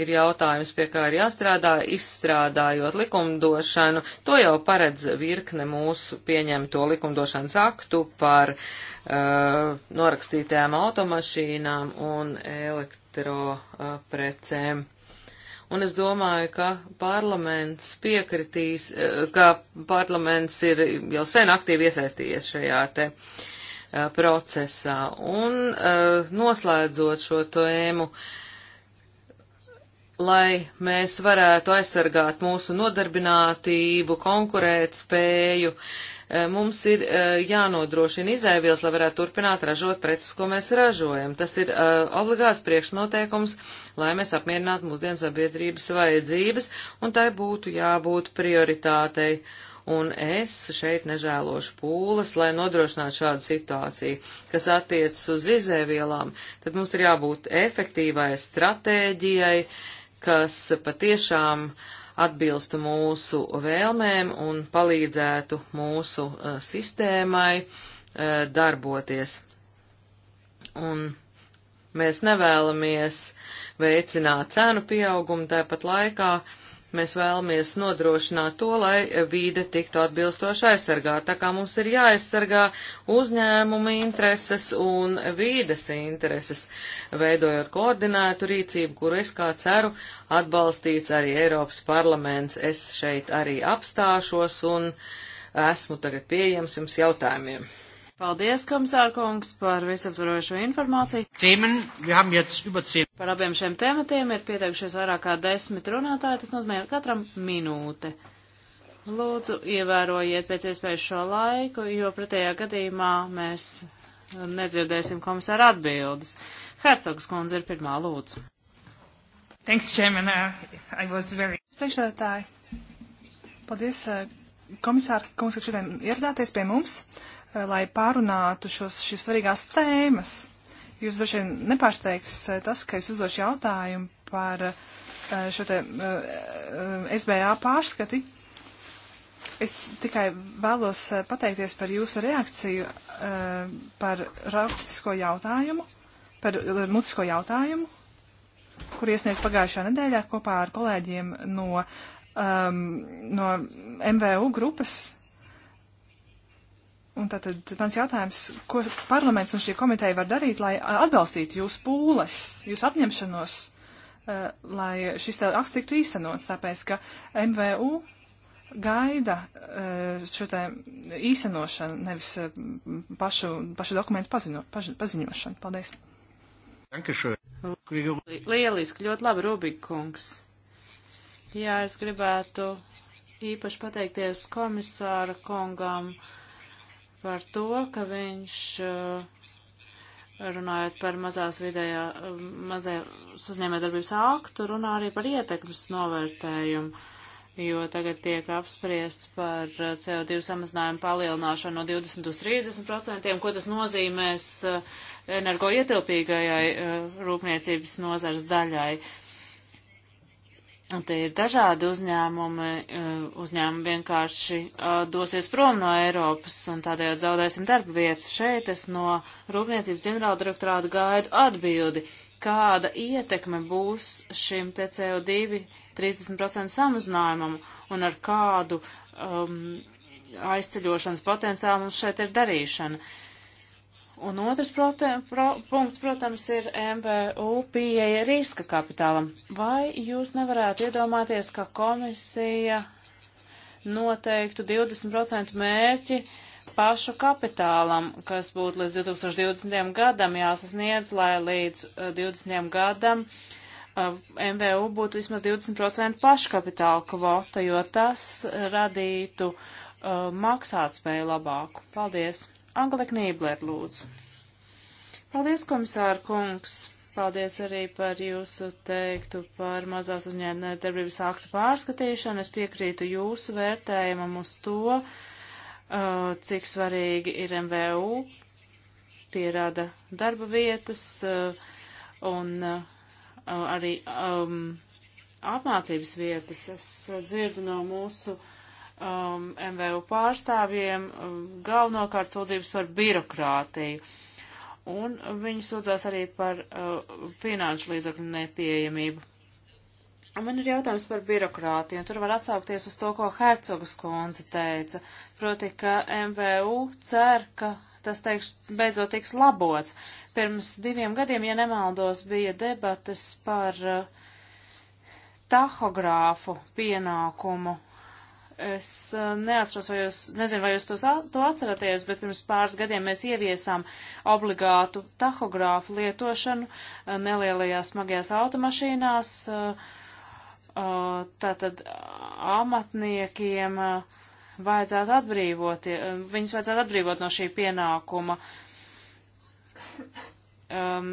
ir jautājums, pie kā ir jāstrādā, izstrādājot likumdošanu. To jau paredz virkne mūsu pieņemto likumdošanas aktu par uh, norakstītajām automašīnām un elektroprecēm. Uh, Un es domāju, ka parlaments piekritīs, uh, ka parlaments ir jau sen aktīvi iesaistījies šajā te uh, procesā. Un uh, noslēdzot šo tēmu, uh, lai mēs varētu aizsargāt mūsu nodarbinātību, konkurēt spēju, e, mums ir e, jānodrošina izēvielas, lai varētu turpināt ražot preces, ko mēs ražojam. Tas ir e, obligāts priekšnoteikums, lai mēs apmierinātu mūsdienu sabiedrības vajadzības, un tai būtu jābūt prioritātei. Un es šeit nežēlošu pūles, lai nodrošinātu šādu situāciju, kas attiecas uz izēvielām, tad mums ir jābūt efektīvai stratēģijai, uh, kas patiešām atbilstu mūsu vēlmēm un palīdzētu mūsu uh, sistēmai uh, darboties. Un mēs nevēlamies veicināt cenu pieaugumu, tāpat laikā uh, Mēs vēlamies nodrošināt to, lai vīde tiktu atbilstoši aizsargāta, tā kā mums ir jāaizsargā uzņēmuma intereses un vīdes intereses, veidojot koordinētu rīcību, kuru es kā ceru atbalstīts arī Eiropas parlaments. Es šeit arī apstāšos un esmu tagad pieejams jums jautājumiem. Paldies, komisārkungs, par visaptvarojušo informāciju. Tēmen, par abiem šiem tematiem ir pieteikušies vairāk kā desmit runātāji, tas nozīmē katram minūte. Lūdzu, ievērojiet pēc iespējas šo laiku, jo pretējā gadījumā mēs nedzirdēsim komisāra atbildes. Hercogs kundze ir pirmā lūdzu. Thanks, Chairman. Uh, I was very... Priekšsēdētāji, paldies, uh, komisāra kungs, ka šodien ieradāties pie mums lai pārunātu šos, šīs svarīgās tēmas. Jūs droši vien nepārsteigs eh, tas, ka es uzdošu jautājumu par eh, šo te eh, SBA pārskati. Es tikai vēlos pateikties par jūsu reakciju par rakstisko jautājumu, par mutisko jautājumu, kur iesniedz pagājušā nedēļā kopā ar kolēģiem no, um, no MVU grupas Un tātad mans jautājums, ko parlaments un šī komiteja var darīt, lai atbalstītu jūsu pūles, jūsu apņemšanos, lai šis akts tiktu īstenots, tāpēc ka MVU gaida šo te īstenošanu, nevis pašu, pašu dokumentu pazino, paži, paziņošanu. Paldies. Lieliski, ļoti labi, Rubikungs. Jā, es gribētu īpaši pateikties komisāra kongam par to, ka viņš eh, runājot par mazās vidējā, mazajās uzņēmējdarbības aktu, runā arī par ietekmes novērtējumu jo tagad tiek apspriests par eh, CO2 samazinājumu palielināšanu no 20 uz 30 procentiem, ko tas nozīmēs eh, energoietilpīgajai rūpniecības nozars daļai. Un te ir dažādi uzņēmumi, eh, uzņēmumi vienkārši eh, dosies prom no Eiropas un tādējādi zaudēsim darba vietas. Šeit es no Rūpniecības ģenerāla direktorāta gaidu atbildi, kāda ietekme būs šim te CO2 30% samazinājumam un ar kādu um, aizceļošanas potenciālu mums šeit ir darīšana. Uh, Un otrs prote, pro, punkts, protams, ir MBU pieeja riska kapitālam. Vai jūs nevarētu iedomāties, ka komisija noteiktu 20% mērķi pašu kapitālam, kas būtu līdz 2020. gadam jāsasniedz, lai līdz 20. Eh, gadam eh, MVU būtu vismaz 20% paškapitāla kvota, jo tas radītu uh, maksātspēju labāku. Paldies! Angela Knībler, lūdzu. Paldies, komisāra kungs. Paldies arī par jūsu teiktu par mazās uzņēmē darbības aktu pārskatīšanu. Es piekrītu jūsu vērtējumam uz to, uh, cik svarīgi ir MVU. Tie rada darba vietas uh, un uh, arī um, apmācības vietas. Es dzirdu no mūsu uh, um, MVU pārstāvjiem um, galvenokārt sūdzības par birokrātiju. Un viņi sūdzās arī par uh, finanšu līdzakļu nepieejamību. Man ir jautājums par birokrātiju, un tur var atsaukties uz to, ko Hercogas konze teica, proti, ka MVU cer, ka tas, teiks, beidzot tiks labots. Pirms diviem gadiem, ja nemaldos, bija debates par uh, tahogrāfu pienākumu Es uh, neatceros, vai jūs, nezinu, vai jūs tos, to atceraties, bet pirms pāris gadiem mēs ieviesām obligātu tahogrāfu lietošanu uh, nelielajās smagajās automašīnās, uh, tātad amatniekiem vajadzētu atbrīvot, viņus vajadzētu atbrīvot no šī pienākuma. Um,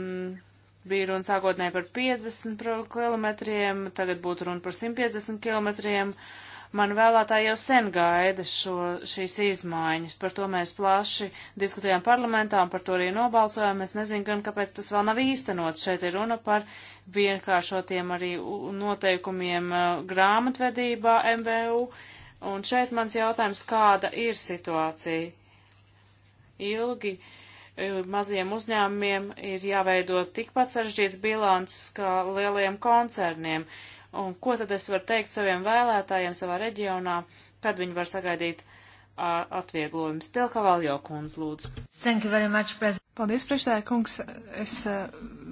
bija runa sākotnēji par 50 kilometriem, tagad būtu runa par 150 kilometriem. Uh, Man vēlētāji jau sen gaida šo, šīs izmaiņas, par to mēs plaši diskutējām parlamentā un par to arī nobalsojām. Es nezinu gan, kāpēc tas vēl nav īstenots. Šeit ir runa par vienkāršotiem arī noteikumiem uh, grāmatvedībā MVU. Un šeit mans jautājums, kāda ir situācija? Ilgi uh, maziem uzņēmumiem ir jāveido tikpat sarežģīts bilants kā lieliem koncerniem un ko tad es varu teikt saviem vēlētājiem savā reģionā, kad viņi var sagaidīt uh, atvieglojumus. Telka Valjo kundz, lūdzu. Thank you very much, President. Paldies, priekšstāja kungs. Es uh,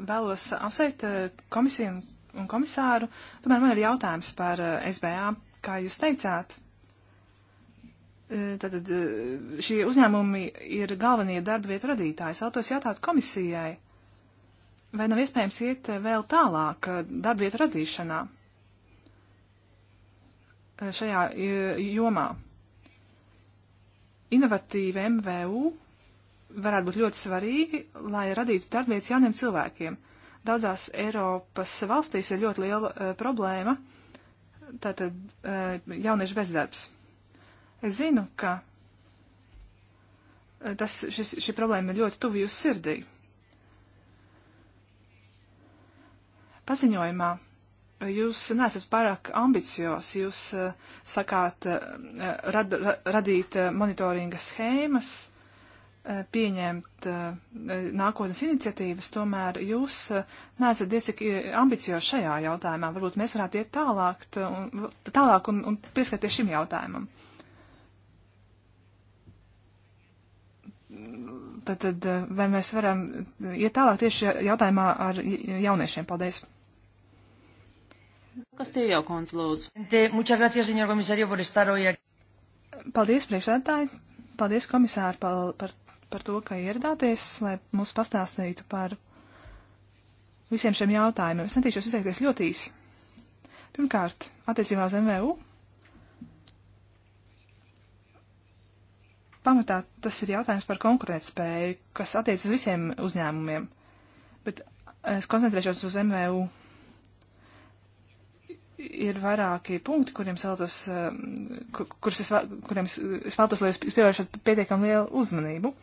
vēlos apsveikt uh, komisiju un, un komisāru. Tomēr man ir jautājums par uh, SBA, kā jūs teicāt. Tātad e, e, šie uzņēmumi ir galvenie darba vietu radītāji. Es vēlos jautāt komisijai, vai nav iespējams iet e, vēl tālāk darba vietu radīšanā? šajā e, jomā. Inovatīvi MVU varētu būt ļoti svarīgi, lai radītu darbvietas jauniem cilvēkiem. Daudzās Eiropas valstīs ir ļoti liela uh, problēma, tātad uh, jauniešu bezdarbs. Es zinu, ka tas, šis, šī problēma ir ļoti tuvu jūsu sirdī. Paziņojumā Jūs nesat pārāk ambiciozi, jūs eh, sakāt eh, rad, radīt eh, monitoringa schēmas, pieņemt nākotnes iniciatīvas, tomēr jūs nesat diezgan ambiciozi šajā jautājumā. Varbūt mēs varētu iet tālāk, un, tālāk un, un pieskarties šim jautājumam. Tad, tad vai mēs varam iet tālāk tieši jautājumā ar jauniešiem? Paldies! Kastījo kundze, lūdzu. Paldies, priekšsēdētāji. Paldies, komisāri, par, par, par to, ka ieradāties, lai mums pastāstītu par visiem šiem jautājumiem. Es centīšos izteikties ļoti īsi. Pirmkārt, attiecībā uz MVU. Pamatā tas ir jautājums par konkurētspēju, kas attiec uz visiem uzņēmumiem. Bet es koncentrēšos uz MVU ir vairāki punkti, kuriem vēlos, eh, kur, kurus es, kuriem es vēlos, lai jūs pievēršat pietiekam lielu uzmanību.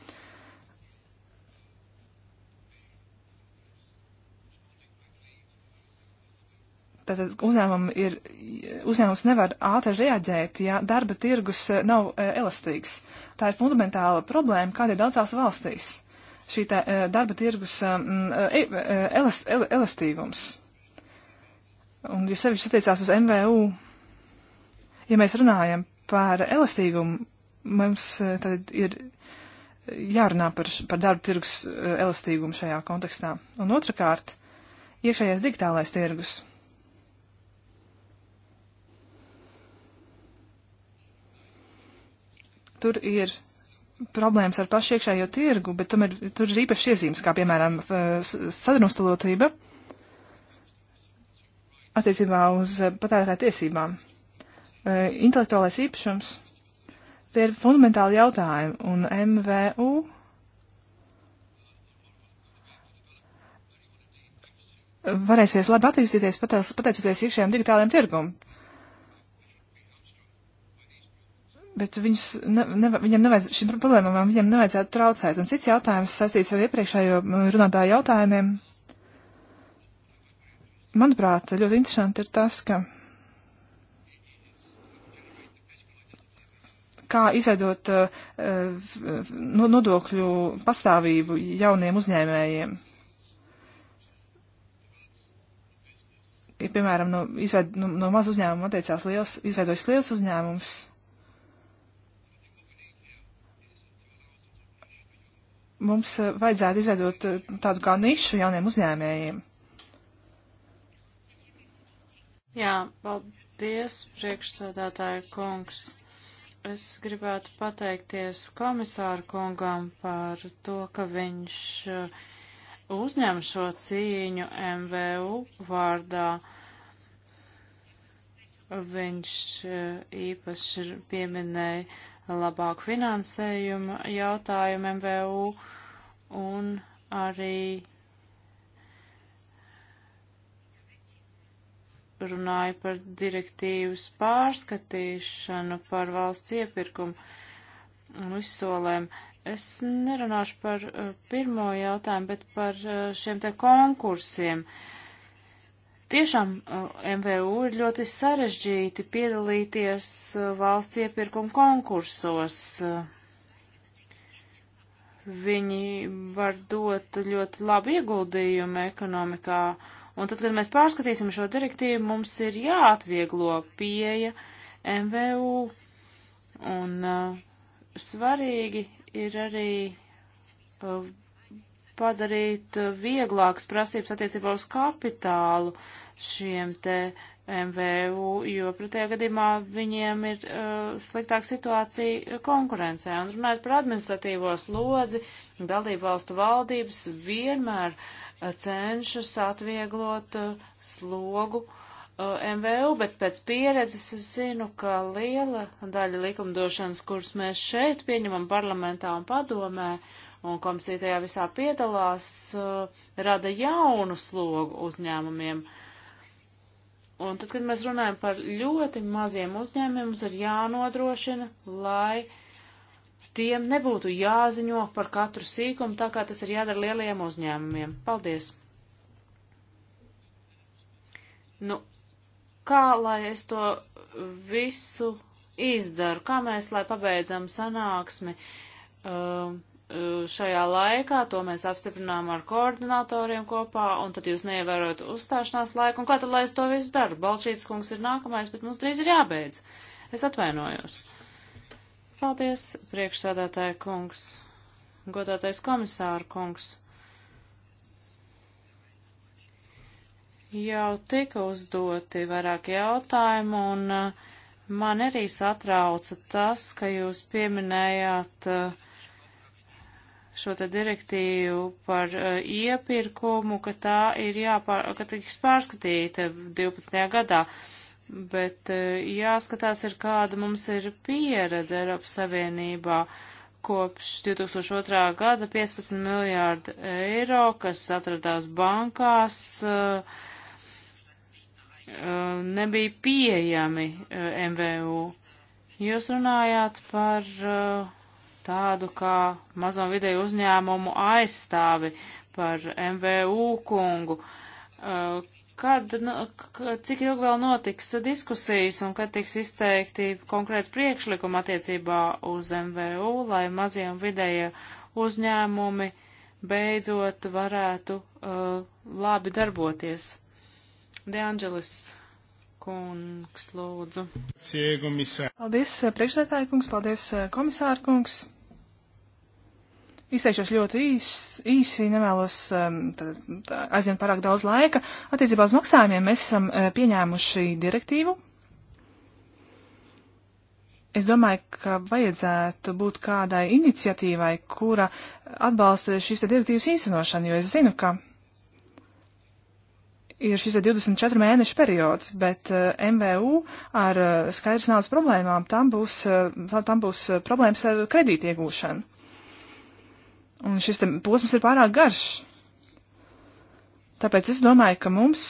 Tātad uzņēmum ir, uzņēmums nevar ātri reaģēt, ja darba tirgus eh, nav eh, elastīgs. Tā ir fundamentāla problēma, kāda ir daudzās valstīs. Šī tā, darba tirgus e, elast, elastīgums un jo sevišķi attiecās uz MVU, ja mēs runājam par elastīgumu, mums eh, tad ir jārunā par, par darba tirgus eh, elastīgumu šajā kontekstā. Un otrkārt, iekšējais digitālais tirgus. Tur ir problēmas ar pašu iekšējo tirgu, bet tomēr tur ir īpašas iezīmes, kā piemēram eh, sadrumstalotība attiecībā uz patērētāju tiesībām. E, intelektuālais īpašums tie ir fundamentāli jautājumi, un MVU varēsies labi attīstīties pateicoties iekšējiem digitāliem tirgum. Bet viņus ne, ne, viņam nevajadz, šim problēmām viņam nevajadzētu traucēt. Un cits jautājums sastīts ar iepriekšējo runātāju jautājumiem Manuprāt, ļoti interesanti ir tas, ka kā izveidot uh, nodokļu pastāvību jauniem uzņēmējiem. Ja, piemēram, no, izveid, no, no maz uzņēmuma atteicās liels, izveidojas liels uzņēmums. Mums uh, vajadzētu izveidot uh, tādu kā nišu jauniem uzņēmējiem. Jā, paldies, priekšsēdētāja kungs. Es gribētu pateikties komisāru kungam par to, ka viņš uh, uzņem šo cīņu MVU vārdā. Viņš uh, īpaši pieminēja labāku finansējumu jautājumu MVU un arī runāja par direktīvas pārskatīšanu par valsts iepirkumu un izsolēm. Es nerunāšu par uh, pirmo jautājumu, bet par uh, šiem te konkursiem. Tiešām uh, MVU ir ļoti sarežģīti piedalīties valsts iepirkuma konkursos. Viņi var dot ļoti labu ieguldījumu ekonomikā Un tad, kad mēs pārskatīsim šo direktīvu, mums ir jāatvieglo pieeja MVU. Un uh, svarīgi ir arī uh, padarīt uh, vieglākas prasības attiecībā uz kapitālu šiem te MVU, jo pretējā gadījumā viņiem ir uh, sliktāka situācija konkurencē. Un runājot par administratīvo slodzi, dalību valstu valdības vienmēr uh, cenšas atvieglot uh, slogu uh, MVU, bet pēc pieredzes es zinu, ka liela daļa likumdošanas, kuras mēs šeit pieņemam parlamentā un padomē, un komisija tajā visā piedalās, uh, rada jaunu slogu uzņēmumiem. Un tad, kad mēs runājam par ļoti maziem uzņēmumiem, mums ir jānodrošina, lai uh, tiem nebūtu jāziņo par katru sīkumu, tā kā tas ir jādara lielajiem uzņēmumiem. Paldies! Nu, kā lai es to visu izdaru? Kā mēs, lai pabeidzam sanāksmi um, uh, šajā laikā? To mēs apstiprinām ar koordinatoriem kopā, un tad jūs neievērojat uzstāšanās laiku. Un kā tad, lai es to visu daru? Balčītis kungs ir nākamais, bet mums drīz ir jābeidz. Es atvainojos. Paldies, priekšsādātāja kungs, godātais komisāra kungs. Jau tika uzdoti vairāk jautājumu, un uh, man arī satrauca tas, ka jūs pieminējāt uh, šo te direktīvu par uh, iepirkumu, ka tā ir jāpār, ka tiks pārskatīta 12. gadā bet e, jāskatās ir kāda mums ir pieredze Eiropas Savienībā kopš 2002. gada 15 miljārdu eiro, kas atradās bankās, e, e, nebija pieejami MVU. Jūs runājāt par tādu kā mazo un vidēju uzņēmumu aizstāvi par MVU kungu Kad, nu, cik ilgi vēl notiks diskusijas un kad tiks izteikti konkrēti priekšlikumi attiecībā uz MVU, lai mazie un vidējie uzņēmumi beidzot varētu uh, labi darboties? Deangelis kungs, lūdzu. Paldies, priekšsētāji kungs, paldies, komisāra kungs. Izteikšos ļoti īs, īsi, nevēlos um, aizvien pārāk daudz laika. Attiecībā uz maksājumiem mēs esam uh, pieņēmuši direktīvu. Es domāju, ka vajadzētu būt kādai iniciatīvai, kura atbalsta šīs direktīvas īstenošanu, jo es zinu, ka ir šis 24 mēnešu periods, bet uh, MVU ar uh, skaidrs naudas problēmām tam būs, uh, tam būs uh, problēmas ar kredīti iegūšanu. Un šis posms ir pārāk garš. Tāpēc es domāju, ka mums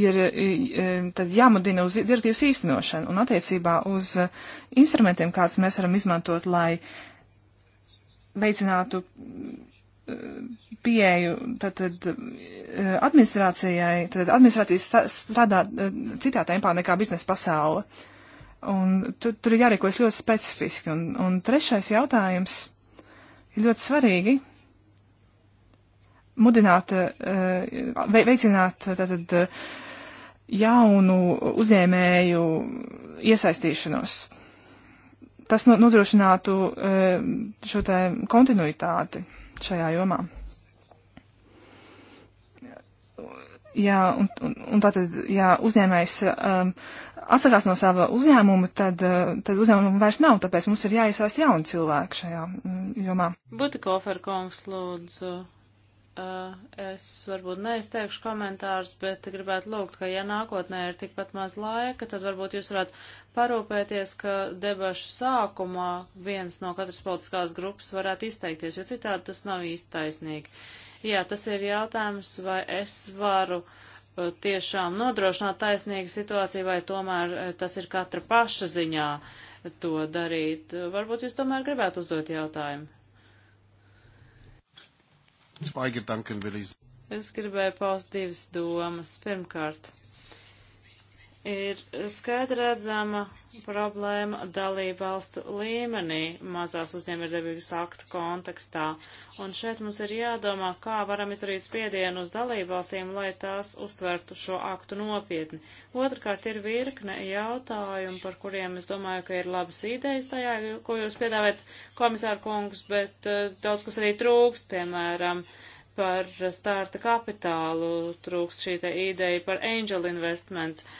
ir jāmudina uz direktīvas īstenošanu un attiecībā uz instrumentiem, kādus mēs varam izmantot, lai veicinātu e, pieeju tātad e, administrācijai, tad administrācija strādā e, citā tempā nekā biznesa pasaule. Un tu, tur ir jārīkojas ļoti specifiski. Un, un trešais jautājums Ir ļoti svarīgi mudināt, eh, veicināt tātad eh, jaunu uzņēmēju iesaistīšanos. Tas nodrošinātu eh, šo te kontinuitāti šajā jomā. Jā, un, un, un tātad, ja uzņēmējs um, atsakās no sava uzņēmuma, tad, eh, tad uzņēmuma vairs nav, tāpēc mums ir jāiesaist jauni cilvēki šajā mm, jomā. Butikofer kungs, lūdzu. Eh, es varbūt neizteikšu komentārus, bet gribētu lūgt, ka ja nākotnē ir tikpat maz laika, tad varbūt jūs varētu parūpēties, ka debašu sākumā viens no katras politiskās grupas varētu izteikties, jo citādi tas nav īsti taisnīgi. Jā, tas ir jautājums, vai es varu uh, tiešām nodrošināt taisnīgu situāciju, vai tomēr eh, tas ir katra paša ziņā to darīt. Varbūt jūs tomēr gribētu uzdot jautājumu. Es gribēju paust divas domas. Pirmkārt, ir skaidri redzama problēma dalību valstu līmenī mazās uzņēmējdarbības akta kontekstā. Un šeit mums ir jādomā, kā varam izdarīt spiedienu uz dalību valstīm, lai tās uztvertu šo aktu nopietni. Otrkārt ir virkne jautājumu, par kuriem es domāju, ka ir labas idejas tajā, ko jūs piedāvājat komisāru kungs, bet uh, daudz kas arī trūkst, piemēram, par starta kapitālu trūkst šī te ideja par angel investment. Uh,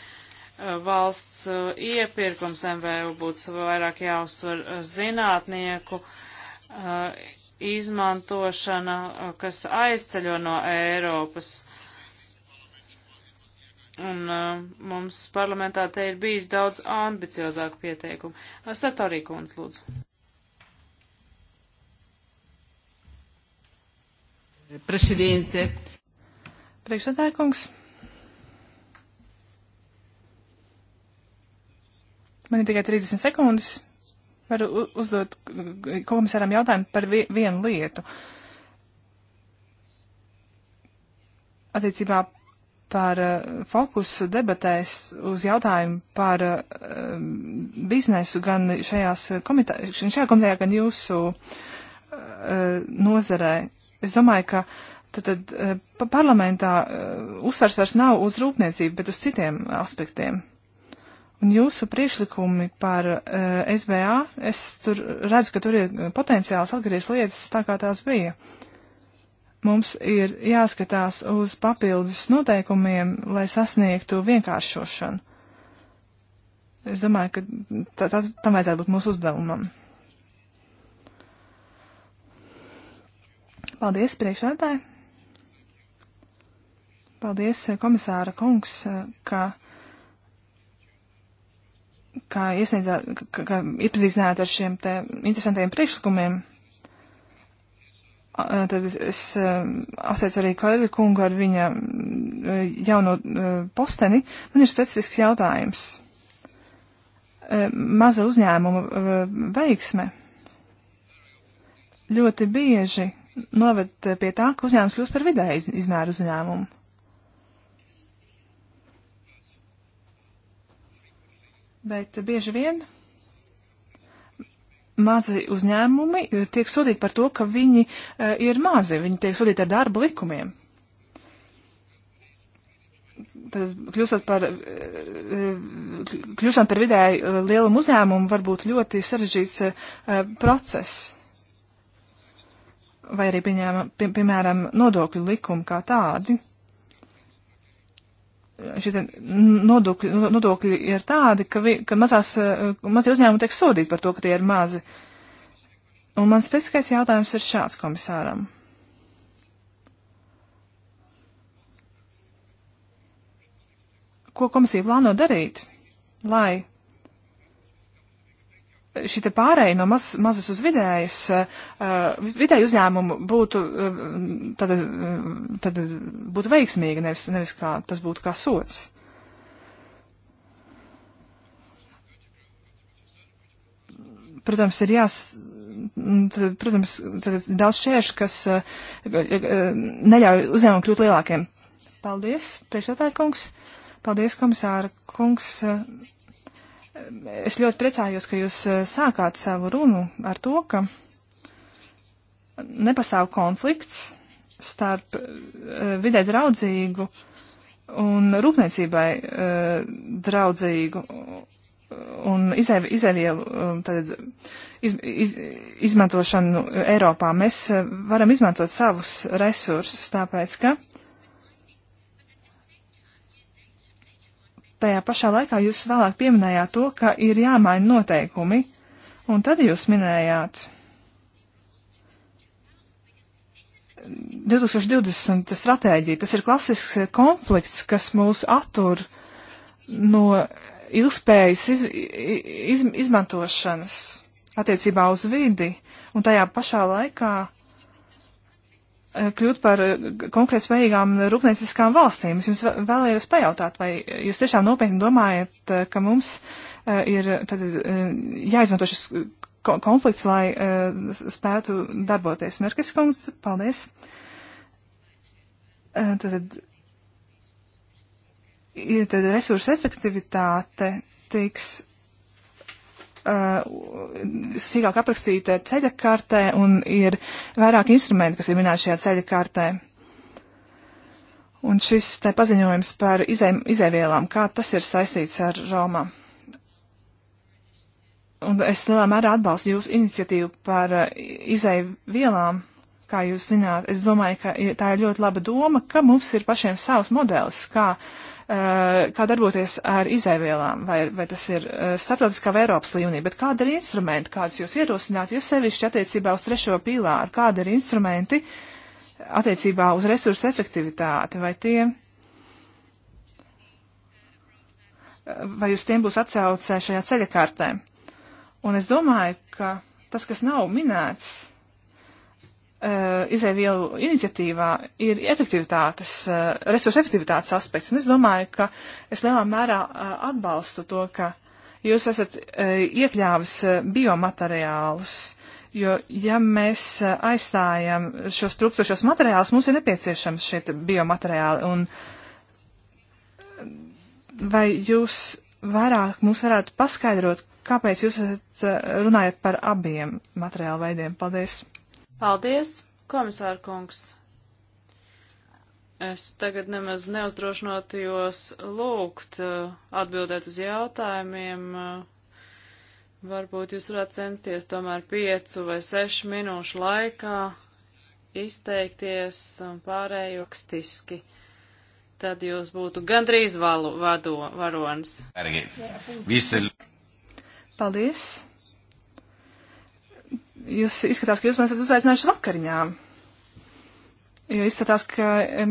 Eh, valsts eh, iepirkums MVU būtu vairāk jāuzsver eh, zinātnieku izmantošana, kas aizceļo no Eiropas. Un uh, mums parlamentā te ir bijis daudz ambiciozāku pieteikumu. Sartorī kundze, lūdzu. Presidente. Priekšsēdētājkungs. Man ir tikai 30 sekundes. Varu uzdot komisāram jautājumu par vi vienu lietu. Attiecībā par uh, eh, fokusu debatēs uz jautājumu par uh, biznesu gan šajās komitē, šajā komitejā, gan jūsu uh, nozarē. Es domāju, ka tad, tad parlamentā uzsvars vairs nav uz rūpniecību, bet uz citiem aspektiem. Un jūsu priekšlikumi par uh, eh, SBA, es tur redzu, ka tur ir potenciāls atgriezt lietas tā, kā tās bija. Mums ir jāskatās uz papildus noteikumiem, lai sasniegtu vienkāršošanu. Es domāju, ka tā, tas, tam vajadzētu būt mūsu uzdevumam. Paldies, priekšsēdētāji! Paldies, eh, komisāra kungs, eh, ka. Uh, kā iesniedzāt, kā, kā iepazīstināt ar šiem te interesantiem priekšlikumiem. Tad es apsveicu arī Kaili kungu ar viņa jauno posteni. Man ir specifisks jautājums. Maza uzņēmuma veiksme ļoti bieži noved pie tā, ka uzņēmums kļūst par vidēju izmēru uzņēmumu. bet bieži vien mazi uzņēmumi tiek sodīti par to, ka viņi eh, ir mazi, viņi tiek sodīti ar darba likumiem. Tad kļūstot par, eh, kļūstot par vidēji eh, lielumu uzņēmumu var būt ļoti sarežģīts process. Vai arī, pieņēma, pie, piemēram, nodokļu likumu kā tādi šie nodokļi, nodokļi ir tādi, ka, vi, ka mazās, eh, mazie uzņēmumi tiek sodīti par to, ka tie ir mazi. Un mans specifiskais jautājums ir šāds komisāram. Ko komisija plāno darīt, lai šī pārēja no maz, mazas uz vidējas, uh, vidēju uzņēmumu būtu, uh, tad, tad būtu veiksmīga, nevis, nevis kā tas būtu kā sots. Protams, ir jās. Protams, daudz šķēršu, kas uh, neļauj uzņēmumu kļūt lielākiem. Paldies, priekšētāji kungs. Paldies, komisāra kungs. Uh, Es ļoti priecājos, ka jūs eh, sākāt savu runu ar to, ka nepastāv konflikts starp eh, vidē draudzīgu un rūpniecībai eh, draudzīgu un izēvielu iz, iz, izmantošanu Eiropā. Mēs varam izmantot savus resursus, tāpēc ka Tajā pašā laikā jūs vēlāk pieminējāt to, ka ir jāmaina noteikumi, un tad jūs minējāt 2020 stratēģiju. Tas ir klasisks konflikts, kas mūs attur no ilgspējas iz, iz, izmantošanas attiecībā uz vidi, un tajā pašā laikā kļūt par eh, konkrēt spējīgām rūpnieciskām valstīm. Es jums vēlējos pajautāt, vai jūs tiešām nopietni domājat, eh, ka mums eh, ir tad, jāizmanto šis konflikts, lai spētu darboties. Merkis kungs, paldies. Tad, tad resursu efektivitāte tiks Uh, sīkāk aprakstīta ceļa kartē un ir vairāk instrumenti, kas ir minēti šajā ceļa kartē. Un šis te paziņojums par izē, izēvielām, kā tas ir saistīts ar Romā. Un es lielā mērā atbalstu jūsu iniciatīvu par uh, izēvielām, kā jūs zināt. Es domāju, ka tā ir ļoti laba doma, ka mums ir pašiem savs modelis, kā uh, Eh, kā darboties ar izēvielām, vai, vai tas ir eh, starptautiskā vai Eiropas līmenī, bet kāda ir instrumenti, kādus jūs ierosinātu, jo sevišķi attiecībā uz trešo pīlāru, kāda ir instrumenti attiecībā uz resursu efektivitāti, vai tie. Eh, vai uz tiem būs atsauce šajā ceļakārtē? Un es domāju, ka tas, kas nav minēts, Eh, izēvielu iniciatīvā ir efektivitātes, eh, resursu efektivitātes aspekts, un es domāju, ka es lielā mērā eh, atbalstu to, ka jūs esat iekļāvis biomateriālus, jo ja mēs aizstājam šos trūkstošos materiālus, mums ir nepieciešams šie biomateriāli, un vai jūs vairāk mums varētu paskaidrot, kāpēc jūs esat runājat par abiem materiālu veidiem? Paldies! Paldies, komisāra kungs. Es tagad nemaz neuzdrošinotījos lūgt uh, atbildēt uz jautājumiem. Uh, varbūt jūs varētu censties tomēr piecu vai sešu minūšu laikā izteikties un pārējo rakstiski. Tad jūs būtu gandrīz valu, vado, varons. Paldies! jūs izskatās, ka jūs man esat uzaicinājuši vakariņām. Jo izskatās, ka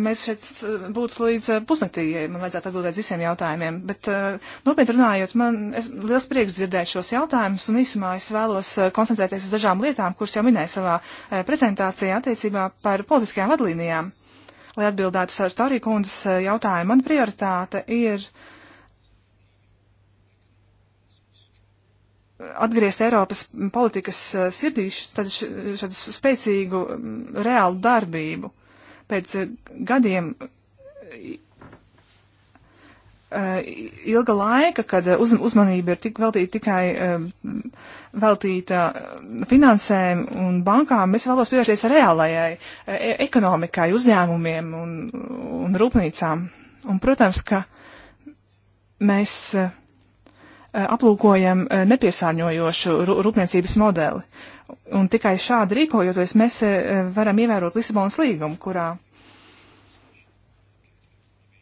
mēs šeit būtu līdz eh, pusnaktī, man vajadzētu atbildēt visiem jautājumiem. Bet, eh, nopietni runājot, man es, liels prieks dzirdēt šos jautājumus, un īsumā es vēlos eh, koncentrēties uz dažām lietām, kuras jau minēju savā prezentācijā attiecībā par politiskajām vadlīnijām. Lai atbildētu Sartorī kundzes jautājumu, man prioritāte ir uh, atgriezt Eiropas politikas eh, sirdī šādu spēcīgu mm, reālu darbību. Pēc eh, gadiem eh, ilga laika, kad uz, uzmanība ir tik veltīta tikai veltīta finansēm un bankām, es vēlos pievērsties reālajai e, ekonomikai, uzņēmumiem un, un rūpnīcām. Un, protams, ka mēs uh, aplūkojam eh, nepiesārņojošu rūpniecības modeli. Un tikai šādi rīkojoties, mēs eh, varam ievērot Lisabonas līgumu, kurā,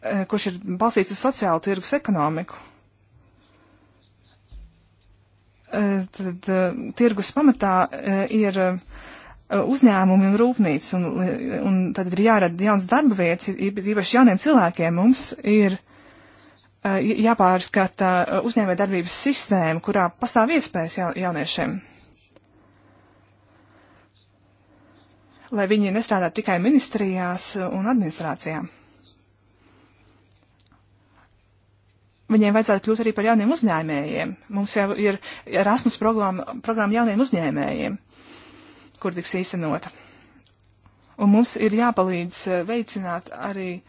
eh, kurš ir balstīts uz sociālu tirgus ekonomiku. Tad tirgus pamatā ir uzņēmumi un rūpnīcas, un, un tad ir jārada jauns darba vietas, īpaši jauniem cilvēkiem mums ir. Uh, jāpārskata uzņēmē darbības sistēma, kurā pastāv iespējas ja, jauniešiem. Lai viņi nestrādātu tikai ministrijās un administrācijā. Viņiem vajadzētu kļūt arī par jauniem uzņēmējiem. Mums jau ir Erasmus programma, programma jauniem uzņēmējiem, kur tiks īstenota. Un mums ir jāpalīdz veicināt arī uh,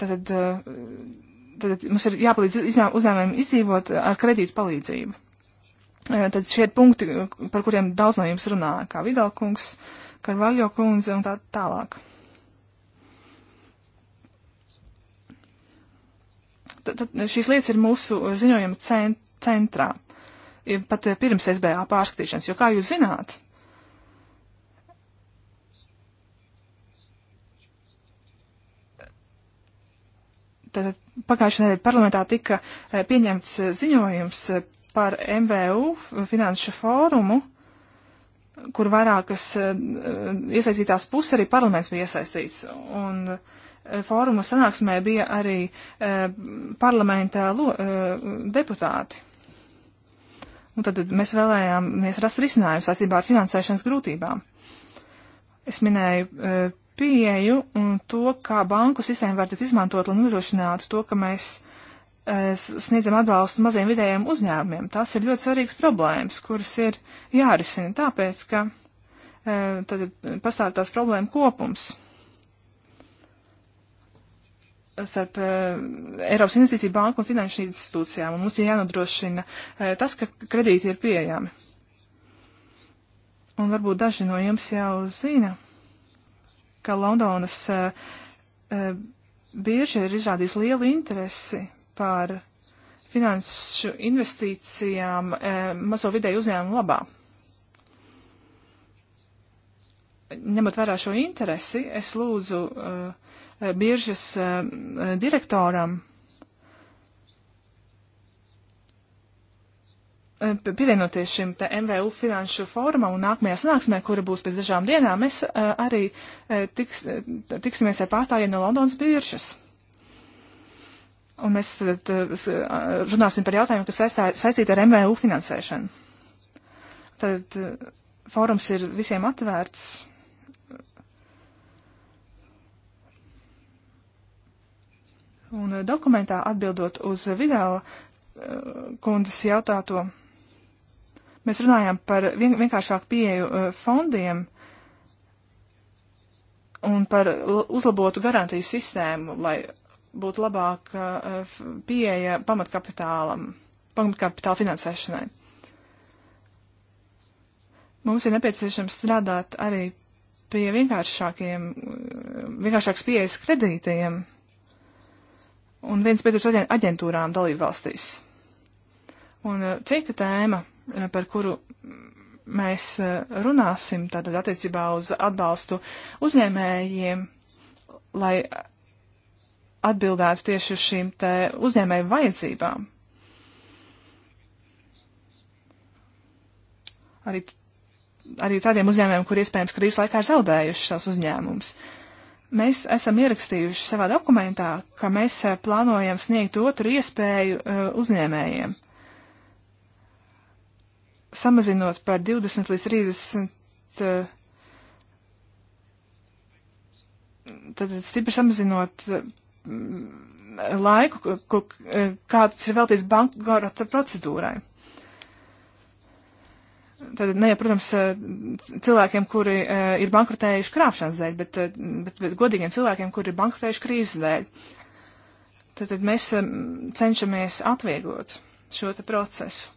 tad uh, tad mums ir jāpalīdz uzņēmumiem izdzīvot uh, ar kredītu palīdzību. Uh, tad šie ir punkti, uh, par kuriem daudz no jums runāja, kā Vidalkungs, Karvaļo kundze un tā tālāk. Tad, tad šīs lietas ir mūsu ziņojuma cent, centrā, pat pirms SBA pārskatīšanas, jo, kā jūs zināt, tad Pagājušajā nedēļā parlamentā tika eh, pieņemts eh, ziņojums eh, par MVU finanšu fórumu, kur vairākas iesaistītās puses arī parlaments bija iesaistīts. Un, uh, fóruma sanāksmē bija arī eh, parlamentā lo, eh, deputāti. Un tad mēs vēlējāmies rast risinājumu saistībā ar finansēšanas grūtībām. Es minēju eh, pieeju un to, kā banku sistēmu var tikt izmantot, lai nodrošinātu to, ka mēs e, sniedzam atbalstu maziem vidējiem uzņēmumiem. Tas ir ļoti svarīgs problēmas, kuras ir jārisina, tāpēc, ka e, tad pastāv tās problēma kopums starp e, Eiropas investīciju banku un finanšu institūcijām, un mums ir jānodrošina tas, ka kredīti ir pieejami. Un varbūt daži no jums jau zina ka Londonas eh, eh, bieži ir izrādījis lielu interesi par finanšu investīcijām eh, mazo vidēju uzņēmumu labā. Ņemot vērā šo interesi, es lūdzu biežas direktoram pievienoties šim MVU finanšu fórumam un nākamajā sanāksmē, kura būs pēc dažām dienām, mēs eh, arī eh, tiks, eh, tiksimies ar pārstāvjiem no Londonas biržas. Un mēs tad runāsim par jautājumu, kas saistā, saistīta ar MVU finansēšanu. Tad fórums ir visiem atvērts. Un dokumentā atbildot uz video kundzes jautāto Mēs runājam par vien, vienkāršāku pieeju uh, fondiem un par uzlabotu garantiju sistēmu, lai būtu labāka uh, pieeja pamatkapitālam, pamatkapitāla finansēšanai. Mums ir nepieciešams strādāt arī pie vienkāršākiem, uh, vienkāršāks pieejas kredītiem un viens pieturas aģentūrām dalībvalstīs. Un cita tēma, par kuru mēs e, runāsim, tātad attiecībā uz atbalstu uzņēmējiem, lai atbildētu tieši uz šīm te uzņēmēju vajadzībām. Arī, arī tādiem uzņēmējiem, kur iespējams krīzes laikā ir zaudējuši savus uzņēmumus. Mēs esam ierakstījuši savā dokumentā, ka mēs e, plānojam sniegt otru iespēju e, uzņēmējiem. Uh, samazinot par 20 līdz 30, eh, tad stipri samazinot eh, laiku, ko, eh, kā tas ir veltīts bankrota procedūrai. Tad, ne, protams, cilvēkiem, kuri ir bankrotējuši krāpšanas dēļ, bet, bet, bet godīgiem cilvēkiem, kuri ir bankrotējuši krīzes dēļ. Tad, tad mēs cenšamies atvieglot šo procesu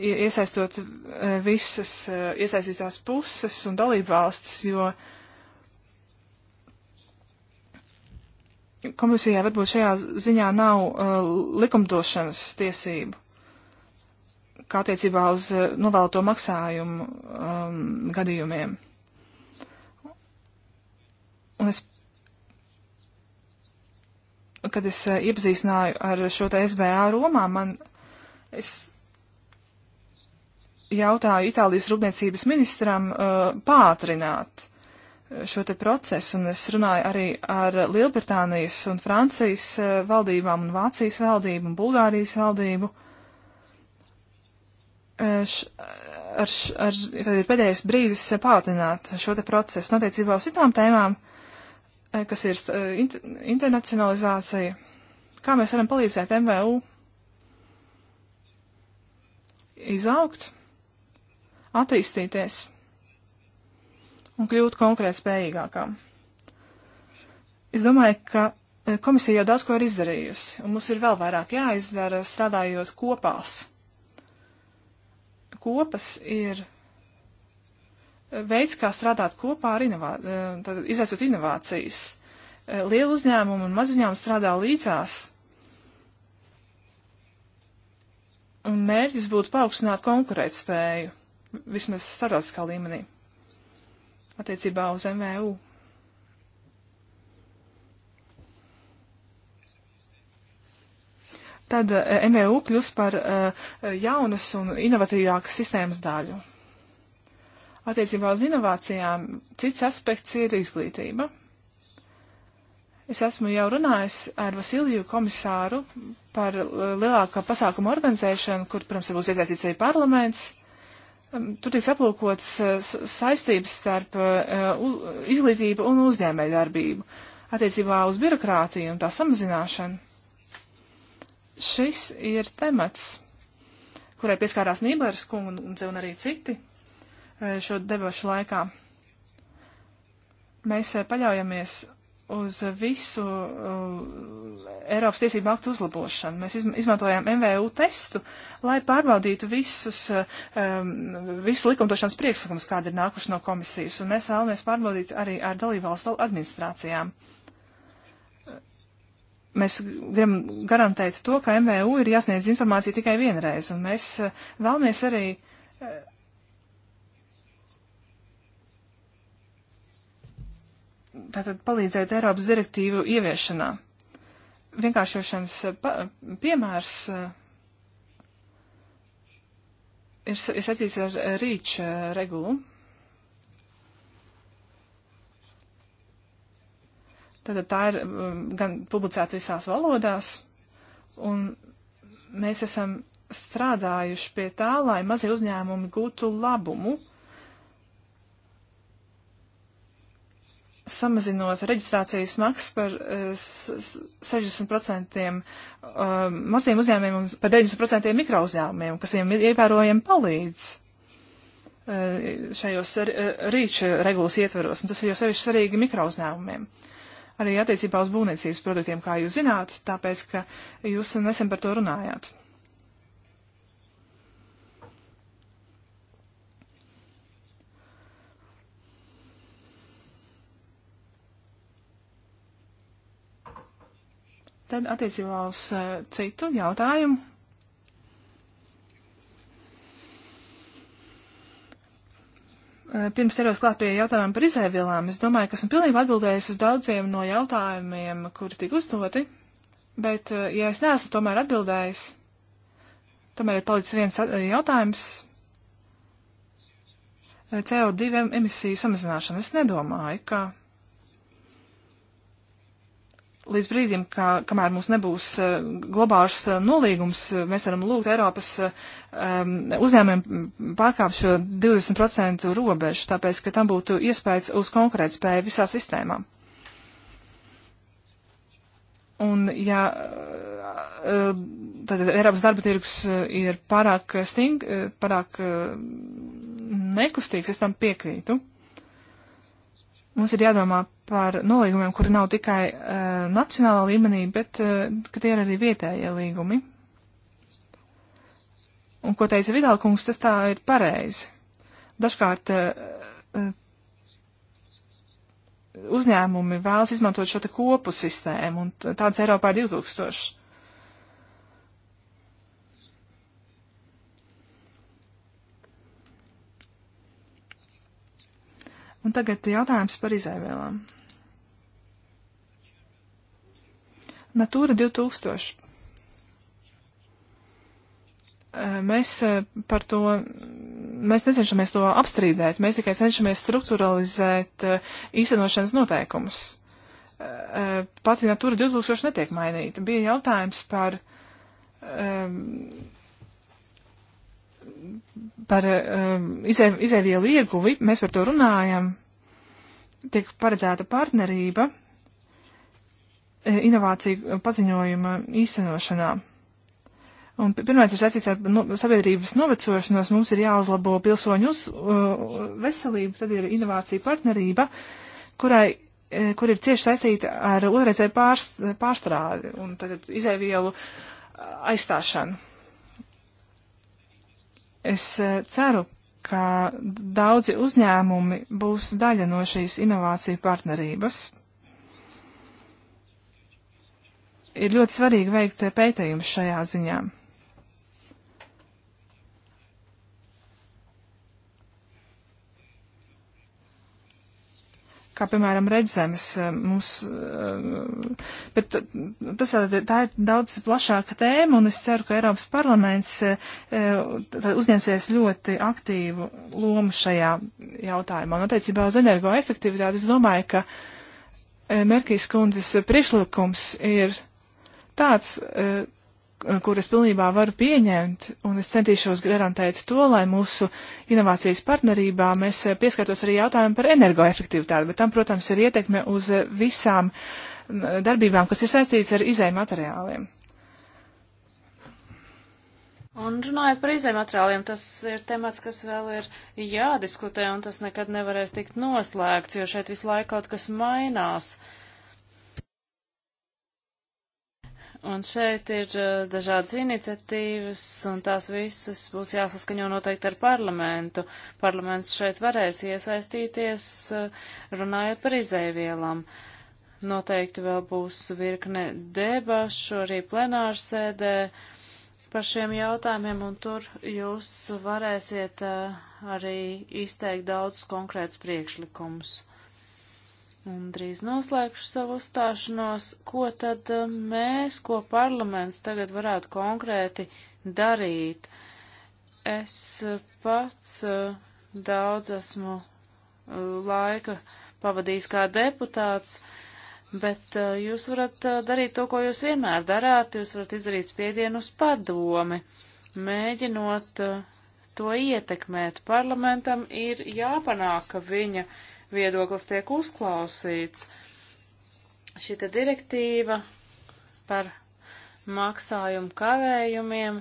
iesaistot eh, visas eh, iesaistītās puses un dalībvalstis, jo komisijā varbūt šajā ziņā nav uh, likumdošanas tiesību, kā attiecībā uz uh, novēlto maksājumu um, gadījumiem. Un es, kad es uh, iepazīstināju ar šo te SBA Romā, man, es jautāju Itālijas rūpniecības ministram uh, pātrināt uh, šo te procesu, un es runāju arī ar Lielbritānijas un Francijas uh, valdībām, un Vācijas valdību, un Bulgārijas valdību. Uh, š, ar, š, ar, tad ir pēdējais brīdis uh, pātrināt šo te procesu. Un attiecībā uz citām tēmām, uh, kas ir inter, internacionalizācija, kā mēs varam palīdzēt MVU izaugt attīstīties un kļūt konkrēt spējīgākām. Es domāju, ka e, komisija jau daudz ko ir izdarījusi, un mums ir vēl vairāk jāizdara strādājot kopās. Kopas ir veids, kā strādāt kopā ar inovā... E, izaicot inovācijas. E, Liela uzņēmuma un mazuzņēmuma strādā līdzās. Un mērķis būtu paaugstināt konkurētspēju vismaz starptautiskā līmenī, attiecībā uz MVU. Tad eh, MVU kļūs par eh, jaunas un inovatīvākas sistēmas daļu. Attiecībā uz inovācijām cits aspekts ir izglītība. Es esmu jau runājis ar Vasiliju komisāru par eh, lielākā pasākuma organizēšanu, kur, protams, būs iesaistīts arī parlaments. Tur tiks aplūkots eh, saistības starp eh, izglītību un uzņēmēju darbību attiecībā uz birokrātiju un tā samazināšanu. Šis ir temats, kurai pieskārās Nībērs kundze un arī citi eh, šo debašu laikā. Mēs paļaujamies uz visu uh, Eiropas tiesību aktu uzlabošanu. Mēs izm izmantojām MVU testu, lai pārbaudītu visus, uh, um, visu likumdošanas priekšlikumus, kādi ir nākuši no komisijas, un mēs vēlamies pārbaudīt arī ar dalībvalstu administrācijām. Mēs gribam garantēt to, ka MVU ir jāsniedz informācija tikai vienreiz, un mēs uh, vēlamies arī uh, tātad palīdzēt Eiropas direktīvu ieviešanā. Vienkāršošanas eh, piemērs eh, ir, ir saistīts ar eh, rīč regulu. Tātad tā ir mm, gan publicēta visās valodās, un mēs esam strādājuši pie tā, lai mazie uzņēmumi gūtu labumu samazinot reģistrācijas maksas par 60% eh, eh, maziem uzņēmumiem un par 90% mikro uzņēmumiem, kas viņiem ievērojami palīdz eh, šajos rīču regulas ietveros, un tas ir jau sevišķi svarīgi mikro uzņēmumiem. Arī attiecībā uz būvniecības produktiem, kā jūs zināt, tāpēc, ka jūs nesen par to runājāt. Tad attiecībā uz eh, citu jautājumu. Eh, pirms ķerot klāt pie jautājumiem par izēvielām, es domāju, ka esmu pilnībā atbildējis uz daudziem no jautājumiem, kuri tika uzdoti, bet, eh, ja es neesmu tomēr atbildējis, tomēr ir palicis viens jautājums CO2 emisiju samazināšana. Es nedomāju, ka līdz brīdim, kā, kamēr mums nebūs uh, globāls uh, nolīgums, uh, mēs varam lūgt Eiropas um, uzņēmumiem pārkāpt šo 20% robežu, tāpēc, ka tam būtu iespējas uz konkurētspēju visā sistēmā. Un, ja tātad Eiropas darba tirgus ir pārāk sting, pārāk nekustīgs, es tam piekrītu mums ir jādomā par nolīgumiem, kuri nav tikai uh, nacionālā līmenī, bet uh, ka tie ir arī vietējie līgumi. Un, ko teica Vidalkungs, tas tā ir pareizi. Dažkārt uh, uzņēmumi vēlas izmantot šo te kopu sistēmu, un tādas Eiropā ir 2000. Un tagad jautājums par izēvielām. Natūra 2000. Mēs par to, mēs necenšamies to apstrīdēt, mēs tikai cenšamies strukturalizēt īstenošanas noteikumus. Pati Natūra 2000 netiek mainīta. Bija jautājums par um, par uh, um, izēvielu ieguvi, mēs par to runājam, tiek paredzēta partnerība eh, inovāciju eh, paziņojuma īstenošanā. Un pirmais ir saistīts ar no, nu, sabiedrības novecošanos, mums ir jāuzlabo pilsoņu uz, uh, veselību, tad ir inovācija partnerība, kurai, uh, kur ir cieši saistīta ar otrreizēju uh, pārst, pārstrādi un tad izēvielu uh, aizstāšanu. Es e, ceru, ka daudzi uzņēmumi būs daļa no šīs inovāciju partnerības. Ir ļoti svarīgi veikt e, pētījumus šajā ziņā. kā piemēram redzemes eh, mums, eh, bet tas vēl tā ir daudz plašāka tēma, un es ceru, ka Eiropas parlaments eh, uzņemsies ļoti aktīvu lomu šajā jautājumā. Un attiecībā uz energoefektivitāti es domāju, ka Merkīs kundzes priešlikums ir tāds, kuras pilnībā varu pieņemt, un es centīšos garantēt to, lai mūsu inovācijas partnerībā mēs eh, pieskartos arī jautājumu par energoefektivitāti, bet tam, protams, ir ietekme uz eh, visām darbībām, kas ir saistīts ar izējuma materiāliem. Un runājot par izējumateriāliem, tas ir temats, kas vēl ir jādiskutē, un tas nekad nevarēs tikt noslēgts, jo šeit visu laiku kaut kas mainās. Uh, Un šeit ir eh, dažādas iniciatīvas, un tās visas būs jāsaskaņo noteikti ar parlamentu. Parlaments šeit varēs iesaistīties, eh, runājot par izēvielām. Noteikti vēl būs virkne debašu arī plenārsēdē par šiem jautājumiem, un tur jūs varēsiet eh, arī izteikt daudz konkrēts priekšlikums un drīz noslēgšu savu uzstāšanos, ko tad eh, mēs, ko parlaments tagad varētu konkrēti darīt. Es eh, pats eh, daudz esmu laika pavadījis kā deputāts, bet jūs varat darīt to, ko jūs vienmēr darāt, jūs varat izdarīt spiedienu uz padomi, mēģinot to ietekmēt. Parlamentam ir jāpanāk, ka viņa viedoklis tiek uzklausīts. Šita direktīva par maksājumu kavējumiem.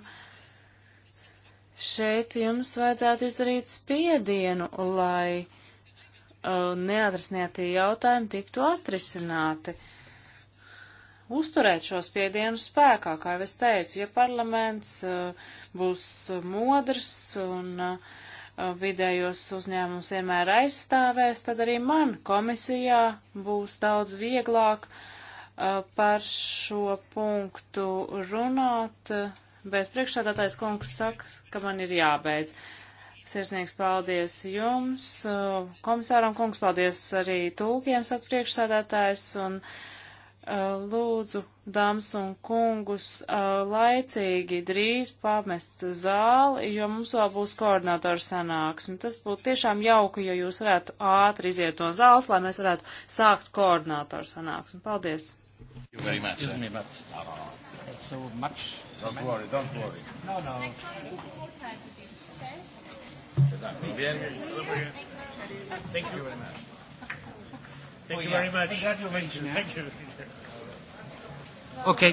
Šeit jums vajadzētu izdarīt spiedienu, lai uh, neatrisinātie jautājumi tiktu atrisināti. Uzturēt šo spiedienu spēkā, kā jau es teicu, ja parlaments uh, būs modrs un uh, vidējos uzņēmums vienmēr aizstāvēs, tad arī man komisijā būs daudz vieglāk uh, par šo punktu runāt, bet priekšādātais kungs saka, ka man ir jābeidz. Sirsnīgs paldies jums, uh, komisāram kungs, paldies arī tūkiem, saka priekšsādātājs, un uh, Eh, lūdzu, dāmas un kungus, eh, laicīgi drīz pamest zāli, jo mums vēl būs koordinātora sanāksme. Tas būtu tiešām jauki, ja jūs varētu ātri iziet no zāles, lai mēs varētu sākt koordinātora sanāksmi. Paldies! You very much. Excuse me, but it's so much. Don't worry, don't worry. No, no. Next time, more time to be, okay? Thank you very much. Oh, Thank you very much. Congratulations. Thank you. Ok.